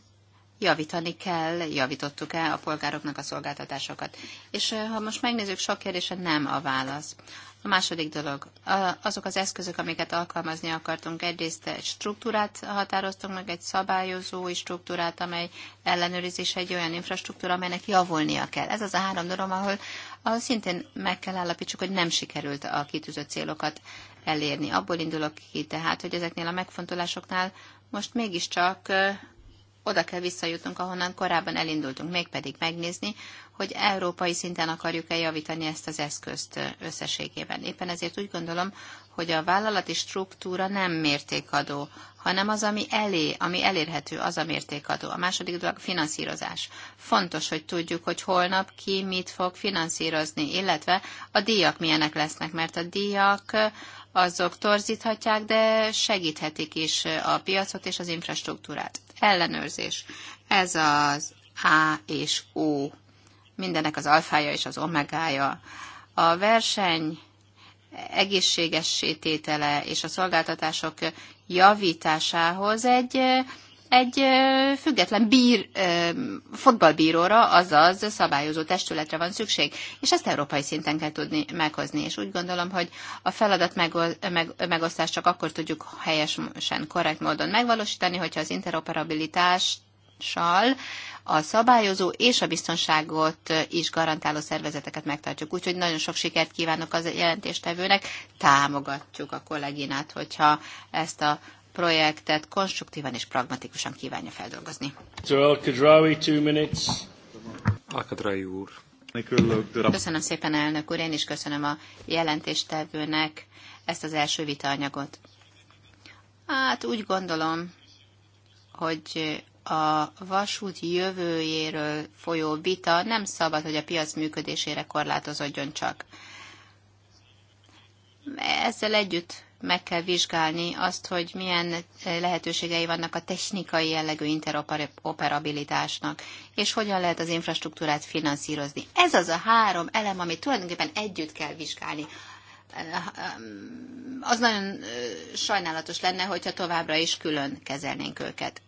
javítani kell, javítottuk el a polgároknak a szolgáltatásokat. És eh, ha most megnézzük, sok kérdése nem a válasz. A második dolog, azok az eszközök, amiket alkalmazni akartunk, egyrészt egy struktúrát határoztunk meg, egy szabályozói struktúrát, amely ellenőrizés egy olyan infrastruktúra, amelynek javulnia kell. Ez az a három dolog, ahol, ahol szintén meg kell állapítsuk, hogy nem sikerült a kitűzött célokat elérni. Abból indulok ki tehát, hogy ezeknél a megfontolásoknál most mégiscsak eh, oda kell visszajutnunk, ahonnan korábban elindultunk, mégpedig megnézni, hogy európai szinten akarjuk-e javítani ezt az eszközt összességében. Éppen ezért úgy gondolom, hogy a vállalati struktúra nem mértékadó, hanem az, ami elé, ami elérhető, az a mértékadó. A második dolog finanszírozás. Fontos, hogy tudjuk, hogy holnap ki mit fog finanszírozni, illetve a díjak milyenek lesznek, mert a díjak azok torzíthatják, de segíthetik is a piacot és az infrastruktúrát ellenőrzés. Ez az A és O. Mindenek az alfája és az omegája. A verseny egészségessé tétele és a szolgáltatások javításához egy egy független bír, fotbalbíróra, azaz szabályozó testületre van szükség, és ezt európai szinten kell tudni meghozni, és úgy gondolom, hogy a feladat megosztást csak akkor tudjuk helyesen, korrekt módon megvalósítani, hogyha az interoperabilitást a szabályozó és a biztonságot is garantáló szervezeteket megtartjuk. Úgyhogy nagyon sok sikert kívánok az jelentéstevőnek, támogatjuk a kolléginát, hogyha ezt a projektet konstruktívan és pragmatikusan kívánja feldolgozni. Köszönöm szépen, elnök úr, én is köszönöm a jelentéstevőnek ezt az első vitaanyagot. Hát úgy gondolom, hogy a vasút jövőjéről folyó vita nem szabad, hogy a piac működésére korlátozódjon csak. Ezzel együtt meg kell vizsgálni azt, hogy milyen eh, lehetőségei vannak a technikai jellegű interoperabilitásnak, és hogyan lehet az infrastruktúrát finanszírozni. Ez az a három elem, amit tulajdonképpen együtt kell vizsgálni. Eh, az nagyon eh, sajnálatos lenne, hogyha továbbra is külön kezelnénk őket.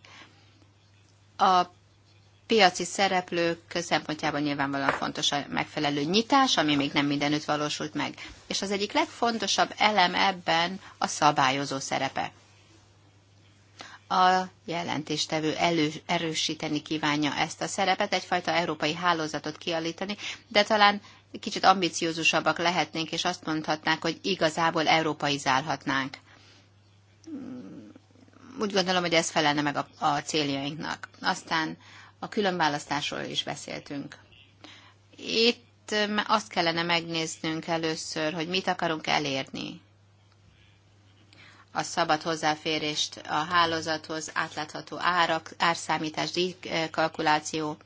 A piaci szereplők szempontjában nyilvánvalóan fontos a megfelelő nyitás, ami még nem mindenütt valósult meg. És az egyik legfontosabb elem ebben a szabályozó szerepe. A jelentéstevő elő, erősíteni kívánja ezt a szerepet, egyfajta európai hálózatot kialítani, de talán kicsit ambiciózusabbak lehetnénk, és azt mondhatnánk, hogy igazából európaizálhatnánk úgy gondolom, hogy ez felelne meg a, a céljainknak. Aztán a különválasztásról is beszéltünk. Itt mm, azt kellene megnéznünk először, hogy mit akarunk elérni. A szabad hozzáférést a hálózathoz, átlátható árak, árszámítás, díjkalkuláció,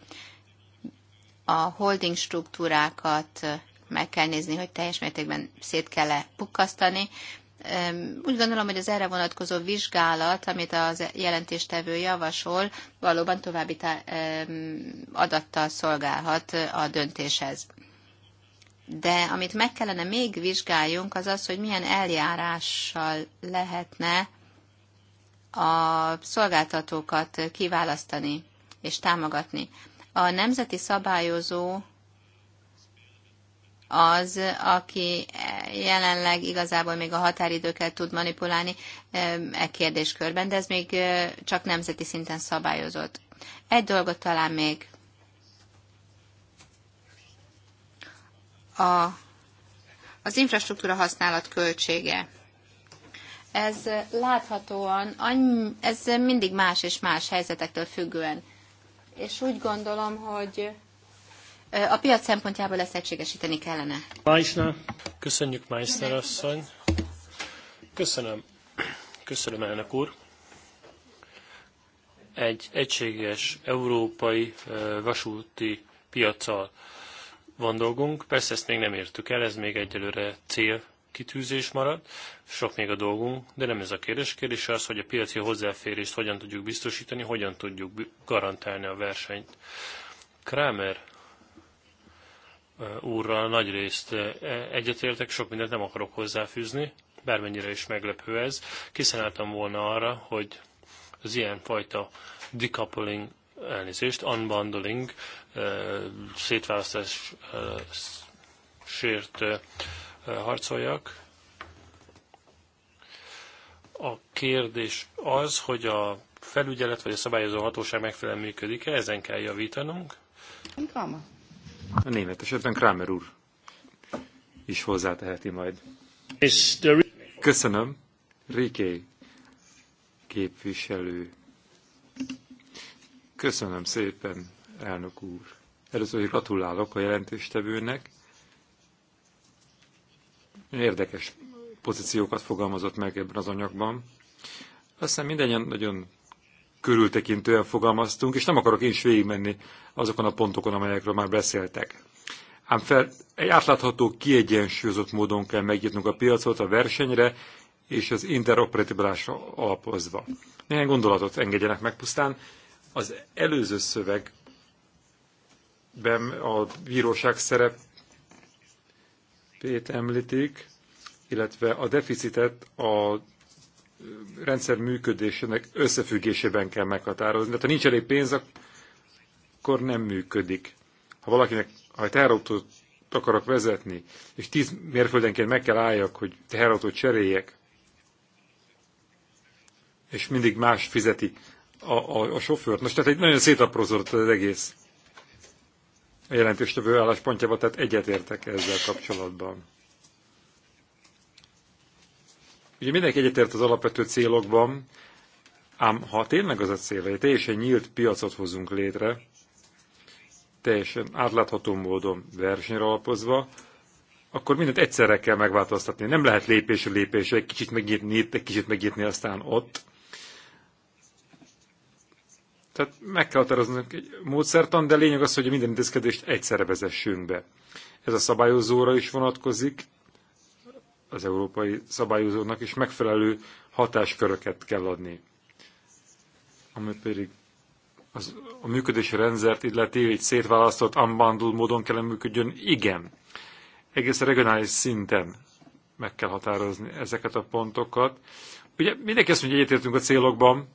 a holding struktúrákat meg kell nézni, hogy teljes mértékben szét kell-e pukkasztani, úgy gondolom, hogy az erre vonatkozó vizsgálat, amit az jelentéstevő javasol, valóban további adattal szolgálhat a döntéshez. De amit meg kellene még vizsgáljunk, az az, hogy milyen eljárással lehetne a szolgáltatókat kiválasztani és támogatni. A nemzeti szabályozó az, aki jelenleg igazából még a határidőket tud manipulálni e kérdéskörben, de ez még csak nemzeti szinten szabályozott. Egy dolgot talán még a, az infrastruktúra használat költsége. Ez láthatóan, ez mindig más és más helyzetektől függően. És úgy gondolom, hogy a piac szempontjából ezt egységesíteni kellene. Meissner. Köszönjük Meissner asszony. Köszönöm. Köszönöm elnök úr. Egy egységes európai vasúti piacsal van dolgunk. Persze ezt még nem értük el, ez még egyelőre cél kitűzés marad, sok még a dolgunk, de nem ez a kérdés. Kérdés az, hogy a piaci hozzáférést hogyan tudjuk biztosítani, hogyan tudjuk garantálni a versenyt. Kramer úrral nagy részt eh, egyetértek, sok mindent nem akarok hozzáfűzni, bármennyire is meglepő ez. Kiszenáltam volna arra, hogy az ilyenfajta decoupling elnézést, unbundling, eh, szétválasztás eh, sért harcoljak. A kérdés az, hogy a felügyelet vagy a szabályozó hatóság megfelelően működik-e, ezen kell javítanunk. Kama. A német esetben Kramer úr is hozzáteheti majd. Köszönöm. Riké képviselő. Köszönöm szépen, elnök úr. Először is gratulálok a jelentéstevőnek. Érdekes pozíciókat fogalmazott meg ebben az anyagban. Aztán mindannyian nagyon körültekintően fogalmaztunk, és nem akarok én is végigmenni azokon a pontokon, amelyekről már beszéltek. Ám fel, egy átlátható, kiegyensúlyozott módon kell megnyitnunk a piacot a versenyre és az interoperabilitásra alapozva. Néhány gondolatot engedjenek meg pusztán. Az előző szövegben a bíróság szerepét említik, illetve a deficitet a rendszer működésének összefüggésében kell meghatározni. Tehát ha nincs elég pénz, akkor nem működik. Ha valakinek, ha teherautót akarok vezetni, és tíz mérföldenként meg kell álljak, hogy teherautót cseréljek, és mindig más fizeti a, a, a sofőrt. Most tehát egy nagyon szétaprózódott az egész a jelentéstevő álláspontjával, tehát egyetértek ezzel kapcsolatban. Ugye mindenki egyetért az alapvető célokban, ám ha tényleg az a cél, hogy teljesen nyílt piacot hozunk létre, teljesen átlátható módon versenyre alapozva, akkor mindent egyszerre kell megváltoztatni. Nem lehet lépésről lépésre, egy kicsit megnyitni itt, egy kicsit megnyitni aztán ott. Tehát meg kell határozni egy módszertan, de lényeg az, hogy minden intézkedést egyszerre vezessünk be. Ez a szabályozóra is vonatkozik, az európai szabályozónak is megfelelő hatásköröket kell adni. Ami pedig az, a működési rendszert illeti, egy szétválasztott, unbundled módon kell működjön. Igen, egész regionális szinten meg kell határozni ezeket a pontokat. Ugye mindenki azt mondja, egyetértünk a célokban,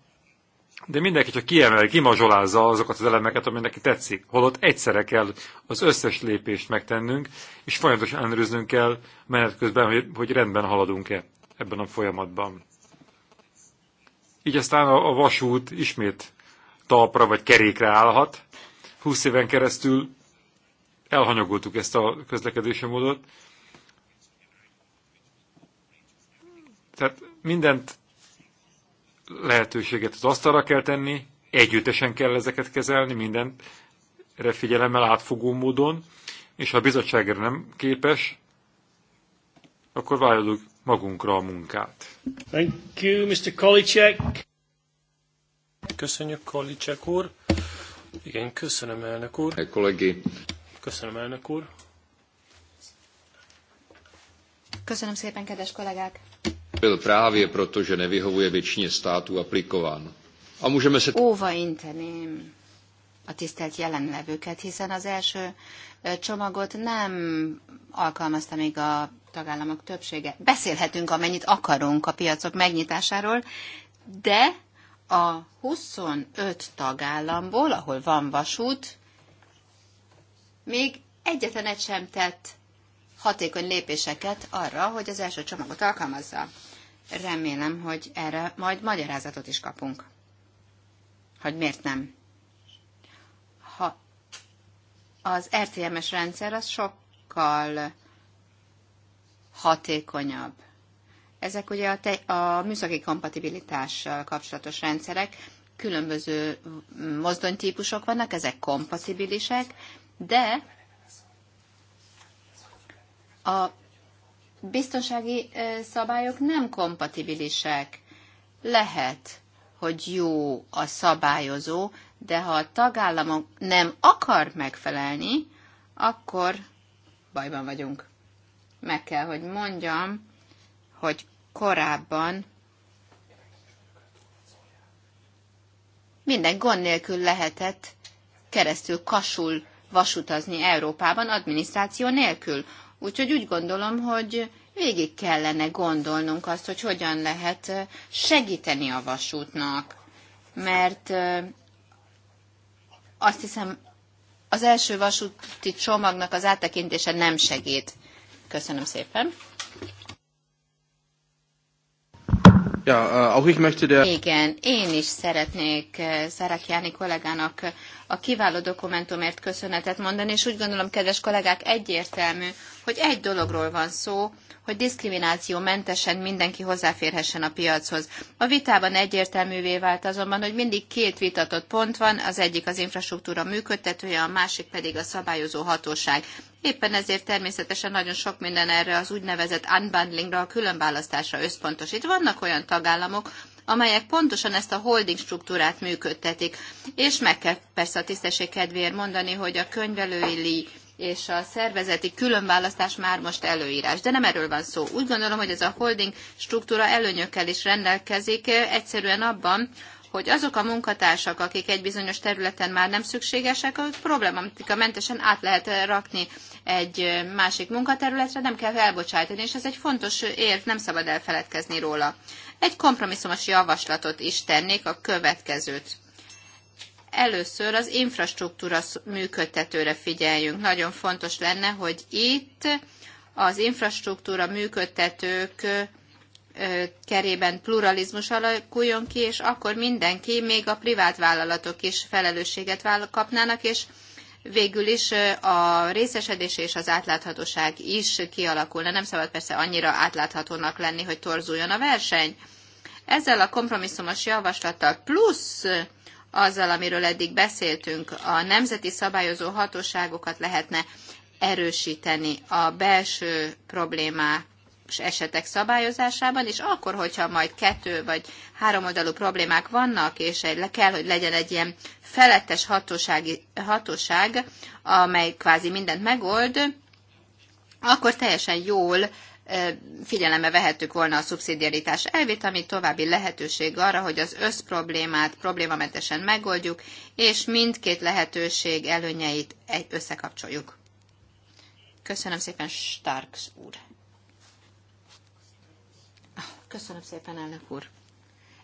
de mindenki csak kiemel, kimazsolázza azokat az elemeket, ami neki tetszik. Holott egyszerre kell az összes lépést megtennünk, és folyamatosan ellenőriznünk kell menet közben, hogy, hogy rendben haladunk-e ebben a folyamatban. Így aztán a, a vasút ismét talpra vagy kerékre állhat. 20 éven keresztül elhanyagoltuk ezt a közlekedési módot. Tehát mindent lehetőséget az asztalra kell tenni, együttesen kell ezeket kezelni, mindenre figyelemmel átfogó módon, és ha a bizottság erre nem képes, akkor vállaljuk magunkra a munkát. Thank you, Mr. Kolicek. Köszönjük, Kolicek úr. Igen, köszönöm, elnök úr. Kollégi. Köszönöm, elnök úr. Köszönöm szépen, kedves kollégák. Byl právě proto, že nevyhovuje většině států aplikován. A můžeme se... Óva inteném a tisztelt jelenlevőket, hiszen az első csomagot nem alkalmazta még a tagállamok többsége. Beszélhetünk, amennyit akarunk a piacok megnyitásáról, de a 25 tagállamból, ahol van vasút, még egyetlen egy sem tett hatékony lépéseket arra, hogy az első csomagot alkalmazza remélem, hogy erre majd magyarázatot is kapunk. Hogy miért nem? Ha az RTMS rendszer az sokkal hatékonyabb. Ezek ugye a, te, a műszaki kompatibilitással kapcsolatos rendszerek, különböző mozdonytípusok vannak, ezek kompatibilisek, de a biztonsági szabályok nem kompatibilisek. Lehet, hogy jó a szabályozó, de ha a tagállamok nem akar megfelelni, akkor bajban vagyunk. Meg kell, hogy mondjam, hogy korábban minden gond nélkül lehetett keresztül kasul vasutazni Európában adminisztráció nélkül. Úgyhogy úgy gondolom, hogy végig kellene gondolnunk azt, hogy hogyan lehet segíteni a vasútnak. Mert azt hiszem, az első vasúti csomagnak az áttekintése nem segít. Köszönöm szépen. Ja, auch ich möchte der... Igen, én is szeretnék Szárák Jáni kollégának a kiváló dokumentumért köszönetet mondani, és úgy gondolom, kedves kollégák, egyértelmű, hogy egy dologról van szó, hogy mentesen mindenki hozzáférhessen a piachoz. A vitában egyértelművé vált azonban, hogy mindig két vitatott pont van, az egyik az infrastruktúra működtetője, a másik pedig a szabályozó hatóság. Éppen ezért természetesen nagyon sok minden erre az úgynevezett unbundlingra, a különválasztásra összpontosít. Vannak olyan tagállamok, amelyek pontosan ezt a holding struktúrát működtetik. És meg kell persze a tisztesség kedvéért mondani, hogy a könyvelői és a szervezeti különválasztás már most előírás. De nem erről van szó. Úgy gondolom, hogy ez a holding struktúra előnyökkel is rendelkezik, egyszerűen abban, hogy azok a munkatársak, akik egy bizonyos területen már nem szükségesek, mentesen át lehet rakni egy másik munkaterületre, nem kell elbocsájtani, és ez egy fontos ér, nem szabad elfeledkezni róla. Egy kompromisszumos javaslatot is tennék a következőt először az infrastruktúra működtetőre figyeljünk. Nagyon fontos lenne, hogy itt az infrastruktúra működtetők kerében pluralizmus alakuljon ki, és akkor mindenki, még a privát vállalatok is felelősséget kapnának, és végül is a részesedés és az átláthatóság is kialakulna. Nem szabad persze annyira átláthatónak lenni, hogy torzuljon a verseny. Ezzel a kompromisszumos javaslattal plusz azzal, amiről eddig beszéltünk, a nemzeti szabályozó hatóságokat lehetne erősíteni a belső problémák esetek szabályozásában, és akkor, hogyha majd kettő vagy három oldalú problémák vannak, és egy, kell, hogy legyen egy ilyen felettes hatósági, hatóság, amely kvázi mindent megold, akkor teljesen jól figyelembe vehettük volna a szubszidiaritás elvét, ami további lehetőség arra, hogy az összproblémát problémamentesen megoldjuk, és mindkét lehetőség előnyeit egy összekapcsoljuk. Köszönöm szépen, Starks úr. Köszönöm szépen, elnök úr.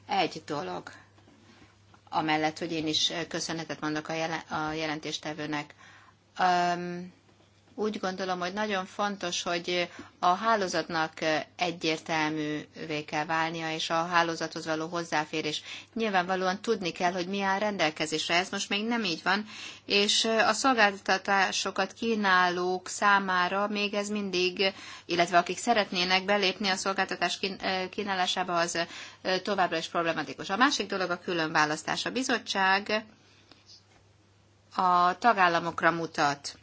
Egy dolog, amellett, hogy én is köszönetet mondok a, a jelentéstevőnek. Um, úgy gondolom, hogy nagyon fontos, hogy a hálózatnak egyértelművé kell válnia, és a hálózathoz való hozzáférés. Nyilvánvalóan tudni kell, hogy mi áll rendelkezésre. Ez most még nem így van, és a szolgáltatásokat kínálók számára még ez mindig, illetve akik szeretnének belépni a szolgáltatás kínálásába, az továbbra is problematikus. A másik dolog a különválasztás. A bizottság a tagállamokra mutat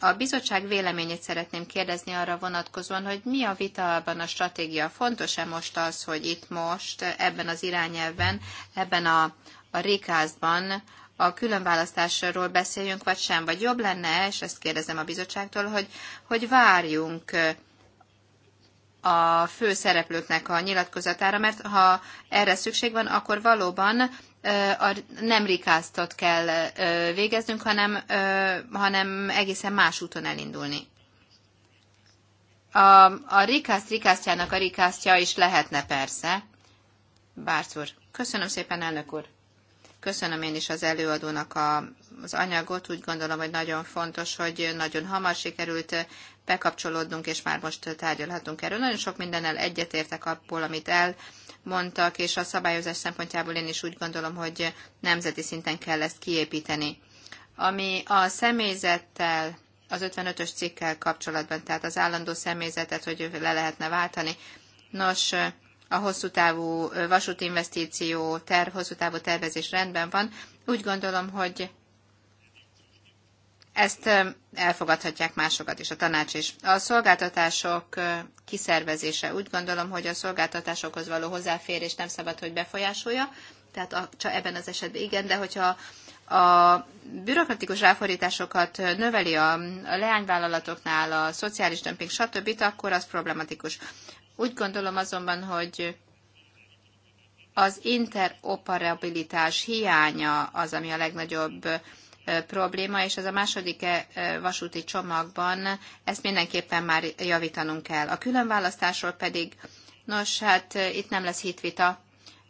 a bizottság véleményét szeretném kérdezni arra vonatkozóan, hogy mi a vita abban a stratégia. Fontos-e most az, hogy itt most ebben az irányelven, ebben a, a rékázban a különválasztásról beszéljünk, vagy sem? Vagy jobb lenne, és ezt kérdezem a bizottságtól, hogy, hogy várjunk a fő szereplőknek a nyilatkozatára, mert ha erre szükség van, akkor valóban nem rikáztat kell végeznünk, hanem, hanem egészen más úton elindulni. A, a rikászt rikásztjának a rikásztja is lehetne persze. Bárcúr, köszönöm szépen, elnök úr. Köszönöm én is az előadónak a, az anyagot. Úgy gondolom, hogy nagyon fontos, hogy nagyon hamar sikerült bekapcsolódnunk, és már most tárgyalhatunk erről. Nagyon sok mindennel egyetértek abból, amit el mondtak, és a szabályozás szempontjából én is úgy gondolom, hogy nemzeti szinten kell ezt kiépíteni. Ami a személyzettel, az 55-ös cikkel kapcsolatban, tehát az állandó személyzetet, hogy le lehetne váltani. Nos, a hosszú távú vasútinvestíció, ter, hosszú távú tervezés rendben van. Úgy gondolom, hogy ezt elfogadhatják másokat is, a tanács is. A szolgáltatások kiszervezése. Úgy gondolom, hogy a szolgáltatásokhoz való hozzáférés nem szabad, hogy befolyásolja, tehát a, csak ebben az esetben igen, de hogyha a bürokratikus ráfordításokat növeli a, a leányvállalatoknál, a szociális dömping, stb., akkor az problematikus. Úgy gondolom azonban, hogy az interoperabilitás hiánya az, ami a legnagyobb probléma, és ez a második vasúti csomagban ezt mindenképpen már javítanunk kell. A különválasztásról pedig, nos, hát itt nem lesz hitvita,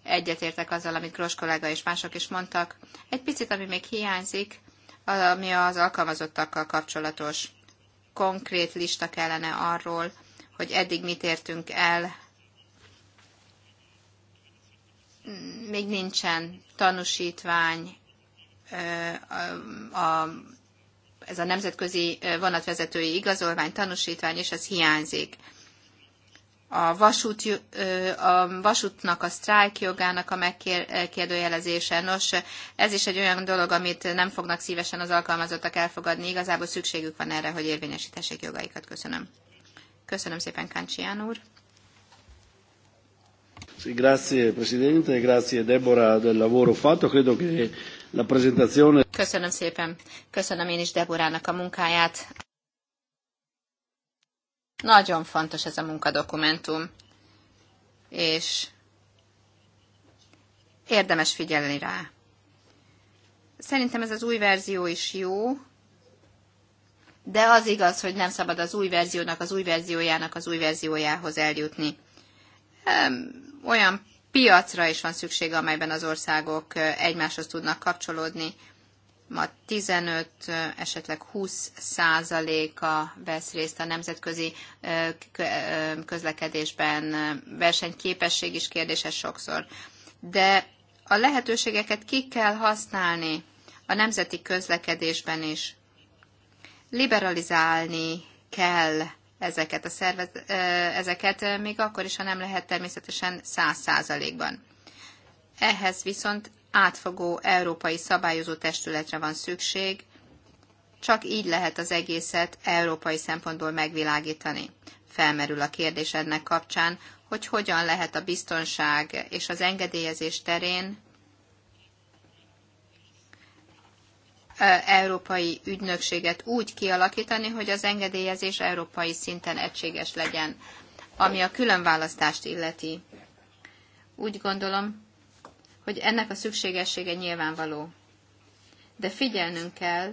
egyetértek azzal, amit Gros kollega és mások is mondtak. Egy picit, ami még hiányzik, ami az alkalmazottakkal kapcsolatos konkrét lista kellene arról, hogy eddig mit értünk el, még nincsen tanúsítvány, a, ez a nemzetközi vonatvezetői igazolvány, tanúsítvány, és ez hiányzik. A, vasút, a vasútnak, a sztrájk jogának a megkérdőjelezése. Nos, ez is egy olyan dolog, amit nem fognak szívesen az alkalmazottak elfogadni. Igazából szükségük van erre, hogy érvényesítessék jogaikat. Köszönöm. Köszönöm szépen, Káncsián úr. Grazie Presidente, e grazie Deborah del lavoro fatto. Credo che la presentazione. Köszönöm szépen. Köszönöm én is Deborának a munkáját. Nagyon fontos ez a munkadokumentum, és érdemes figyelni rá. Szerintem ez az új verzió is jó, de az igaz, hogy nem szabad az új verziónak, az új verziójának, az új verziójához eljutni. Olyan piacra is van szüksége, amelyben az országok egymáshoz tudnak kapcsolódni. Ma 15, esetleg 20 százaléka vesz részt a nemzetközi közlekedésben. Versenyképesség is kérdéses sokszor. De a lehetőségeket ki kell használni a nemzeti közlekedésben is. Liberalizálni kell ezeket a szervez, ezeket még akkor is, ha nem lehet természetesen száz százalékban. Ehhez viszont átfogó európai szabályozó testületre van szükség, csak így lehet az egészet európai szempontból megvilágítani. Felmerül a kérdés ennek kapcsán, hogy hogyan lehet a biztonság és az engedélyezés terén európai ügynökséget úgy kialakítani, hogy az engedélyezés európai szinten egységes legyen, ami a különválasztást illeti. Úgy gondolom, hogy ennek a szükségessége nyilvánvaló. De figyelnünk kell,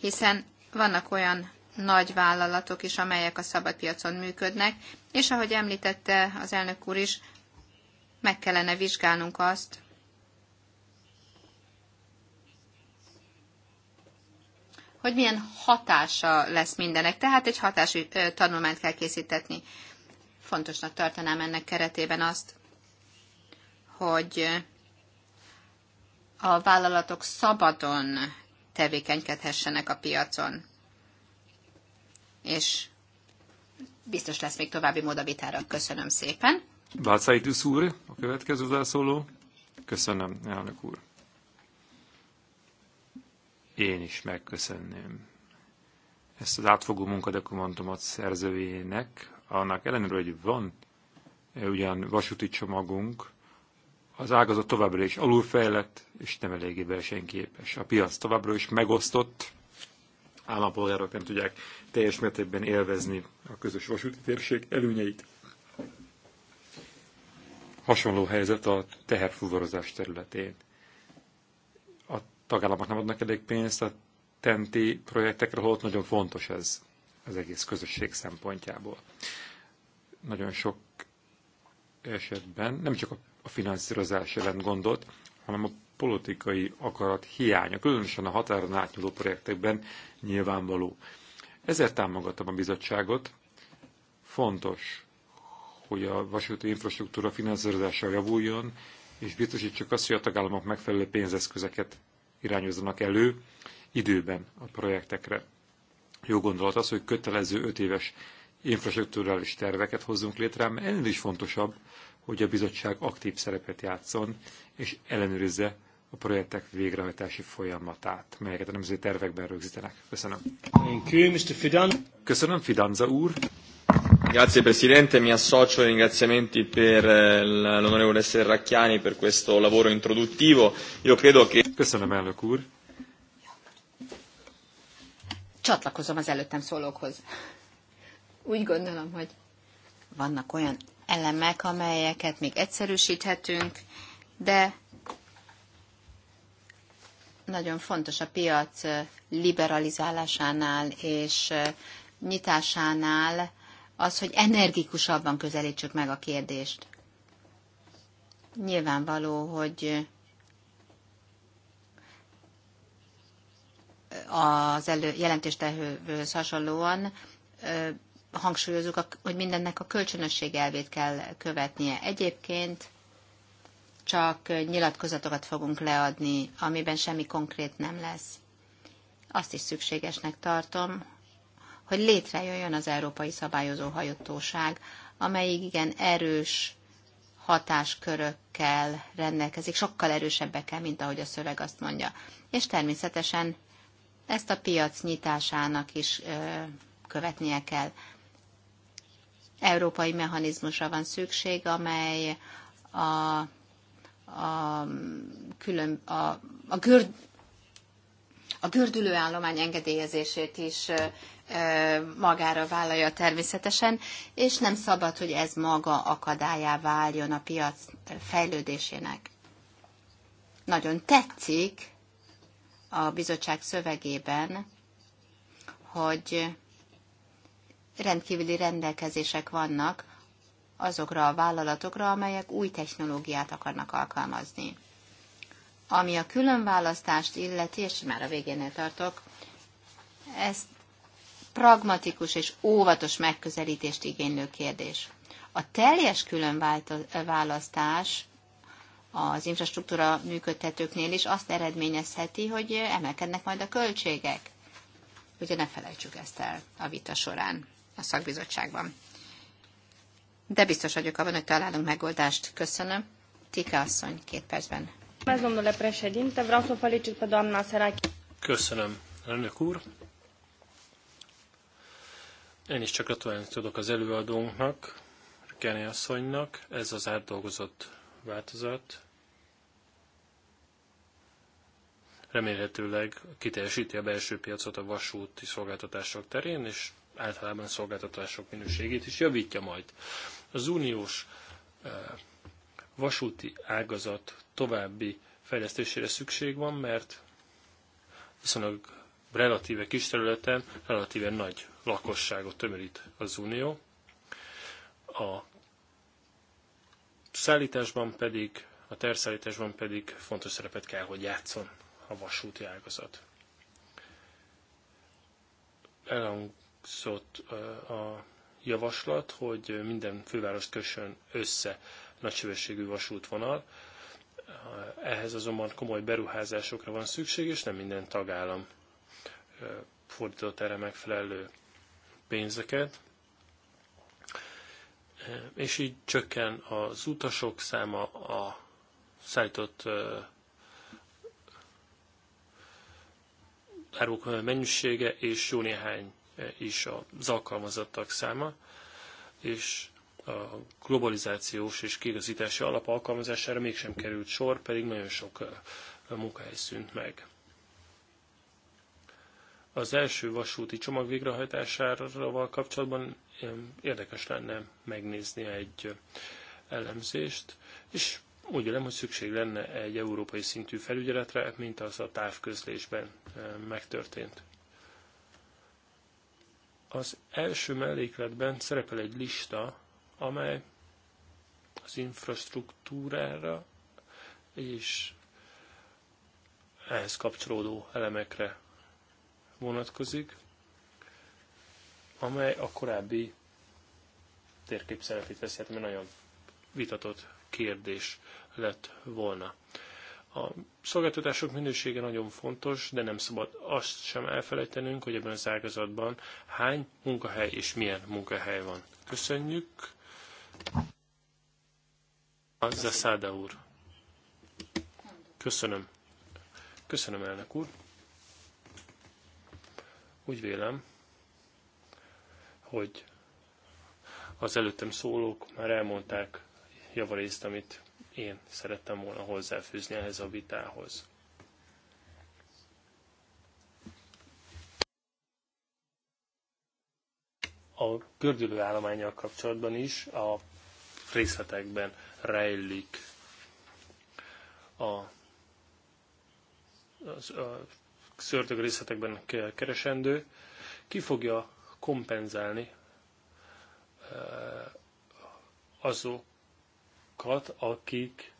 hiszen vannak olyan nagy vállalatok is, amelyek a szabadpiacon működnek, és ahogy említette az elnök úr is, meg kellene vizsgálnunk azt, hogy milyen hatása lesz mindenek. Tehát egy hatási tanulmányt kell készítetni. Fontosnak tartanám ennek keretében azt, hogy a vállalatok szabadon tevékenykedhessenek a piacon. És biztos lesz még további módavitára. Köszönöm szépen. Váczai úr, a következő zászóló. Köszönöm, elnök úr én is megköszönném ezt az átfogó munkadokumentumot szerzőjének, annak ellenőre, hogy van eh, ugyan vasúti csomagunk, az ágazat továbbra is alulfejlett, és nem eléggé versenyképes. A piac továbbra is megosztott, állampolgárok nem tudják teljes mértékben élvezni a közös vasúti térség előnyeit. Hasonló helyzet a teherfuvarozás területén tagállamok nem adnak elég pénzt a tenti projektekre, holott nagyon fontos ez az egész közösség szempontjából. Nagyon sok esetben nem csak a finanszírozás jelent gondot, hanem a politikai akarat hiánya, különösen a határon átnyúló projektekben nyilvánvaló. Ezért támogatom a bizottságot. Fontos, hogy a vasúti infrastruktúra finanszírozása javuljon, és biztosítsuk azt, hogy a tagállamok megfelelő pénzeszközeket irányozzanak elő időben a projektekre. Jó gondolat az, hogy kötelező öt éves infrastruktúrális terveket hozzunk létre, mert ennél is fontosabb, hogy a bizottság aktív szerepet játszon, és ellenőrizze a projektek végrehajtási folyamatát, melyeket a nemzeti tervekben rögzítenek. Köszönöm. Köszönöm, Fidanza úr. Grazie Presidente, mi associo ai ringraziamenti per eh, l'onorevole Serracchiani per questo lavoro introduttivo. Io credo che... Köszönöm, elnök úr. Csatlakozom az előttem szólókhoz. Úgy gondolom, hogy vannak olyan elemek, amelyeket még egyszerűsíthetünk, de nagyon fontos a piac eh, liberalizálásánál és eh, nyitásánál, az, hogy energikusabban közelítsük meg a kérdést. Nyilvánvaló, hogy az elő, jelentéstehőhöz hasonlóan hangsúlyozunk, hogy mindennek a kölcsönösség elvét kell követnie. Egyébként csak nyilatkozatokat fogunk leadni, amiben semmi konkrét nem lesz. Azt is szükségesnek tartom, hogy létrejöjjön az Európai Szabályozó Hajottóság, amely igen erős hatáskörökkel rendelkezik, sokkal erősebbekkel, mint ahogy a szöveg azt mondja. És természetesen ezt a piac nyitásának is követnie kell. Európai mechanizmusra van szükség, amely a, a, külön, a, a, görd, a gördülő állomány engedélyezését is magára vállalja természetesen, és nem szabad, hogy ez maga akadályá váljon a piac fejlődésének. Nagyon tetszik a bizottság szövegében, hogy rendkívüli rendelkezések vannak azokra a vállalatokra, amelyek új technológiát akarnak alkalmazni. Ami a különválasztást illeti, és már a végénél tartok, ezt pragmatikus és óvatos megközelítést igénylő kérdés. A teljes különválasztás az infrastruktúra működtetőknél is azt eredményezheti, hogy emelkednek majd a költségek. Ugye ne felejtsük ezt el a vita során a szakbizottságban. De biztos vagyok abban, hogy találunk megoldást. Köszönöm. Tika asszony, két percben. Köszönöm, elnök úr. Én is csak gratulálni tudok az előadónknak, Kenny asszonynak. Ez az átdolgozott változat. Remélhetőleg kiteljesíti a belső piacot a vasúti szolgáltatások terén, és általában a szolgáltatások minőségét is javítja majd. Az uniós eh, vasúti ágazat további fejlesztésére szükség van, mert viszonylag relatíve kis területen relatíve nagy lakosságot tömörít az Unió. A szállításban pedig, a terszállításban pedig fontos szerepet kell, hogy játszon a vasúti ágazat. Elhangzott a javaslat, hogy minden fővárost kössön össze nagysebességű vasútvonal. Ehhez azonban komoly beruházásokra van szükség, és nem minden tagállam fordított erre megfelelő pénzeket, és így csökken az utasok száma, a szállított áruk mennyisége, és jó néhány is az alkalmazottak száma, és a globalizációs és kigazítási alap alkalmazására mégsem került sor, pedig nagyon sok munkahely szűnt meg az első vasúti csomag végrehajtásával kapcsolatban érdekes lenne megnézni egy elemzést, és úgy vélem, hogy szükség lenne egy európai szintű felügyeletre, mint az a távközlésben megtörtént. Az első mellékletben szerepel egy lista, amely az infrastruktúrára és ehhez kapcsolódó elemekre vonatkozik, amely a korábbi térkép szerepét veszett, mert nagyon vitatott kérdés lett volna. A szolgáltatások minősége nagyon fontos, de nem szabad azt sem elfelejtenünk, hogy ebben az ágazatban hány munkahely és milyen munkahely van. Köszönjük! száda úr. Köszönöm. Köszönöm, elnök úr. Úgy vélem, hogy az előttem szólók már elmondták javarészt, amit én szerettem volna hozzáfűzni ehhez a vitához. A gördülő állományjal kapcsolatban is a részletekben rejlik a, az, a szörtök részletekben keresendő, ki fogja kompenzálni eh, azokat, akik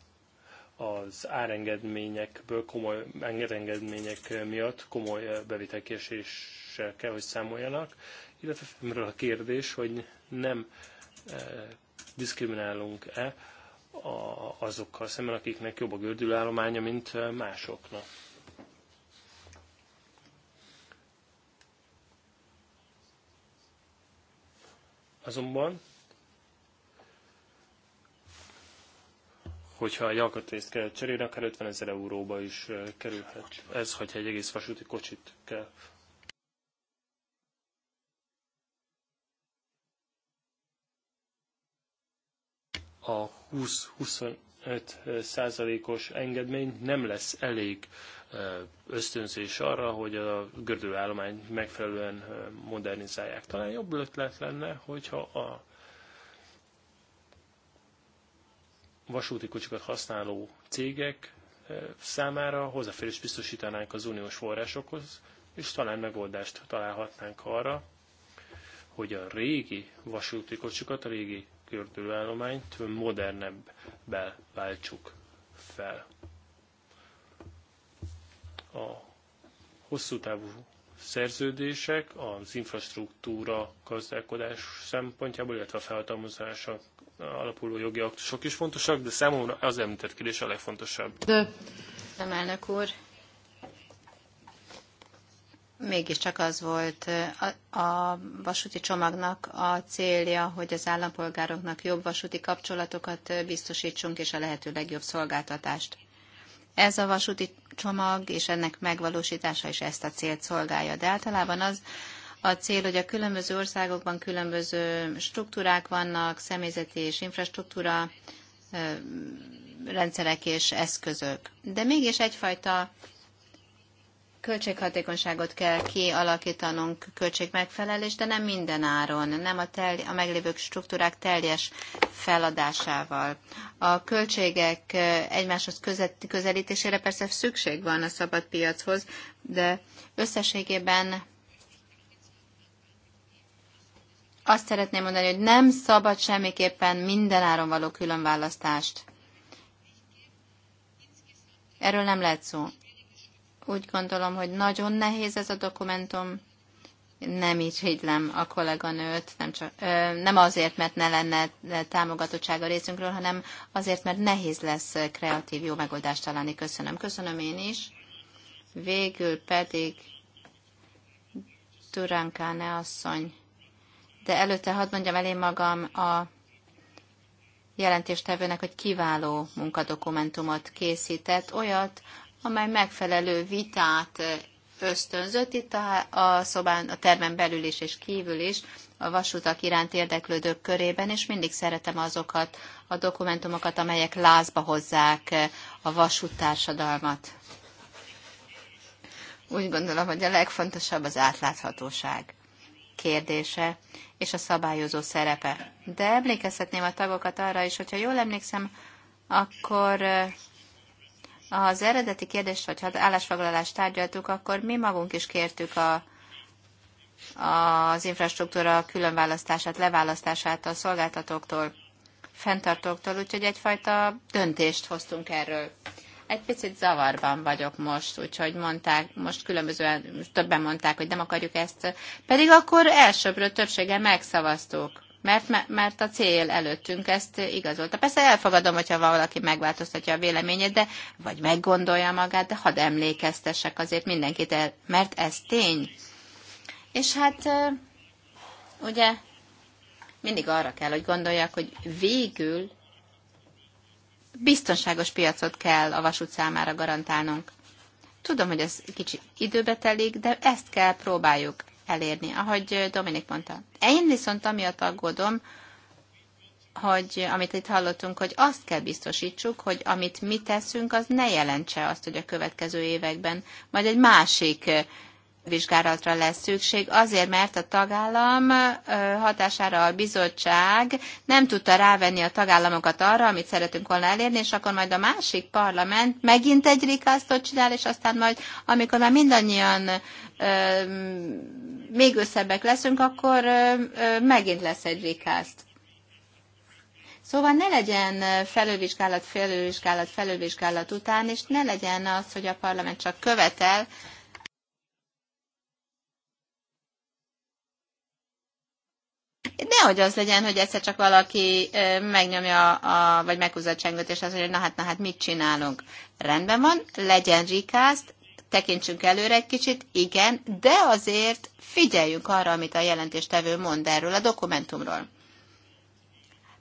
az árengedményekből, komoly engedengedmények miatt komoly eh, bevitelkieséssel kell, hogy számoljanak, illetve felmerül a kérdés, hogy nem eh, diszkriminálunk-e azokkal szemben, akiknek jobb a gördülállománya, mint másoknak. Azonban, hogyha egy alkatrészt kell cserélni, akár 50 ezer euróba is kerülhet. Ez, hogyha egy egész vasúti kocsit kell a 20-25 5%-os engedmény nem lesz elég ösztönzés arra, hogy a gördőállomány megfelelően modernizálják. Talán jobb ötlet lenne, hogyha a vasúti kocsikat használó cégek számára hozzáférés biztosítanánk az uniós forrásokhoz, és talán megoldást találhatnánk arra, hogy a régi vasúti kocsikat, a régi kürtőállományt modernebbel váltsuk fel. A hosszú távú szerződések az infrastruktúra gazdálkodás szempontjából, illetve a felhatalmazása alapuló jogi aktusok is fontosak, de számomra az említett kérdés a legfontosabb. De, elnök úr, mégiscsak az volt a, vasúti csomagnak a célja, hogy az állampolgároknak jobb vasúti kapcsolatokat biztosítsunk, és a lehető legjobb szolgáltatást. Ez a vasúti csomag és ennek megvalósítása is ezt a célt szolgálja. De általában az a cél, hogy a különböző országokban különböző struktúrák vannak, személyzeti és infrastruktúra rendszerek és eszközök. De mégis egyfajta költséghatékonyságot kell kialakítanunk, költségmegfelelés, de nem minden áron, nem a, tel, a meglévő struktúrák teljes feladásával. A költségek eh, egymáshoz közet, közelítésére persze szükség van a szabad piachoz, de összességében azt szeretném mondani, hogy nem szabad semmiképpen minden áron való különválasztást. Erről nem lehet szó. Úgy gondolom, hogy nagyon nehéz ez a dokumentum. Nem így higylem a kolléganőt, nem, csak, ö, nem azért, mert ne lenne támogatottsága részünkről, hanem azért, mert nehéz lesz kreatív jó megoldást találni. Köszönöm. Köszönöm én is. Végül pedig ne asszony. De előtte hadd mondjam elé magam a jelentéstevőnek, hogy kiváló munkadokumentumot készített, olyat, amely megfelelő vitát ösztönzött itt a, a szobán, a termen belül is és kívül is, a vasutak iránt érdeklődők körében, és mindig szeretem azokat a dokumentumokat, amelyek lázba hozzák a vasút társadalmat. Úgy gondolom, hogy a legfontosabb az átláthatóság kérdése és a szabályozó szerepe. De emlékeztetném a tagokat arra is, hogyha jól emlékszem, akkor az eredeti kérdést, vagy ha hát állásfoglalást tárgyaltuk, akkor mi magunk is kértük a, az infrastruktúra különválasztását, leválasztását a szolgáltatóktól, fenntartóktól, úgyhogy egyfajta döntést hoztunk erről. Egy picit zavarban vagyok most, úgyhogy mondták, most különbözően többen mondták, hogy nem akarjuk ezt, pedig akkor elsőbről többséggel megszavaztuk mert, mert a cél előttünk ezt igazolta. Persze elfogadom, hogyha valaki megváltoztatja a véleményét, de vagy meggondolja magát, de hadd emlékeztessek azért mindenkit el, mert ez tény. És hát ugye mindig arra kell, hogy gondoljak, hogy végül biztonságos piacot kell a vasút számára garantálnunk. Tudom, hogy ez kicsi időbe telik, de ezt kell próbáljuk elérni, ahogy Dominik mondta. Én viszont amiatt aggódom, hogy amit itt hallottunk, hogy azt kell biztosítsuk, hogy amit mi teszünk, az ne jelentse azt, hogy a következő években majd egy másik vizsgálatra lesz szükség, azért, mert a tagállam hatására a bizottság nem tudta rávenni a tagállamokat arra, amit szeretünk volna elérni, és akkor majd a másik parlament megint egy rikasztot csinál, és aztán majd, amikor már mindannyian ö, még összebbek leszünk, akkor ö, ö, megint lesz egy rikászt. Szóval ne legyen felővizsgálat, felővizsgálat, felővizsgálat után, és ne legyen az, hogy a parlament csak követel, Nehogy az legyen, hogy egyszer csak valaki megnyomja, a, vagy meghúzza a csengőt, és azt mondja, hogy na hát, na hát, mit csinálunk. Rendben van, legyen rikázt, tekintsünk előre egy kicsit, igen, de azért figyeljünk arra, amit a jelentéstevő mond erről a dokumentumról.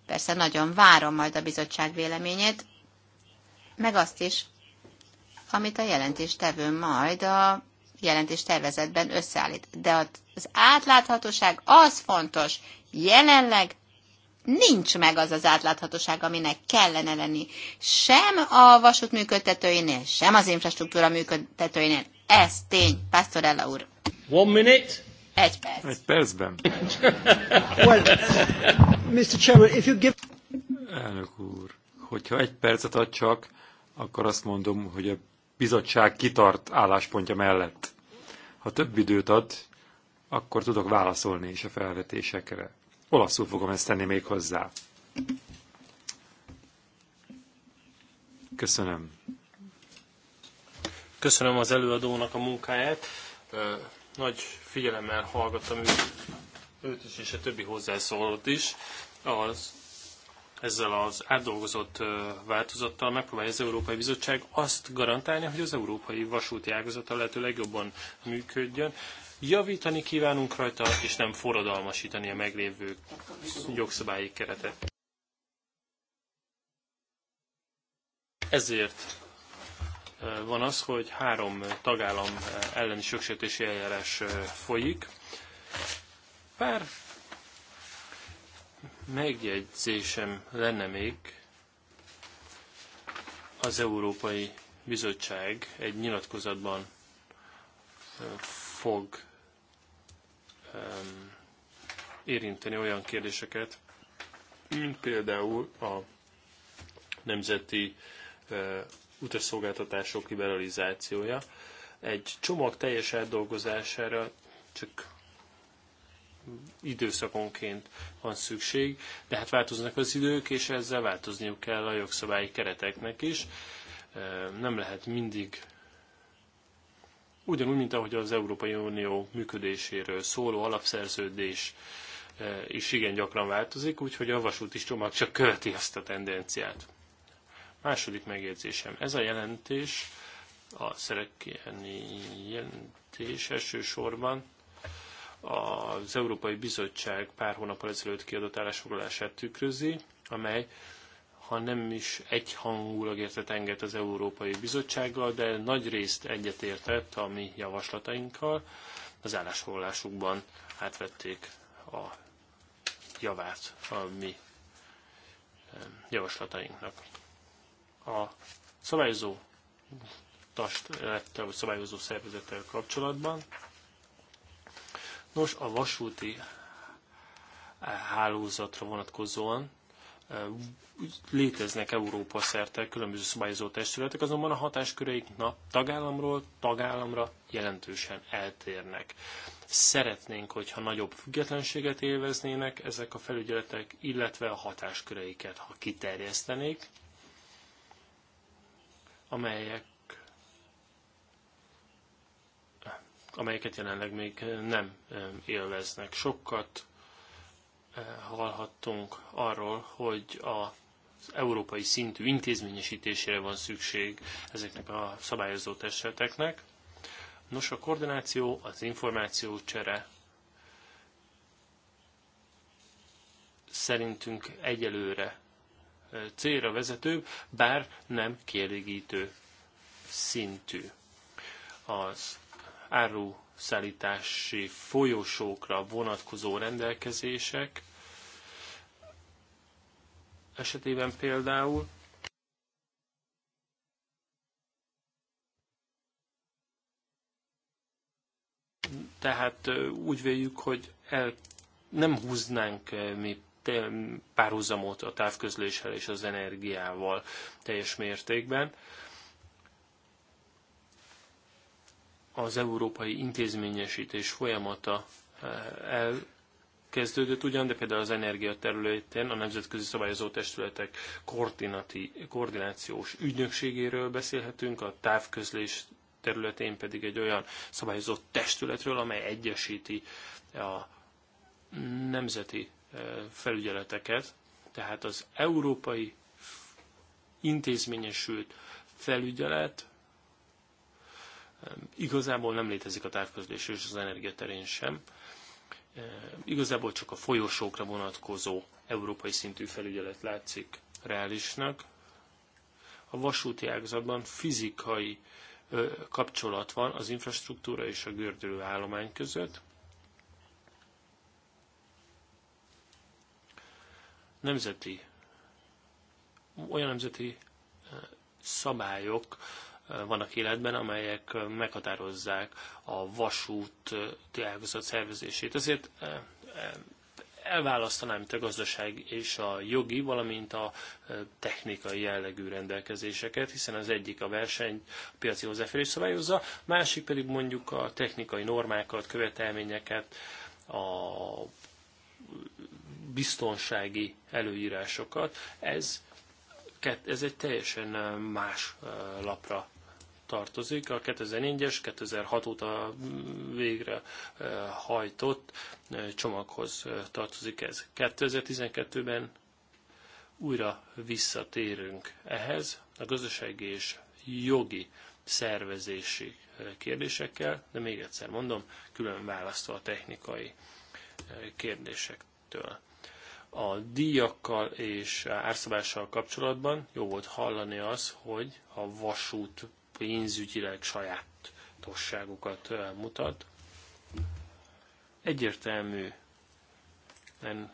Persze nagyon várom majd a bizottság véleményét, meg azt is, amit a jelentéstevő majd a jelentés összeállít. De az átláthatóság az fontos, jelenleg nincs meg az az átláthatóság, aminek kellene lenni. Sem a vasút működtetőinél, sem az infrastruktúra működtetőinél. Ez tény, Pastorella úr. One minute. Egy perc. Egy percben. well, Mr. Chairman, if you give... Elnök úr, hogyha egy percet ad csak, akkor azt mondom, hogy a bizottság kitart álláspontja mellett. Ha több időt ad, akkor tudok válaszolni is a felvetésekre. Olaszul fogom ezt tenni még hozzá. Köszönöm. Köszönöm az előadónak a munkáját. Nagy figyelemmel hallgattam őt, őt is, és a többi hozzászólót is. Az, ezzel az átdolgozott változattal megpróbálja az Európai Bizottság azt garantálni, hogy az európai vasúti ágazata lehető legjobban működjön. Javítani kívánunk rajta, és nem forradalmasítani a meglévő jogszabályi keretet. Ezért van az, hogy három tagállam elleni jogsértési eljárás folyik. Pár megjegyzésem lenne még az Európai Bizottság egy nyilatkozatban fog Ehm, érinteni olyan kérdéseket, mint például a nemzeti eh, utasszolgáltatások liberalizációja. Egy csomag teljes átdolgozására csak időszakonként van szükség, de hát változnak az idők, és ezzel változniuk kell a jogszabályi kereteknek is. Eh, nem lehet mindig ugyanúgy, mint ahogy az Európai Unió működéséről szóló alapszerződés eh, is igen gyakran változik, úgyhogy a vasúti csomag csak követi ezt a tendenciát. Második megjegyzésem. Ez a jelentés, a szerekéni jelentés elsősorban az Európai Bizottság pár hónap ezelőtt kiadott állásfoglalását tükrözi, amely ha nem is egyhangulag értett enged az Európai Bizottsággal, de nagy részt egyetértett a mi javaslatainkkal. Az állásfoglalásukban átvették a javát a mi javaslatainknak. A szabályozó testlettel, vagy szabályozó szervezettel kapcsolatban. Nos, a vasúti hálózatra vonatkozóan léteznek Európa szerte különböző szabályozó testületek, azonban a hatásköreik nap tagállamról tagállamra jelentősen eltérnek. Szeretnénk, hogyha nagyobb függetlenséget élveznének ezek a felügyeletek, illetve a hatásköreiket, ha kiterjesztenék, amelyek amelyeket jelenleg még nem élveznek. Sokat hallhattunk arról, hogy a az európai szintű intézményesítésére van szükség ezeknek a szabályozó testeteknek. Nos, a koordináció, az információ csere szerintünk egyelőre célra vezető, bár nem kielégítő szintű. Az áruszállítási folyosókra vonatkozó rendelkezések esetében például, tehát úgy véljük, hogy el nem húznánk mi párhuzamot a távközléssel és az energiával teljes mértékben. Az európai intézményesítés folyamata el kezdődött ugyan, de például az energia területén a nemzetközi szabályozó testületek koordinációs ügynökségéről beszélhetünk, a távközlés területén pedig egy olyan szabályozó testületről, amely egyesíti a nemzeti eh, felügyeleteket, tehát az európai intézményesült felügyelet eh, igazából nem létezik a távközlés és az energia terén sem. Igazából csak a folyosókra vonatkozó európai szintű felügyelet látszik reálisnak. A vasúti ágazatban fizikai kapcsolat van az infrastruktúra és a gördülő állomány között. Nemzeti, olyan nemzeti szabályok, vannak életben, amelyek meghatározzák a vasút ágazat szervezését. Ezért elválasztanám itt a gazdaság és a jogi, valamint a technikai jellegű rendelkezéseket, hiszen az egyik a verseny, a piaci hozzáférés szabályozza, másik pedig mondjuk a technikai normákat, követelményeket, a biztonsági előírásokat. Ez, ez egy teljesen más lapra tartozik. A 2004-es, 2006 óta végre eh, hajtott eh, csomaghoz eh, tartozik ez. 2012-ben újra visszatérünk ehhez a gazdasági és jogi szervezési kérdésekkel, de még egyszer mondom, külön választva a technikai kérdésektől. A díjakkal és árszabással kapcsolatban jó volt hallani az, hogy a vasút pénzügyileg sajátosságukat eh, mutat. Egyértelmű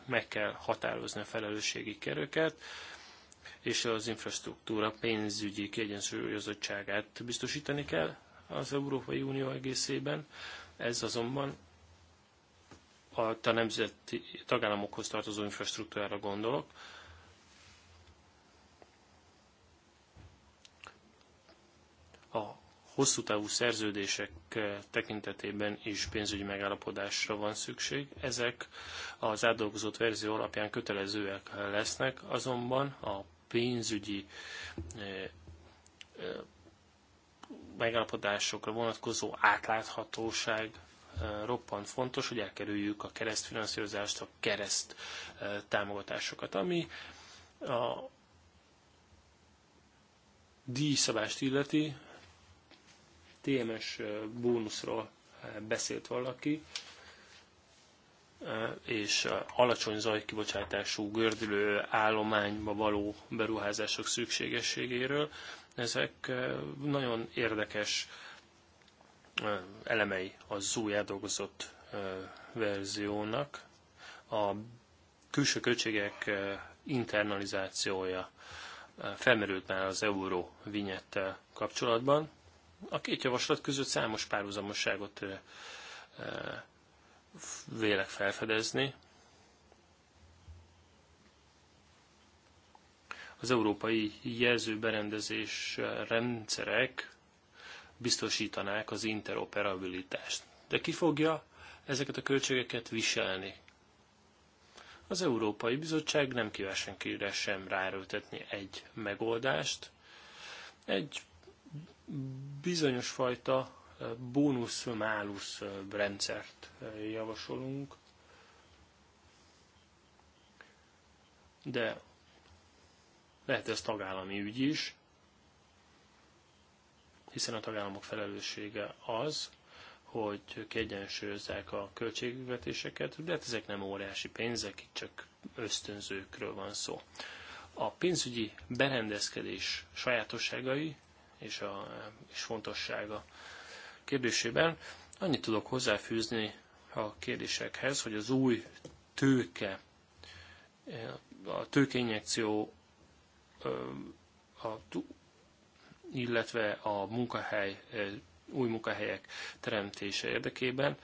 meg kell határozni a felelősségi keröket, és az infrastruktúra pénzügyi kiegyensúlyozottságát biztosítani kell az Európai Unió egészében. Ez azonban a, a nemzeti tagállamokhoz tartozó infrastruktúrára gondolok, hosszú távú szerződések eh, tekintetében is pénzügyi megállapodásra van szükség. Ezek az átdolgozott verzió alapján kötelezőek lesznek, azonban a pénzügyi eh, eh, megállapodásokra vonatkozó átláthatóság roppant fontos, hogy elkerüljük a keresztfinanszírozást, a kereszt támogatásokat, ami a díjszabást illeti, TMS bónuszról beszélt valaki, és alacsony zajkibocsátású gördülő állományba való beruházások szükségességéről. Ezek nagyon érdekes elemei az új eldolgozott verziónak. A külső költségek internalizációja felmerült már az euró vinyettel kapcsolatban. A két javaslat között számos párhuzamosságot vélek felfedezni. Az európai jelzőberendezés rendszerek biztosítanák az interoperabilitást. De ki fogja ezeket a költségeket viselni? Az Európai Bizottság nem kíván senkire sem ráerőltetni egy megoldást. Egy bizonyos fajta eh, bónusz-málusz eh, rendszert eh, javasolunk, de lehet ez tagállami ügy is, hiszen a tagállamok felelőssége az, hogy kiegyensúlyozzák a költségvetéseket, de hát ezek nem óriási pénzek, itt csak ösztönzőkről van szó. A pénzügyi berendezkedés sajátosságai és, a, és fontossága kérdésében. Annyit tudok hozzáfűzni a kérdésekhez, hogy az új tőke, a tőkeinjekció, a, illetve a munkahely, új munkahelyek teremtése érdekében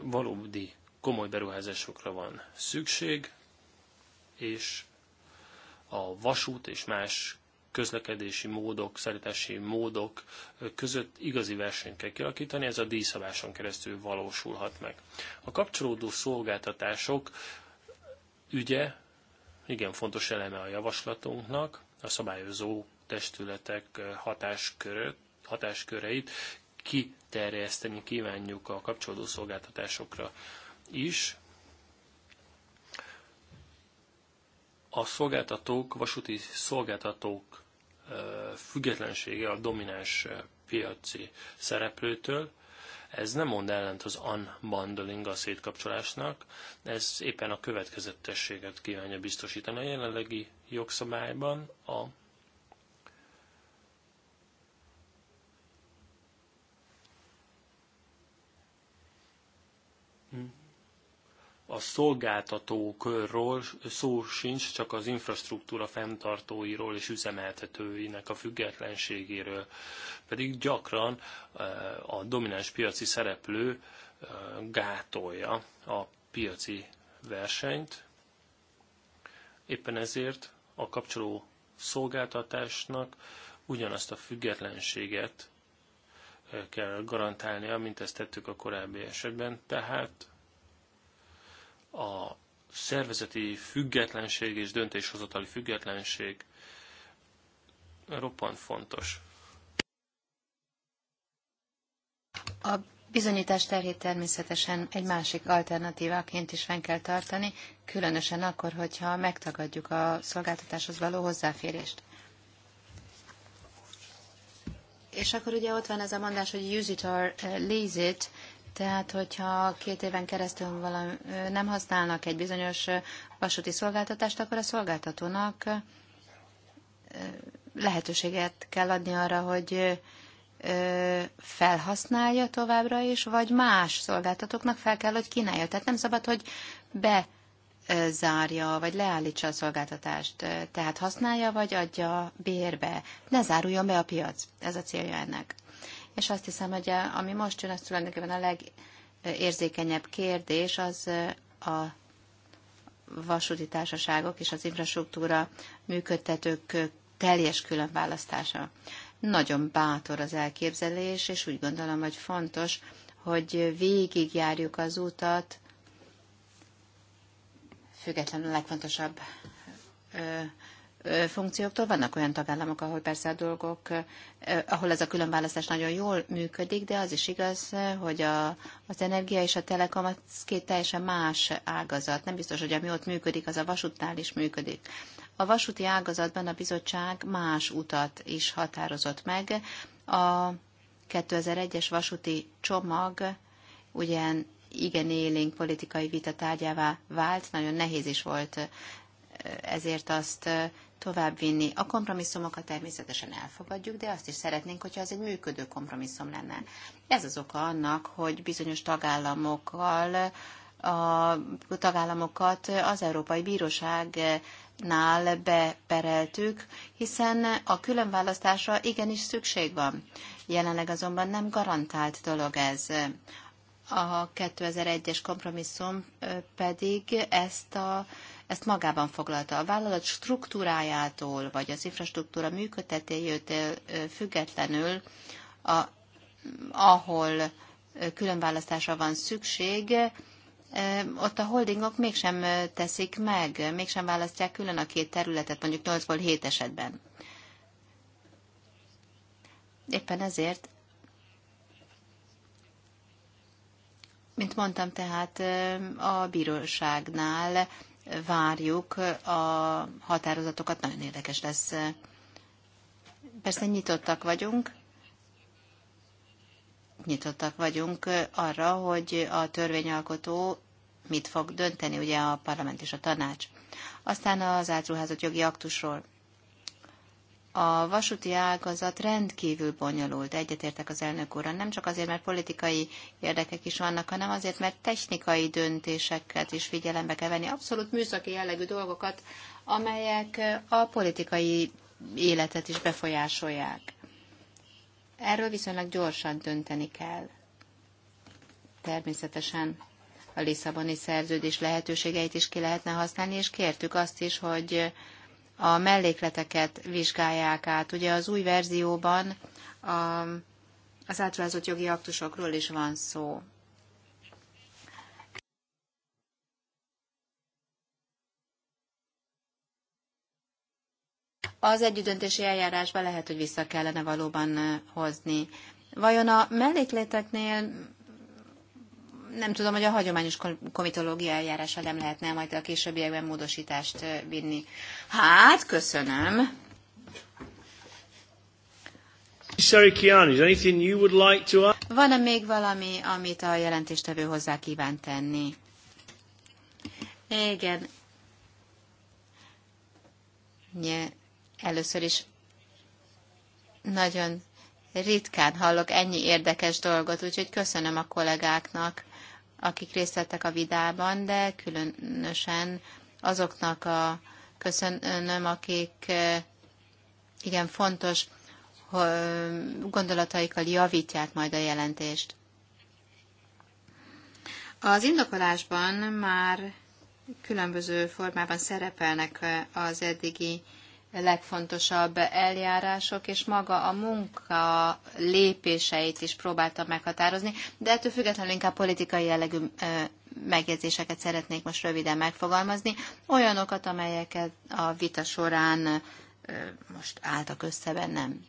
valódi komoly beruházásokra van szükség, és a vasút és más közlekedési módok, szállítási módok között igazi versenyt kell kialakítani, ez a díjszabáson keresztül valósulhat meg. A kapcsolódó szolgáltatások ügye igen fontos eleme a javaslatunknak, a szabályozó testületek hatásköröt, hatásköreit kiterjeszteni kívánjuk a kapcsolódó szolgáltatásokra is, a szolgáltatók, vasúti szolgáltatók függetlensége a domináns piaci szereplőtől, ez nem mond ellent az unbundling, a szétkapcsolásnak, ez éppen a következetességet kívánja biztosítani. A jelenlegi jogszabályban a a szolgáltatókörről szó sincs, csak az infrastruktúra fenntartóiról és üzemeltetőinek a függetlenségéről. Pedig gyakran eh, a domináns piaci szereplő eh, gátolja a piaci versenyt. Éppen ezért a kapcsoló szolgáltatásnak ugyanazt a függetlenséget eh, kell garantálnia, mint ezt tettük a korábbi esetben. Tehát a szervezeti függetlenség és döntéshozatali függetlenség roppant fontos. A bizonyítás terhét természetesen egy másik alternatívaként is fenn kell tartani, különösen akkor, hogyha megtagadjuk a szolgáltatáshoz való hozzáférést. És akkor ugye ott van ez a mondás, hogy use it or eh, lease it, tehát, hogyha két éven keresztül valami, nem használnak egy bizonyos vasúti szolgáltatást, akkor a szolgáltatónak lehetőséget kell adni arra, hogy felhasználja továbbra is, vagy más szolgáltatóknak fel kell, hogy kínálja. Tehát nem szabad, hogy bezárja, vagy leállítsa a szolgáltatást. Tehát használja, vagy adja bérbe. Ne záruljon be a piac. Ez a célja ennek és azt hiszem, hogy a, eh, ami most jön, az tulajdonképpen a legérzékenyebb kérdés, az eh, a vasúti társaságok és az infrastruktúra működtetők eh, teljes különválasztása. Nagyon bátor az elképzelés, és úgy gondolom, hogy fontos, hogy végigjárjuk az utat, függetlenül a legfontosabb funkcióktól. Vannak olyan tagállamok, ahol persze a dolgok, ahol ez a különválasztás nagyon jól működik, de az is igaz, hogy a, az energia és a telekom az két teljesen más ágazat. Nem biztos, hogy ami ott működik, az a vasútnál is működik. A vasúti ágazatban a bizottság más utat is határozott meg. A 2001-es vasúti csomag ugyan igen élénk politikai vita tárgyává vált, nagyon nehéz is volt ezért azt továbbvinni. A kompromisszumokat természetesen elfogadjuk, de azt is szeretnénk, hogyha az egy működő kompromisszum lenne. Ez az oka annak, hogy bizonyos tagállamokkal a tagállamokat az Európai Bíróságnál bepereltük, hiszen a különválasztásra igenis szükség van. Jelenleg azonban nem garantált dolog ez. A 2001-es kompromisszum pedig ezt a ezt magában foglalta a vállalat struktúrájától, vagy az infrastruktúra működtetéjétől függetlenül, a, ahol különválasztásra van szükség, ott a holdingok mégsem teszik meg, mégsem választják külön a két területet, mondjuk 8-ból 7 esetben. Éppen ezért, mint mondtam, tehát a bíróságnál várjuk a határozatokat, nagyon érdekes lesz. Persze nyitottak vagyunk, nyitottak vagyunk arra, hogy a törvényalkotó mit fog dönteni, ugye a parlament és a tanács. Aztán az átruházott jogi aktusról a vasúti ágazat rendkívül bonyolult, egyetértek az elnök úrral, nem csak azért, mert politikai érdekek is vannak, hanem azért, mert technikai döntéseket is figyelembe kell venni, abszolút műszaki jellegű dolgokat, amelyek a politikai életet is befolyásolják. Erről viszonylag gyorsan dönteni kell. Természetesen a Lisszaboni szerződés lehetőségeit is ki lehetne használni, és kértük azt is, hogy a mellékleteket vizsgálják át. Ugye az új verzióban a, az átruházott jogi aktusokról is van szó. Az együttdöntési eljárásba lehet, hogy vissza kellene valóban eh, hozni. Vajon a mellékleteknél nem tudom, hogy a hagyományos komitológia eljárása nem lehetne majd a későbbiekben módosítást vinni. Hát, köszönöm. Van-e még valami, amit a jelentéstevő hozzá kíván tenni? Igen. Ja, először is nagyon ritkán hallok ennyi érdekes dolgot, úgyhogy köszönöm a kollégáknak akik részt vettek a vidában, de különösen azoknak a köszönöm, akik eh, igen fontos eh, gondolataikkal javítják majd a jelentést. Az indokolásban már különböző formában szerepelnek eh, az eddigi legfontosabb eljárások, és maga a munka lépéseit is próbáltam meghatározni, de ettől függetlenül inkább politikai jellegű megjegyzéseket szeretnék most röviden megfogalmazni, olyanokat, amelyeket a vita során most álltak össze bennem.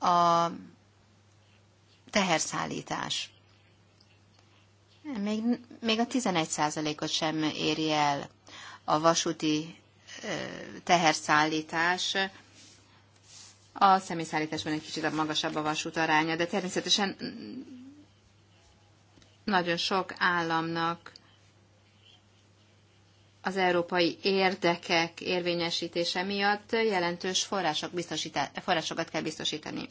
A teherszállítás. Még, még a 11%-ot sem éri el a vasúti teherszállítás, a személyszállításban egy kicsit a magasabb a vasút aránya, de természetesen nagyon sok államnak az európai érdekek érvényesítése miatt jelentős források forrásokat kell biztosítani.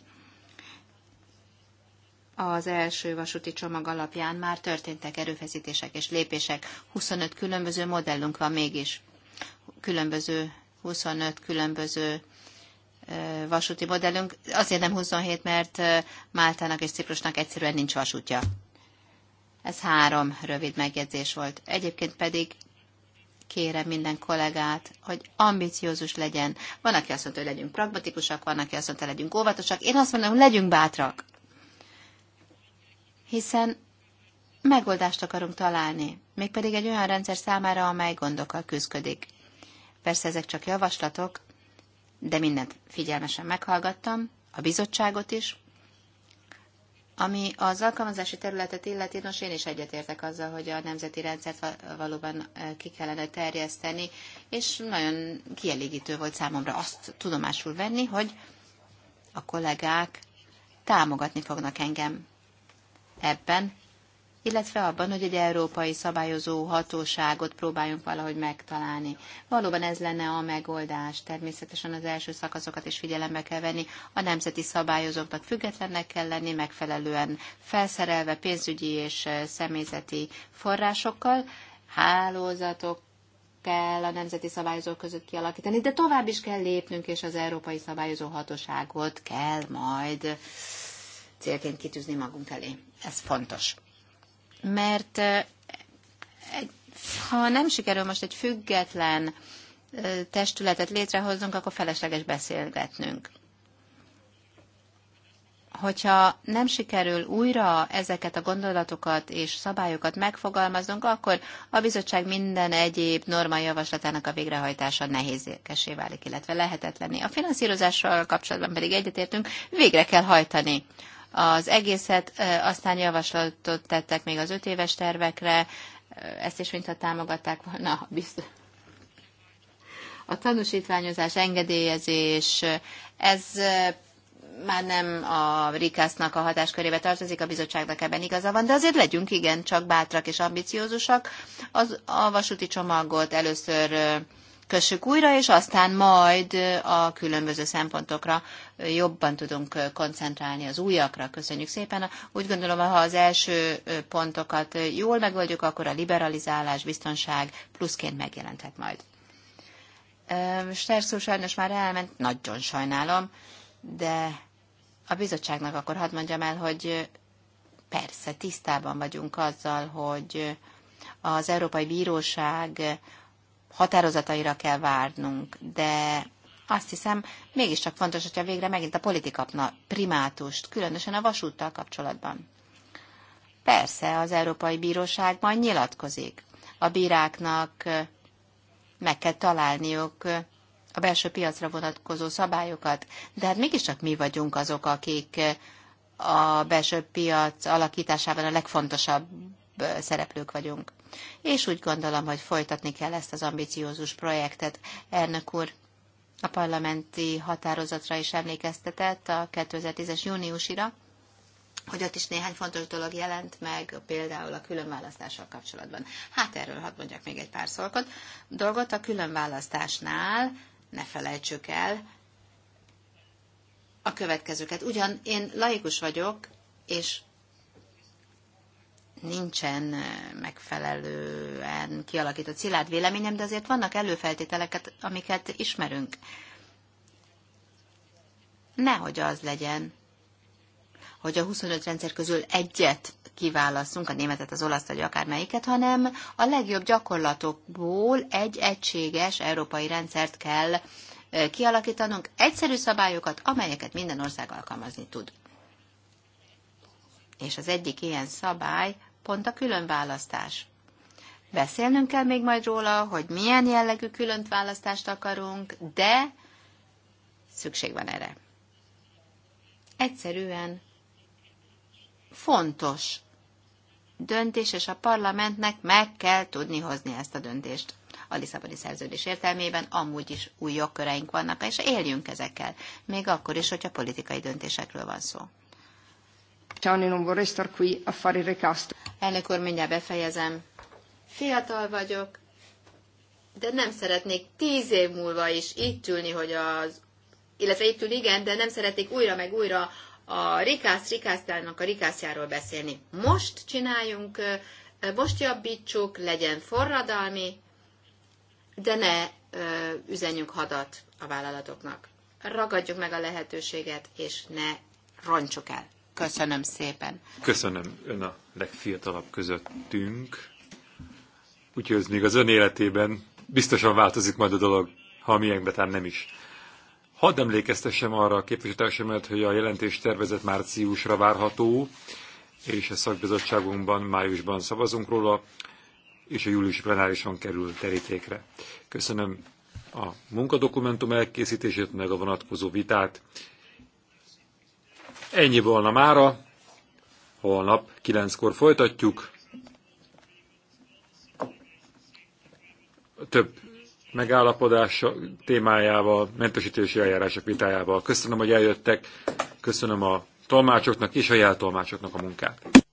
Az első vasúti csomag alapján már történtek erőfeszítések és lépések, 25 különböző modellünk van mégis különböző, 25 különböző vasúti modellünk. Azért nem 27, mert Máltának és Ciprusnak egyszerűen nincs vasútja. Ez három rövid megjegyzés volt. Egyébként pedig kérem minden kollégát, hogy ambiciózus legyen. Van, aki azt mondta, hogy legyünk pragmatikusak, van, aki azt mondta, hogy legyünk óvatosak. Én azt mondom, hogy legyünk bátrak. Hiszen megoldást akarunk találni, mégpedig egy olyan rendszer számára, amely gondokkal küzdködik. Persze ezek csak javaslatok, de mindent figyelmesen meghallgattam, a bizottságot is. Ami az alkalmazási területet illeti, nos én is egyetértek azzal, hogy a nemzeti rendszert valóban e, ki kellene terjeszteni, és nagyon kielégítő volt számomra azt tudomásul venni, hogy a kollégák támogatni fognak engem ebben, illetve abban, hogy egy európai szabályozó hatóságot próbáljunk valahogy megtalálni. Valóban ez lenne a megoldás. Természetesen az első szakaszokat is figyelembe kell venni. A nemzeti szabályozóknak függetlennek kell lenni, megfelelően felszerelve pénzügyi és személyzeti forrásokkal, hálózatok, kell a nemzeti szabályozók között kialakítani, de tovább is kell lépnünk, és az európai szabályozó hatóságot kell majd célként kitűzni magunk elé. Ez fontos mert ha nem sikerül most egy független testületet létrehoznunk, akkor felesleges beszélgetnünk. Hogyha nem sikerül újra ezeket a gondolatokat és szabályokat megfogalmaznunk, akkor a bizottság minden egyéb norma javaslatának a végrehajtása nehézkesé válik, illetve lehetetlené. A finanszírozással kapcsolatban pedig egyetértünk, végre kell hajtani az egészet, aztán javaslatot tettek még az öt éves tervekre, ezt is mintha támogatták volna, biztos. A tanúsítványozás, engedélyezés, ez már nem a Rikásznak a hatáskörébe tartozik, a bizottságnak ebben igaza van, de azért legyünk igen csak bátrak és ambiciózusak. Az, a vasúti csomagot először kössük újra, és aztán majd a különböző szempontokra jobban tudunk koncentrálni az újakra. Köszönjük szépen. Úgy gondolom, ha az első pontokat jól megoldjuk, akkor a liberalizálás, biztonság pluszként megjelenthet majd. Sterszó sajnos már elment, nagyon sajnálom, de a bizottságnak akkor hadd mondjam el, hogy persze tisztában vagyunk azzal, hogy az Európai Bíróság határozataira kell várnunk, de azt hiszem, mégiscsak fontos, hogyha végre megint a politika kapna primátust, különösen a vasúttal kapcsolatban. Persze, az Európai Bíróság majd nyilatkozik. A bíráknak meg kell találniuk a belső piacra vonatkozó szabályokat, de hát mégiscsak mi vagyunk azok, akik a belső piac alakításában a legfontosabb szereplők vagyunk. És úgy gondolom, hogy folytatni kell ezt az ambiciózus projektet. Elnök úr, a parlamenti határozatra is emlékeztetett a 2010-es júniusira, hogy ott is néhány fontos dolog jelent meg, például a különválasztással kapcsolatban. Hát erről hadd mondjak még egy pár szolkot. Dolgot a különválasztásnál, ne felejtsük el, a következőket. Ugyan én laikus vagyok, és nincsen eh, megfelelően kialakított szilárd véleményem, de azért vannak előfeltételeket, amiket ismerünk. Nehogy az legyen, hogy a 25 rendszer közül egyet kiválasztunk, a németet, az olaszt vagy akármelyiket, hanem a legjobb gyakorlatokból egy egységes európai rendszert kell eh, kialakítanunk, egyszerű szabályokat, amelyeket minden ország alkalmazni tud. És az egyik ilyen szabály pont a különválasztás. Beszélnünk kell még majd róla, hogy milyen jellegű különválasztást akarunk, de szükség van erre. Egyszerűen fontos döntés, és a parlamentnek meg kell tudni hozni ezt a döntést. A Lisszaboni szerződés értelmében amúgy is új jogköreink vannak, és éljünk ezekkel, még akkor is, hogyha politikai döntésekről van szó. Csáni, non vorrei star qui a fare recasto. Elnök úr, mindjárt befejezem. Fiatal vagyok, de nem szeretnék tíz év múlva is itt ülni, hogy az, illetve itt ül igen, de nem szeretnék újra meg újra a rikász rikásztának a rikászjáról beszélni. Most csináljunk, most javítsuk, legyen forradalmi, de ne üzenjünk hadat a vállalatoknak. Ragadjuk meg a lehetőséget, és ne roncsuk el. Köszönöm szépen. Köszönöm, ön a legfiatalabb közöttünk. Úgyhogy ez még az ön életében biztosan változik majd a dolog, ha a miénkbe nem is. Hadd emlékeztessem arra a képviselőtársamat, hogy a jelentés tervezet márciusra várható, és a szakbizottságunkban májusban szavazunk róla, és a júliusi plenárison kerül terítékre. Köszönöm a munkadokumentum elkészítését, meg a vonatkozó vitát, Ennyi volna mára. Holnap kilenckor folytatjuk. Több megállapodás témájával, mentesítési eljárások vitájával. Köszönöm, hogy eljöttek. Köszönöm a tolmácsoknak és a jeltolmácsoknak a munkát.